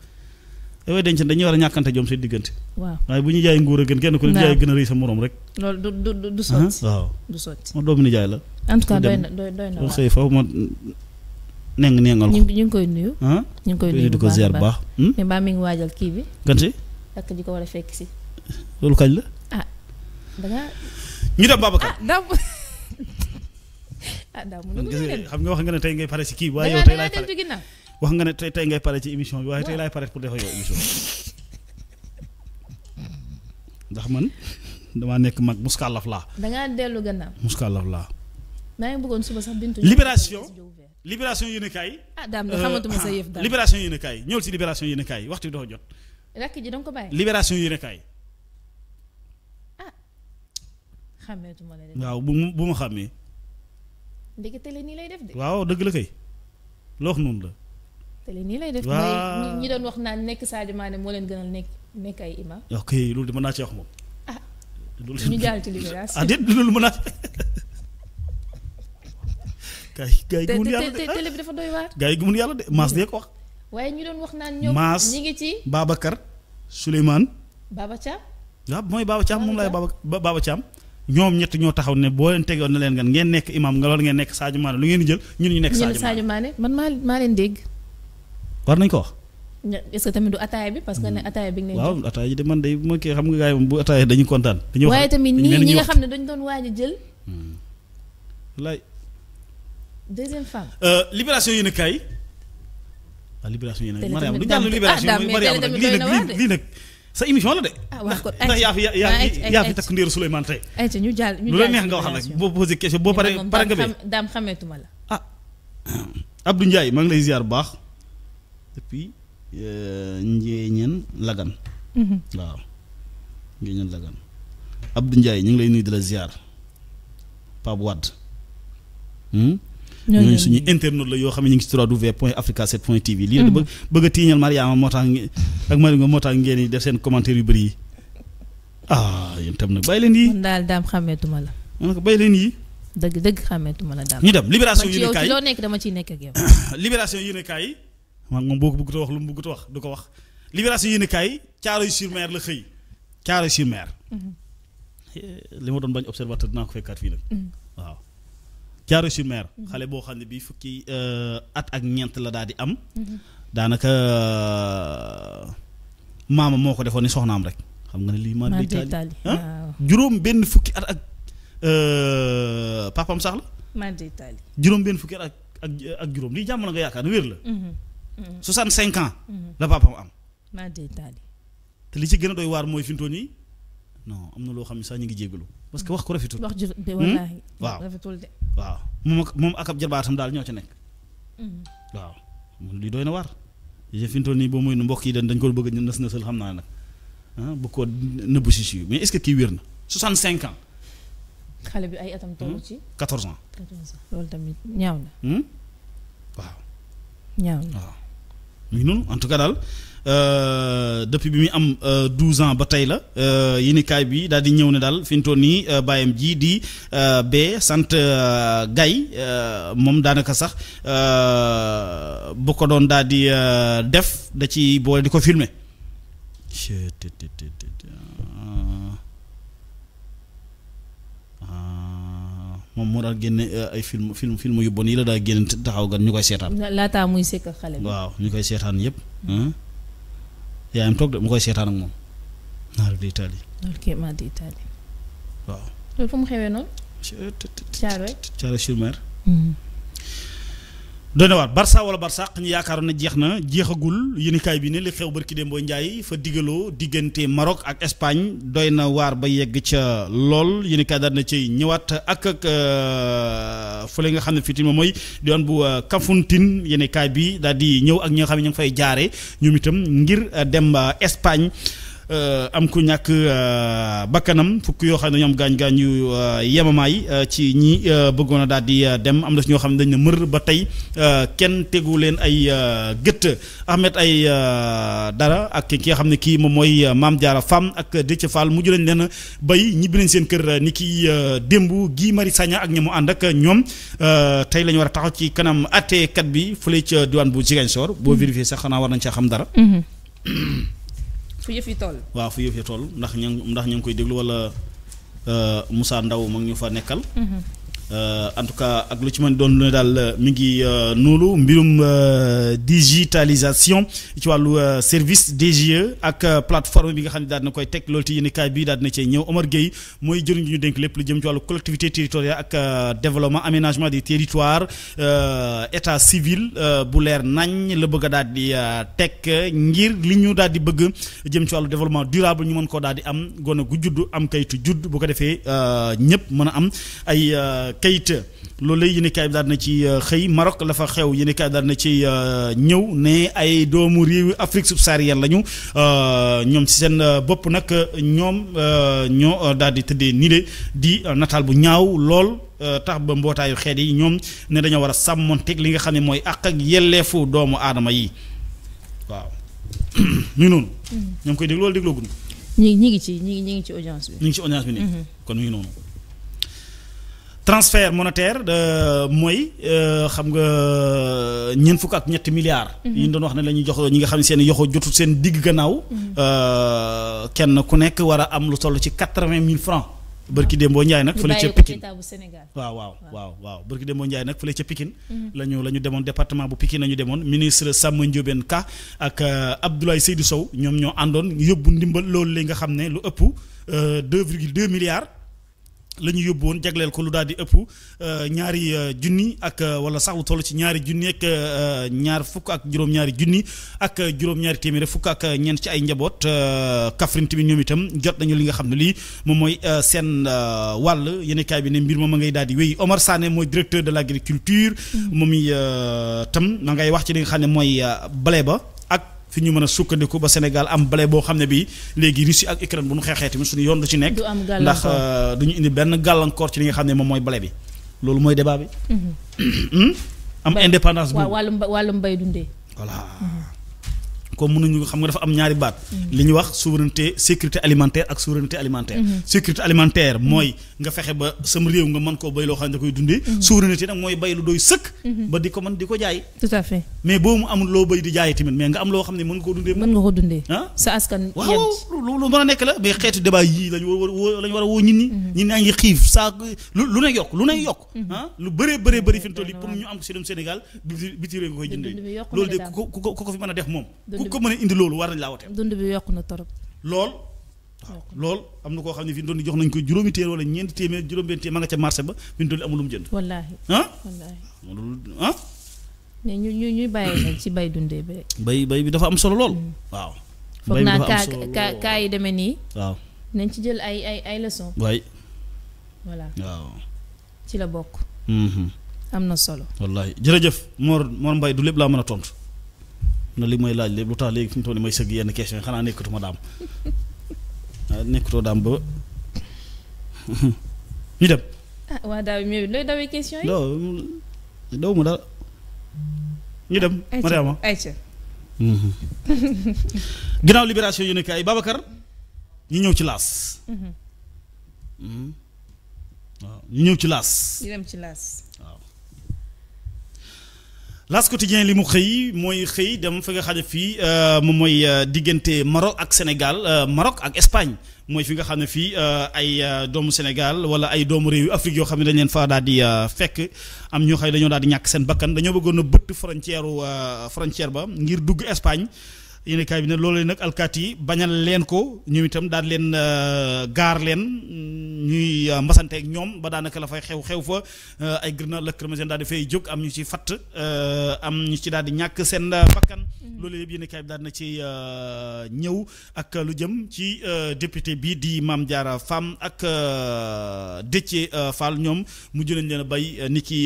yooyu denc dañuy war a ñàkkante jom seen diggante. waaw waaye bu ñu jaay nguur a gën kenn ku ne jaay gën a rëy sa morom rek. loolu du du du sotti. waaw du sotti ma doomu ni jaay la. en doy na xëy foofu ma neng nengal ko. ñu ngi koy nuyu. ñu ngi koy nuyu bu baax a baax hmm? mais mbaa mi ngi waajal kii bi. kan si. ak ji ko war a fekk si. loolu kañ la. ah da nga. ñu dem Babacar ah daaw. ah daaw mu ne xam nga wax nga tey ngay pare si kii waaye yow tey laay pare wax nga ne tey tey ngay pare ci émission bi waaye tey laay pare pour defa yow émission ndax man damaa nekk mag muskàllaf laa. da ngaa dellu gannaaw. muskàllaf laa. maa ngi bëggoon suba sax bintu. libération libération yéenekaay. ah daam de xamatuma sa yëf daal euh, libération yéenekaay si libération yéenekaay waxtu bi dafa jot. rakk ji ko bàyyi. libération yéenekaay. ah xàmmeetuma la de. waaw bu ma xàmmee. ndeketale nii lay def de. waaw dëgg la kay. loo xam noonu la. télé nii lay def. waaw ñi doon wax naan nekk Sadio Mané moo leen gënal nekk nekk ay imam. ok loolu naa ci wax moom. ah ñu jàll ci libération ah déet loolu mën naa gaay gaay gi mun dafa doy waar. gaay gi de Mass de ko waaye ñu doon wax naan ñoom. ñi ngi ci Mass Babacar Souleymane. Baba Thiam. waaw mooy Baba Thiam moom laay Baba Baba Thiam. ñoom ñett ñoo taxaw ne boo leen tegoon na nekk imam nga loolu ngeen nekk Sadio Mané lu ngeen di jël ñu nekk. Sadio Mané man maa maa leen dégg. war nañ ko wax. est tamit du ataaya bi parce que mm. ne ataaya bi. waaw ataaya ji de man de ma kii xam nga gars yi bu ataaya dañuy kontaan. dañuy wax waaye tamit ñii ñi nga xam ne dañu doon a jël. Mm. lay. deuxième euh, a kaay. Ah, a kaay. maanaam du ñu naan libération ah, mooy Mariama nag lii nag lii nag sa émission la ah wax ko ndax la neex boo posé question boo paree pare nga bi. daam xameetuma la ah. Abdou Ndiaye lay ziar bu baax depuis euh, Ndiéñen Lagan. Mhm. waaw Ndiéñen Lagan Abdou Ndiaye ñu ngi lay nuyu di la ziar Pape Wade. Hmm? ñooñu suñuy internet la yoo xam ne ñu ngi ci www.africa7.tv. lii la mhm. bëgg bëgg a tiiñal Mariama moo tax ak Mariama moo tax ngeen def seen commentaire yu bëri yi ah yéen tam nag bàyyi leen yii. kon daal daam xàmmeetuma la. man ko bàyyi leen yii. dëgg dëgg xàmmeetuma la daam. ñu dem libération yéenekaay dama ciy nekk ak yow. libération yi. maag moom boo ko bëggut wax lu mu bëggut wax du ko wax libération yéen kaay Caaroy sur mer la xëy Caaroy sur mer mm-hmm. li ma doon bañ observateur dinaa ko fekkaat fii nag mm-hmm. waaw Caaroy sur mer xale boo xam ne bii fukki euh, at ak ñeent la daal di am mm-hmm. daanaka euh, maama moo ko defoon soxnaam rek xam nga ne lii benn fukki at ak papam sax la juróom benn fukki at ak euh, juróom lii jàmm nga yaakaar wér la Mm-hmm. soixante cinq ans. Mm-hmm. la papam am. maa te li ci gën a doy waar mooy fi mu toll nii non am na loo xam ne sax ñu ngi jégalu parce que wax ko rafetul. wax ju hmm? wallaahi. waaw rafetul de. waaw moom ak moom ak ab jarbaatam daal ñoo ci nekk. Mm-hmm. waaw li doy na waar. je fi mu toll nii boo muy mbokk yi dañ dañ ko bëgg a nës nësal xam naa nag ah bu ko nëbbu si si mais est kii wér na soixante cinq ans. xale bi ay atam toll hmm? ci. quatorze ans. quatorze ans loolu tamit ñaaw na hmm? waaw. ñu noonu en tout cas daal euh, depuis bi muy am 12 euh, ans ba tey la euh, yennikaay bi daal di ñëw ne daal fi mu toll nii bàyyam ji di bee sant gay moom daanaka sax bu ko doon daal di def da ci boole di ko filmer. moom moo daan génne euh, ay film film film yu bon yi la daa génn taxaw gan ñu koy seetaan. laataa muy sekk xale bi. waaw ñu koy seetaan yëpp. yaayam toog de mu koy seetaan ak moom. naar di Itaali. ok waaw. loolu fu mu xewee noonu. Thiaroye Thiaroye sur Mer. Mm-hmm. doone waar Barça wala Barsaq ñu yaakaaroon ne jeex na jeexagul yéenekaay bi ne li xew barki boo Ndiaye fa diggaloo diggante Maroc ak Espagne doy na waar ba yegg ca lool yéenekaay daal na ci ñëwaat ak ak euh, fële nga xam ne fii moom mooy diwaan bu euh, Kafountine yéenekaay bi daal di ñëw ak ñi nga xam ne ñu ngi fay jaare ñoom itam ngir euh, dem Espagne. Euh, am ku ñàkk euh, bakkanam fukk yoo xam ne ñoom gaañ-gaañ yu euh, yemamaay ci ñi bëggoon a daal di dem am na si ñoo xam ne dañ ne mër ba tey kenn tegu leen ay gëtt Ahmed ay dara ak ki nga xam ne kii moom mooy Maam Jaara Fam ak Déthié mu mujj lañ leen bay ñibbi nañ seen kër ni ki démb gii mari Sagna ak ña mu ànd ak ñoom tey la war a taxaw ci kanam àtteekat bi fële ca diwaan bu Ziguinchor boo vérifié sax xanaa war nañ caa xam dara mhm. fu yëf yi toll. waaw fu yëf tool ndax ñu ndax ñu ngi koy déglu wala euh, Moussa Ndaw mag ñu fa nekkal. Mm-hmm. Euh, en tout cas ak lu ci mën doon lu ne daal euh, mi ngi euh, noonu mbirum digitalisation ci wàllu service DGE ak plateforme bi nga xam ne daal na koy teg loolu bi daal dina cee ñëw Omar mooy jëriñ ñu dénk lépp lu jëm ci wàllu collectivité territoriale ak développement aménagement des territoires état civil bu leer nañ la bëgg a daal di teg ngir li ñu daal di bëgg jëm ci wàllu développement durable ñu mën koo daal di am gone gu juddu am kayitu juddu bu ko defee ñëpp mën a am ay. Keita loolu lay yéenekaay bi daal na ci euh, xëy Maroc la fa xew yéenekaay bi daal na ci euh, ñëw ne ay doomu réewi Afrique subsaharienne lañu euh, ñoom ci seen bopp nag ñoom ñoo daal di tëddee nii de di nataal bu ñaaw lool. tax ba mbootaayu xeet yi ñoom ne dañoo war a sàmmonteeg li nga xam ne mooy àq ak yelleefu doomu aadama yi waaw ñu noonu. Mm. ñoo ngi koy déglu loolu dégloo gu ñu. ñi ngi ci ñi ngi ci audience bi. ñi ngi ci audience bi nii. Mm-hmm. kon ñu ngi noonu. transfert monétaire euh, mooy euh, xam nga ñeent fukk ak ñetti milliards. Mhm. yi ñu doon wax ne la ñuy jox ñi nga xam ne seen yoxo jotul seen digg gannaaw. Mhm. Euh, kenn ku nekk war a am lu toll ci quatre-vingt mille francs. bërki Dembo Ndiaye nag fële ca Pikine waaw waaw waaw waaw bërki Dembo Ndiaye nag fële ca pikin la ñu la ñu demoon département bu Pikine la demoon ministre Samba Ndiobène Ka ak Abdoulaye Seydou Sow ñoom ñoo àndoon yóbbu ndimbal loolu li nga xam ne lu ëpp deux virgule deux milliards. la ñu yóbbu woon jagleel ko lu daal di ëpp euh, ñaari euh, junni ak euh, wala sax lu toll ci ñaari junni ak ñaar fukk ak juróom-ñaari junni ak juróom-ñaari téeméer fukk ak ñeent ci ay njaboot Kaffrine tamit ñoom itam jot nañu li nga xam ne lii moom mooy seen wàll yenekaay bi ne mbir moom ma ngay daal di wéy Omar Sané mooy directeur de l'agriculture mm. moom itam ma ngay wax ci li nga xam ne mooy bale ba fi ñu mën a sukkandiku ba Sénégal am blé boo xam ne bii léegi Russie ak Ukraine bu ñu xeexee tamit suñu yoon du ci nekk. du am gàllankoor ndax euh, du ñu indi benn gàllankoor ci li nga xam ne moom mooy blé bi loolu mooy débat bi. Mhm. Hmm? Hmm? am indépendance. bu wàllum wàllum bay dundee. voilà. Mhm. comme mënuñu xam nga dafa am ñaari baat mm-hmm. li ñuy wax souveraineté sécurité alimentaire ak souveraineté alimentaire mm-hmm. sécurité alimentaire mooy nga fexe ba sam réew nga mën koo bay loo xam ne da mm-hmm. ba di ko ko ah. a a fi mu a def moom ku mën a indi loolu war nañ laa woteel. dund bi yokku na torop. lool. waaw loolu am na koo xam ne fi mu doon jox nañ ko juróomi téeméer wala ñeenti téeméer juróom-benn téeméer ma nga ca marché ba fi mu doon amul lu mu jënd. wallaahi. ah wallaahi. ah. mais ñu ñu ci bay dundee ba. bay bay bi dafa am solo lool. Hmm. waaw. mbay mi dafa solo foog kaa kaa yi demee nii. waaw nañ ci jël ay ay ay leçons. waay. voilà waaw. ci la bokk. Hmm. am na solo. wallaahi jërëjëf Mor Mor Mbaye du lépp laa mën a tontu. na li may laaj lépp lu tax léegi fi mu toll nii may sëgg yenn question yi xanaa nekkatuma daam nekkatoo daam ba ñu dem. ah waa ah, mhm. ginnaaw libération yu nekk ay Babacar ñu ñëw ci laas. Mhm. Mhm. ñu ñëw ci laas waaw. L'As quotidien li mu xëy mooy xëy dem fi nga xam ne fii euh, moom mooy euh, diggante Maroc ak Sénégal euh, Maroc ak Espagne mooy fi nga xam ne fii ay doomu Sénégal wala ay doomu réew yu Afrique yoo xam ne dañ leen faa daal di fekk am ñoo xëy dañoo daal di ñàkk seen bakkan dañoo bëggoon a bëtt frontière frontière ba ngir dugg Espagne yéen kaay bi nag loolu nag alkaati yi bañal leen ko ñoom itam daal leen euh, gaar leen mm, ñuy euh, mbasante ñoom ba daanaka la fay xew xew fa euh, ay grenade lacrymogène daal di fay jóg am ñu ci fatt am ñu ci daal di ñàkk seen bakkan mhm. loolu yëpp yéen kaay bi daal na ci ñëw ak lu jëm ci député bi di Mame Diarra Fam ak Déthié Fall ñoom mujj nañ leen bay ni ki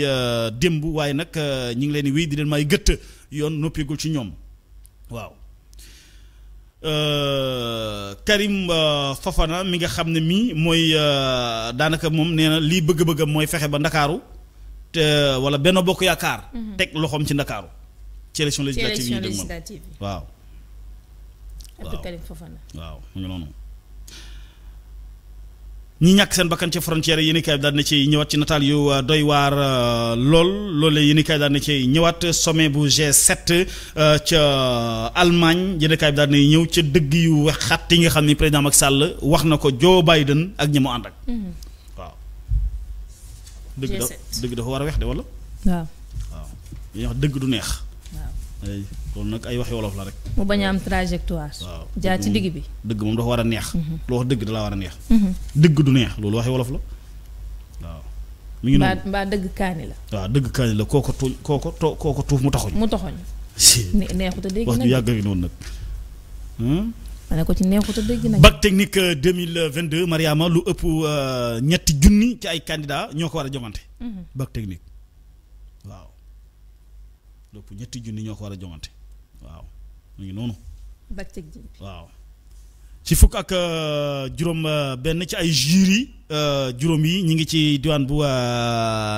démb waaye nag ñu ngi leen di wéy di leen may gëtt yoon noppeegul ci ñoom waaw Euh, Karim euh, Fofana mi nga xam ne mii mooy euh, daanaka moom nee na lii bëgg-bëggam mooy fexe ba ndakaaru te wala benn bokk yaakaar. Mhm. teg loxoom ci ndakaaru ci élection législative waaw. waaw Abdou Karim Fofana waaw mu ngi noonu. ñi ñàkk seen bakkan ci frontière yéen i kaay bi daal na ci ñëwaat ci nataal yu euh, doy waar euh, lool loolu yéen i kaay bi daal na ci ñëwaat sommet bu G7 euh, ca Allemagne yéen i bi daal na ñëw ca dëgg yu xat yi nga xam ni président Macky sàll wax na ko Joe Biden ak ñi mu ànd ak. Mm-hmm. waaw. dëgg dafa war a weex de wala. waaw dëgg du neex. ay loolu nag ay waxi wolof la rek. mu bañ a am trajectoire. jaar ci digg bi. dëgg moom dafa war a neex. Mhm. lu wax dëgg da laa war a neex. Mhm. dëgg du neex loolu waxi wolof la waaw. mi ngi noonu mbaa dëgg kaani la. waaw dëgg kaani la kooko tuñ kooko too kooko tuuf mu taxoñ. mu taxoñ. neexut a dégg nag wax ju yàgg gi noonu nag. Hmm? ma ne ko ci neexut a dégg nag. bac technique 2022 euh, lu ëpp euh, ñetti junni ci ay candidats ñoo ko war a jomante. Mhm. bac technique. lépp ñetti junni ñoo ko war a joŋante waaw mu ngi noonu. waaw. ci fukk ak euh, juróom euh, benn ci ay jury euh, juróom yi ñu ngi ci diwaan bu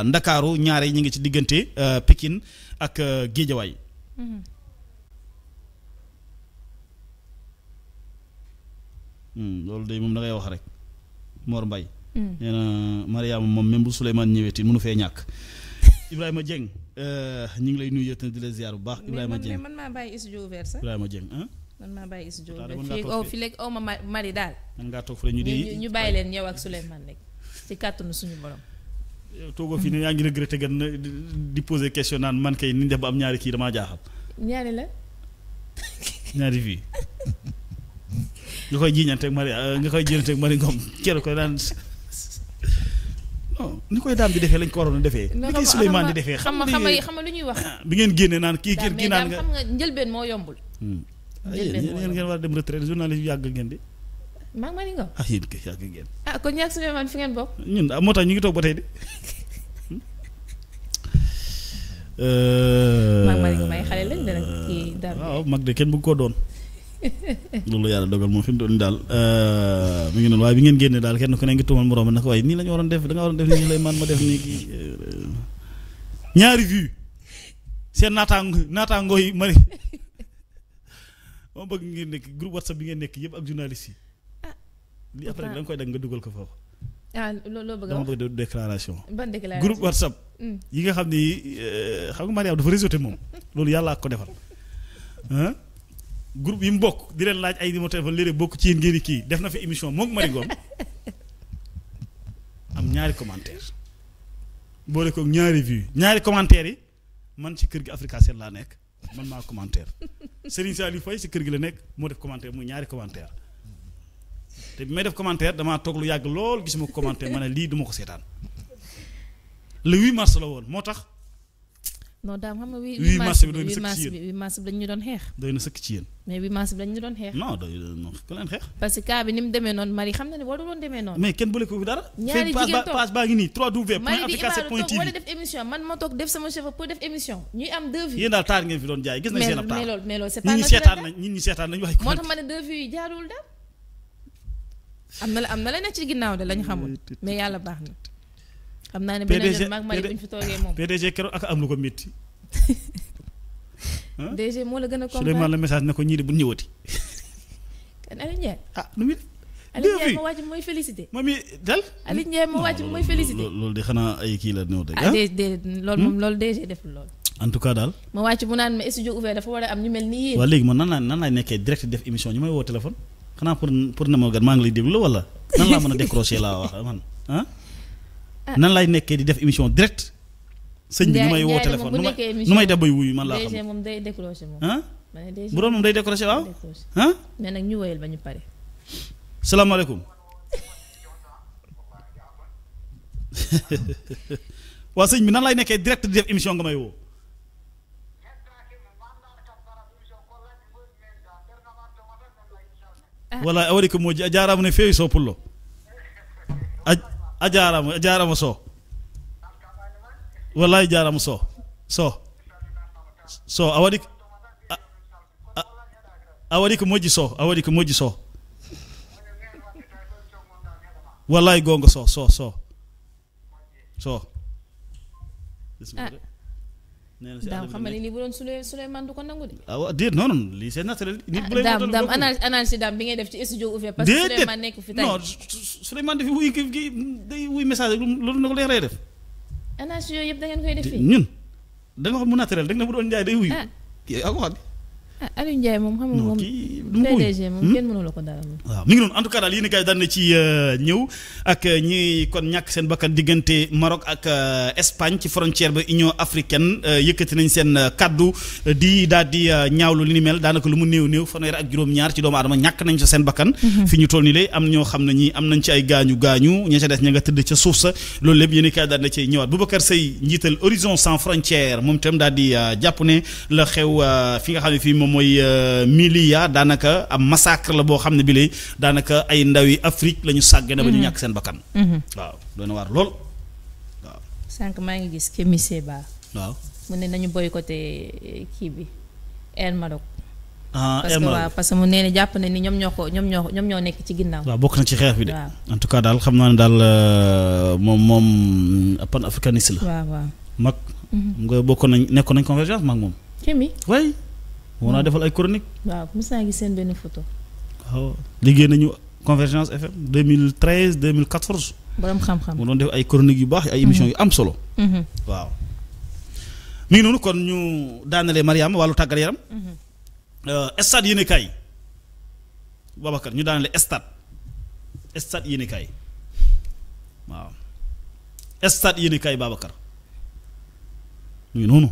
Ndakaaru ñaare ñu ngi ci diggante Pikine ak Géejawaay. Mhm. Hmm, loolu de moom da ngay wax rek Mor Mbaye hmm. nee moom même bu Souleymane ñëwee fee ñàkk. Ibrahima Dieng euh, ñu ngi lay nuyu yëpp di la ziar bu baax. a Dieng mais man maa bàyyi studio ouvert sax. Ibrahima Dieng ah. man maa bàyyi studio ouvert fii oh fii léegi oh ma mari daal. man ngaa toog fële ñu ñu bàyyi leen yow ak Souleymane rek ci kàttanu suñu borom. toogoo fii ne yaa ngi regretté gan di poser question naan man kay ni ñu ba am ñaari kii damaa jaaxal. ñaari la. ñaari fii nga koy jiiñante ak Marie euh, nga koy jiiñante ak Marie Ngom keroog non ni koy daam di defee lañ ko waroon a defee. ni koy Souleymane di defee xam nga xam nga xam nga lu ñuy wax. Ah, bi ngeen génne naan kii kii kii naan nga xam nga njëlbeen moo yombul. Hmm. njëlbeen ah, moo ngeen war a dem retraite journaliste yu ngeen di. maa nga. ah yéen kay yàgg ngeen. ah kon ñaar Souleymane fi ngeen bokk. ñun ah, moo tax ñu ngi toog ba tey de. Hmm? maa ngi may xale lañ dara kii dara. Hmm? mag de kenn bëgg koo doon. loolu yàlla dogal moom fi mu doon daal euh, mu ngi noonu waaye bi ngeen génnee daal kenn ku ne ngi tuumal moroom nag waaye nii la waroon def da nga waroon def nii lay man ma def nii kii euh, ñaari vues seen naataango naataango yi ma ne moom bëgg ngeen nekk groupe whatsapp bi ngeen nekk yëpp ak journaliste yi. Ah. li après da koy dag nga dugal ko foofu. ah loo bëgg a wax dama bëgg déclaration. ban déclaration groupe whatsapp. Hmm. yi nga xam ni euh, xam nga Mariam dafa réseauté moom loolu yàlla ak ko defal. groupe yi mu bokk di leen laaj ay numéro téléphone léeg-léeg bokk ci yéen kii def na fi émission moom Marie Ngom am ñaari commentaire boole kook ñaari vues ñaari commentaires yi man ci kër gi Africa 7 laa nekk man maa commentaire Serigne Saliou Faye si kër gi la nekk moo def commentaire mooy ñaari commentaire te bi may def commentaire damaa toog lu yàgg lool gis ko commentaire ma ne lii du ma ko seetaan le 8 mars la woon moo tax. non daam xam nga wi wi mars bi doy na sëkk ci yéen wi mars bi dañ doon xeex. doy na sëkk ci yéen. mais wi mars bi dañ doon xeex. non doy na ku leen xeex. xam na ne waru doon demee noonu. def émission man ma toog def sama chef pour def émission ñuy am deux vues. daal taar ngeen fi doon jaay gis nañ seen ab taar mais loolu mais loolu c'est pas naturel ñi seetaan nañ ñi yi jaarul la mais yàlla baax na xam naa ne beneen yoon maag Marie bu ñu fi toogee moom PDG keroog ak am lu ko métti. DG moo la gën a comprendre na message ne ko ñii bu ñu ñëwati. kan Aliou Ndiaye. ah nu ma wàcc mooy félicité. moom it dal. Aliou Ndiaye ma wàcc mooy félicité. loolu de xanaa ay kii la ñëw de. ah déedéet loolu moom hmm? loolu DG deful loolu. en tout cas daal. ma wàcc mu naan ma studio ouvert dafa war a am ñu mel ni yéen. waaw léegi man nan laa nan laa nekkee direct def émission ñu may maa ngi lay déglu wala nan laa mën a décrocher laa wax man Euh, nan lay nekkee di def émission direct sëñ bi nu may woo téléphone nu may nu may def bay wuyu man laa xam moom day décroché moom ah bu nag ñu woyal ba ñu pare salaamaaleykum waa sëñ bi nan lay nekkee direct di def émission nga may woo ah. walla awari moo jaaraamu ne feewi soo pullo a jaaraama a jaaraama Sow wallahi jaaraama Sow Sow Sow a waɗi a waɗi ko moƴƴi Sow a waɗi ko moƴƴi Sow wallahi goonga Sow Sow Sow na si daam xam nga ni lii bu doon Souley Souleymane du ko nangu de. ah waaw déet non lii c'est naturel. nit bu lay daam daam analyse analyse daam bi ngay def ci studio ouvert. parce que nekk fi tey non Souleymane wuy kii kii day wuy message loolu na ko lay def. analyse yooyu yëpp da ngeen koy def fii xam mu naturel da nga ne doon jaay day wuyu. ah kii ak ah, Ah, Aliou Ndiaye moom xam nga moom PDG moom kenn hmm? mënula ko dara moom waaw ngi noonu en daal yéen i kaay na ci euh, ñëw ak euh, ñi kon ñàkk seen bakkan diggante Maroc ak euh, Espagne ci frontière ba Union africaine yëkkati nañ seen kaddu di daal di ñaawlu li ni mel daanaka lu mu néew néew fanweer ak juróom-ñaar ci doomu aadama ñàkk nañ sa seen bakkan mm-hmm. fi ñu toll nii lay am ñoo xam ne ñi am nañ ci ay gaañu gaañu ña ca des ña nga tëdd ca suuf sa loolu lépp yéen i kaay moom mooy euh, Milia daanaka am massacre la boo xam ne bi lay daanaka ay ndawi Afrique la ñu ne ba ñu mhm. ñàkk seen bakkan mhm. waaw doona waar lool waaw sànq maa ngi gis Kémi Seba waaw mu ne nañu boycotté eh, kii bi Air Maroc ah parce mu nee jàpp ne ni ñoom ñoo ko ñoo nekk ci ginnaaw. waaw bokk na ci xeex bi de. en tout cas daal xam naa ne daal euh, moom moom pan africaniste la. waaw waaw mhm. nga bokkoon nañ nekkoon nañ convergence mag moom. kémi war naa defal ay chronique waaw mos naa gis seen benn photo. waaw liggéey nañu Convergence FM 2013 2014. borom xam-xam mu doon def ay chroniques yu baax ay émissions yu am solo. Mm-hmm. waaw mi ngi noonu kon ñu daanalee Mariama wàllu tàggat yaram. Mm-hmm. Euh, stade yéen kaay ñu daanalee stade stade yéen waaw stade yéen kaay ñu noonu.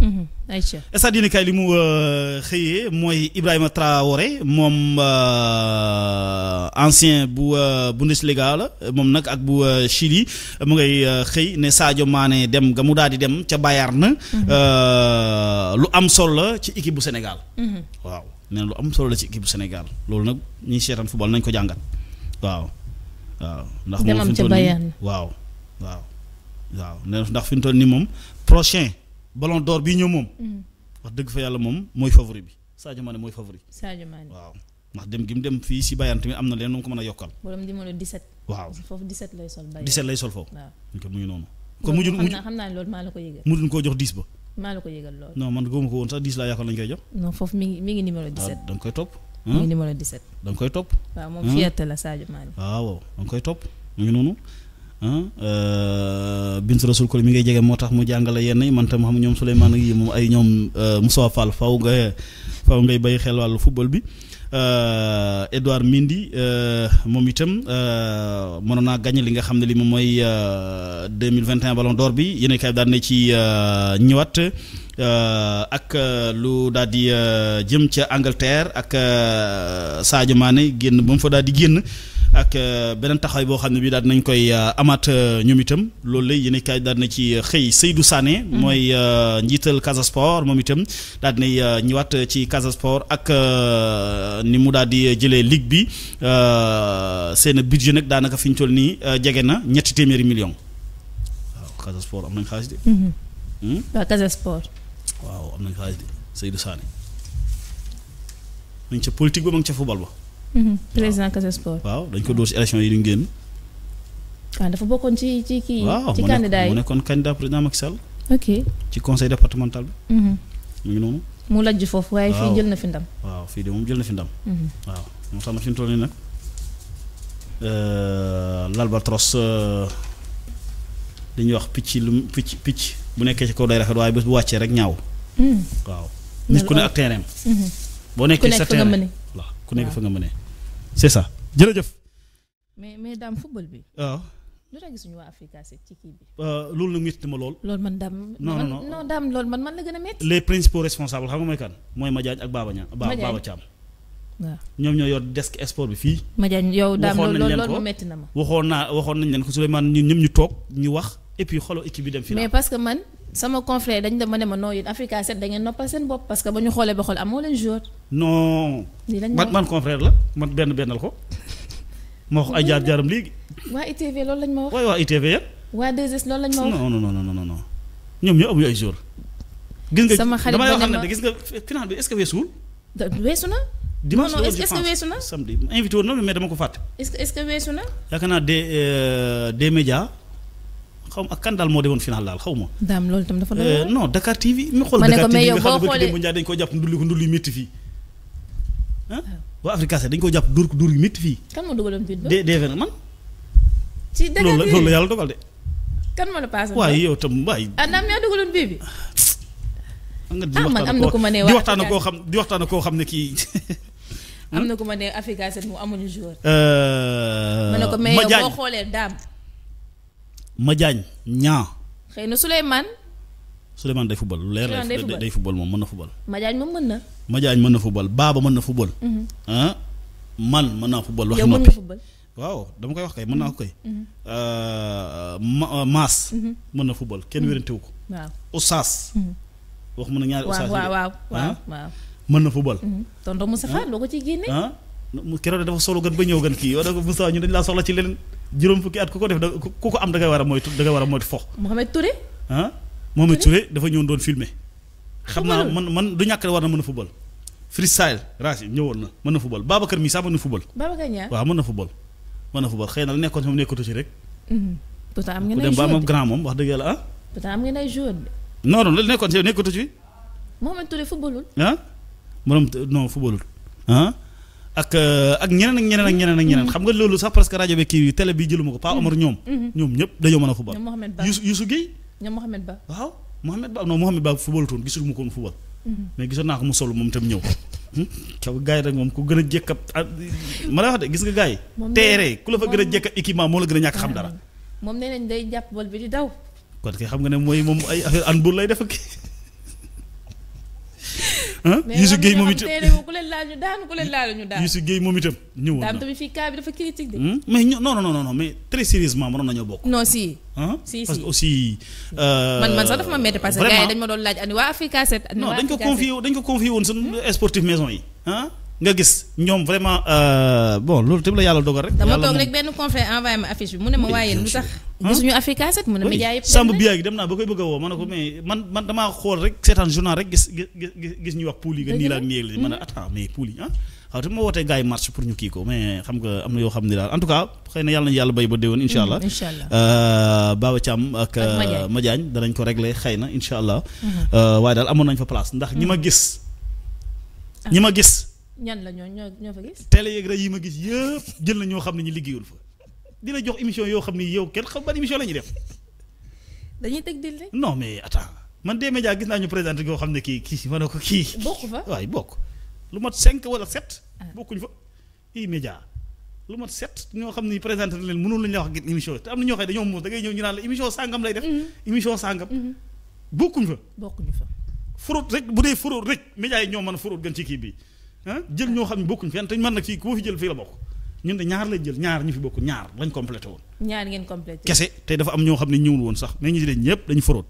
ayca stade yéen kay li mu euh, xëyee mooy Ibrahima Traoré moom euh, ancien bu euh, Bundesliga la moom nag ak bu Chili mu ngay xëy ne Sadio Mané dem ga mu daal di dem ca Bayern. Mhm. lu am solo la ci équipe bu Sénégal. Mhm. waaw nee lu am solo la ci équipe bu Sénégal loolu nag ñiy seetaan football nañ ko jàngat waaw. waaw waaw ndax fi mu moom prochain. ballon d'or bii ñëw moom. Mm. wax dëgg fa yàlla moom mooy favori bi Sadio Mané mooy favori. Sadio Mané waaw ndax dem gi dem fii si Bayern tamit am na leen nu mu ko mën a yokkal. borom numéro 17. xam naa xam naa loolu maa la ko yëgal. mujj koo jox 10 ba. maa la ko yëgal loolu. non man góobu ko woon sax 10 laa yaakaar lañ koy jox. non foofu mi ngi mi ngi numéro 17. waaw da koy topp. mi ngi numéro 17. da nga koy topp. waaw moom fierté la Sadio Mané. Ah, waaw da koy topp mu ngi noonu Euh, Bintu Rasul Koli mi ngay jege moo tax mu jàngale yenn yi man tam xam ñoom Souleymane yi moom ay ñoom euh, Moussa Fall faw nga faw ngay bay xel wàllu football bi Edouard euh, mindi moom itam mënoon naa gagné li nga xam ne li moom mooy deux mille vingt et un ballon bi yéen kay daan na ci ñëwaat. ak lu daal di jëm ca Angleterre ak Sadio Mané génn ba mu fa daal génn. ak euh, beneen taxawaay boo xam ne bii daal nañ koy euh, amaat euh, ñoom itam loolu la yéen kaay daal na ci xëy Seydou Sané. Mhm. mooy njiital Casa Sport moom itam daal nay ñëwaat ci Casa ak ni mu daal di jëlee ligue bi seen budget nag daanaka fi ñu toll nii jege na ñetti téeméeri millions mhm. hmm? waaw am nañ xaalis xaalis de Seydou Sané. nañ ca politique ba ma ca football ba. Mhm. président Casa Sport. waaw dañ ko dóor si élection yi ñu génn. waaw dafa bokkoon ci ci kii. ci candidat yi waaw mu nekkoon candidat président Macky Sall. ok ci conseil départemental bi. Mhm. mu ngi noonu. mu lajj foofu waaye fii jël na fi ndam. waaw fii de moom jël na fi ndam. Mhm. waaw moo tax na fi mu toll nag euh, l'albatros euh, li wax picc lu picc bu nekkee ci kaw day rafet waaye bés bu wàccee rek ñaaw. waaw nit ku ne ak terrain boo nekkee sa terrain waaw ku nekk fa nga mënee. c'est ça jërëjëf. mais mais daam football bi. waaw. Ah. lu tax gisuñu waa Africa set ci kii bi. Ah, loolu nag métti ma lool. loolu man daam. non non non daam loolu man man la gën a métti. les principaux responsables xam nga mooy kan mooy Madiagne ak Baba Niang Baba Thiam. waaw ñoom ñoo yor desk sport bi fii. Madiagne yow daam loolu loolu métti na ma waxoon nañ leen ko waxoon naa waxoon nañ leen ko Souleymane ñun ñu toog ñu wax et puis xooloo bi dem. final mais parce que man. sama confrère dañ dama ne ma noo yéen Africa 7 da ngeen noppal seen bopp parce que ba ñu xoolee ba xool amoo leen joueur. non. lii lañ man man confrère la man benn bennal ko. ma wax ay jaar jaaram léegi. waa ITV loolu lañ ma wax. waaye waa ITV yan. waa 2S loolu lañ ma wax. non non non non non ñoom ñoo amuñu ay joueur. gis nga sama xarit dama xam ne gis nga final bi est-ce que weesuwul. weesu na. dimanche non non est-ce que weesu na samedi invité woon na mais dama ko fàtte. est-ce que est-ce que weesu na. yaakaar naa des euh, des médias. xaw ma ak kan daal moo demoon final daal xaw ma. daam loolu itam dafa doon euh, non Dakar TV. ñu xool Dakar TV nga xam ne koo jàpp ndulli ko ndulli métti fii. ah waa Africa 7 dañu koo jàpp dur dur yu métti fii. kan moo dugaloon ba de de man. ci Dakar TV loolu la bii ah, bi. Ah, na ku ma ne waa di waxtaan ak koo xam di waxtaan ak koo xam ne kii. am hmm? na ko ma ne Africa 7 mu amuñu joueur. Euh, ma ne ko mais boo xoolee daam. Madiagne ñaa xëy na Souleymane. Souleymane day football lu leer la day football moom mën na football. Madiagne moom mën na. Madiagne mën na football Baba mën na football. Mhm. ah man mën naa koy wax mhm. ah, ma ah, Maas. Mhm. mën na football kenn wérantewu ko. waaw Oustaz. wax mën na ñaari Oustaz. waaw waaw waaw ah? waaw mën na football. tonton Moussa Fall loo ko ciy génne. keroog dafa solo gën ba ñëw gën kii yow dafa Moussa ñu dañ laa soxla ci leneen. juróom fukki at ku ko def da ku ko am da ngay war a moytu da war a moytu fo. Mohamed Touré. Mohamed Touré dafa ñëwoon doon filme xam naa man man du ñàkk war na mën a football. freestyle Rashi ñëwoon na mën na football Babacar mii sax mën na football. Babacar Niang waaw mën na football. mën a football xëy na la nekkoon moom nekkatu ci rek. Mhm. pourtant am ngeen ay moom wax dëgg yàlla ah. pourtant am ngeen ay joueur. non non la nekkoon ci nekkatu ci. Mohamed Touré footballul. ah moom non footballul ah. ak euh, ak ñeneen ak ñeneen ak ñeneen ak ñeneen mm-hmm. xam nga loolu sax parce que rajo bi kii télé bi jëluma ko Pa Omar ñoom mm-hmm. ñoom ñëpp dañoo mën a football Youssou Youssou Guèye waaw Mohamed mm-hmm. mu sol moom itam ñëw caw hmm? gars yi gën a jekk ab ah, ma la wax de gis nga gars yi teere ku la fa gën a jekk ab équipement moo la gën a ñàkk xam dara moom nee nañ day jàpp bal bi di daw kon kay xam nga ne mooy moom ay affaire handball lay def ak ah Youssou Guèye moom itam ku leen laal ñu daan ku leen laal ñu daan Youssou Guèye moom itam ñëwoon na tamit fii hmm? mais non sérieusement mënoon nañoo bokk non si parce que aussi euh, man man sax dafa ma métti parce que doon laaj ani waa Africa 7 non dañ ko confié dañ ko confié woon suñu hmm? sportif maison yi nga gis ñoom vraiment euh, bon loolu tamit la yàlla dogal rek. dama toog rek benn conférence envoyé ma affiche bi mu ne ma waaye lu tax. gisuñu Africa 7 mu ne ma jaay yëpp. sàmm biyaay gi dem naa ba koy bëgg a woo ma ne ko man man damaa mais ah. pour ñu nga am na yoo xam ne daal en amoon nañ fa place ndax ñi ma hmm. gis ah. ñi ma gis ñan la ñoo ñoo fa gis. télé yeeg rajo yi ma gis yëpp jël na ñoo xam ne ñu liggéeyul fa di la jox émission yoo xam ne yow kenn xam ban émission la ñuy def. dañuy teg dil rek. non mais attends man des médias gis naa ñu présenté koo xam ne kii kii ma a ko kii. bokk fa waaye bokk lu mat 5 wala 7. Ah. bokkuñ fa i média lu mat set ñoo xam ni présenté na leen mënul lañu la wax gën émission te am na ñoo xam ne dañoo moom da ngay ñëw ñu naan la émission sàngam lay def. Mm-hmm. émission sàngam. Mm-hmm. bokkuñ fa. bokkuñ rek bu dee fraude rek médias yi ñoo mën a fraude gën ci kii bi ah jël ñoo xam ne bokkuñ fenn te man nag fii koo fi jël fii la bokk ñun de ñaar lañ jël ñaar ñu fi bokk ñaar lañ complété woon. ñaar ngeen complété. kese te dafa am ñoo xam ne ñëwul woon sax mais ñu ci de ñëpp dañu foroot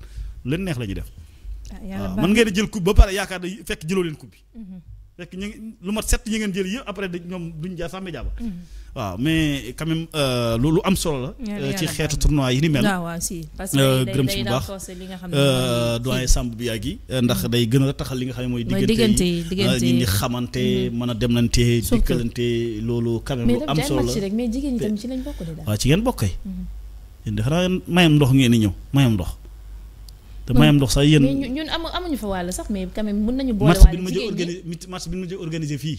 leen neex la ñuy def. waaw ah, ah, man ngeen di jël coupe ba pare yaakaar da fekk jëloo leen coupe bi mhm. fekk ñu ngi lu mat set ñu ngeen jël yëpp après da ñoom duñ jaar sax média ba mm-hmm. waaw mais quand même euh, lu lu am solo la euh, ci xeetu tournoi yi ni mel ah, euh, gërëm si bu baax doyen Samb bi ak yi ndax mm-hmm. day gën a taxal li nga xam mooy diggante yi ñi ngi xamante mm-hmm. mën a demlante dikkalante loolu quand lu am solo la mais jigéen ñi tam ci lañ bokk de daal waaw ci ngeen bokkee yéen de xanaa mayam ndox ngeen ñëw mayam ndox te mayam ndox sax yéen mais ñun amuñu fa wàll sax mais quand même mën nañu boole waale jigéen match bi ñu mujj organisé fii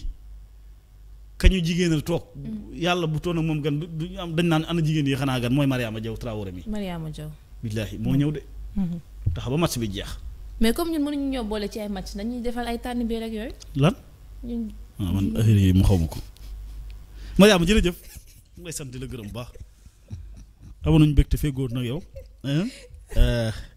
kañu jigéenal toog mm. yàlla bu toon ak moom gan duñu am dañ naan na jigéen yi xanaa gan mooy Mariama Diaw Traoré mi moo ñëw de mm-hmm. tax ba match bi jeex mais comme ñun mënuñu ñoo boole ci ay match dañuy defal ay tànn biir ak yooyu lan ñun waaw ah, man affaire yi mu xaw ma ko Mariama jërëjëf ngay sant la gërëm bu baax amoon nañu bégte feggoot nag yow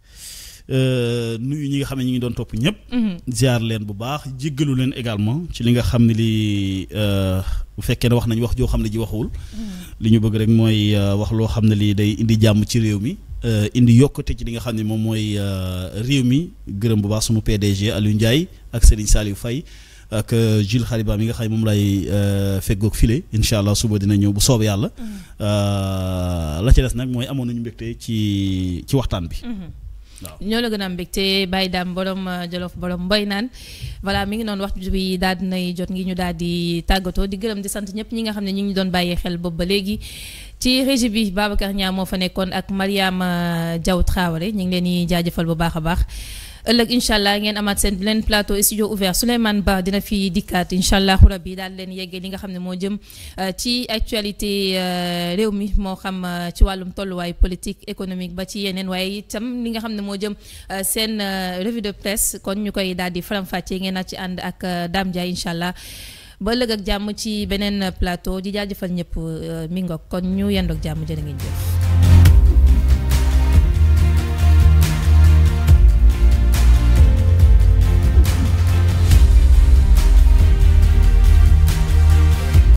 Euh, nuyu ñi nga xam ne ñu ngi doon topp ñëpp. Mhm. ziar leen bu baax jéggalu leen également ci li nga xam ne lii euh, bu fekkee ne wax nañ wax joo xam ne ji waxuwul mhm. li ñu bëgg rek mooy euh, wax loo xam ne lii day indi jàmm ci réew mi. indi yokkute ci li nga xam ne moom mooy réew mi gërëm bu baax sunu PDG Aliou Ndiaye ak Serigne Saliou fay ak Jules Khariba mi nga xam ne moom lay feggoog file incha allah suba dina ñëw bu soob yàlla. Mhm. la ci nag mooy amoon nañu mbégte ci ci waxtaan bi. ñoo la gën a am mbégte Baye Dame borom euh, Jolof borom Mboy naan voilà mi ngi noonu waxtu bi daal di jot ngi ñu daal di tàggatoo di gërëm di sant ñëpp ñi nga xam ne ñu ngi doon bàyyee xel boobu ba léegi. ci régie bi Babacar Niang moo fa nekkoon ak Mariama euh, Diaw Traoré ñu ngi leen di jaajëfal bu baax a baax. ëllëg incha allah ngeen amaat seen leen plateau studio ouvert Souleymane Ba dina fi dikkaat incha allahu rabi daal leen yeggee li nga xam ne moo jëm euh, ci actualité euh, réew mi moo xam euh, ci wàllum tolluwaay politique économique ba ci yeneen waaye itam li nga xam ne moo jëm seen revue de presse kon ñu koy daal di faram-fàccee ngeen a ci ànd ak Dame Ndiaye incha allah ba ëllëg ak jàmm ci beneen plateau di jaajëfal ñëpp mi ngoog kon ñu yendoog jàmm jërë ngeen jëf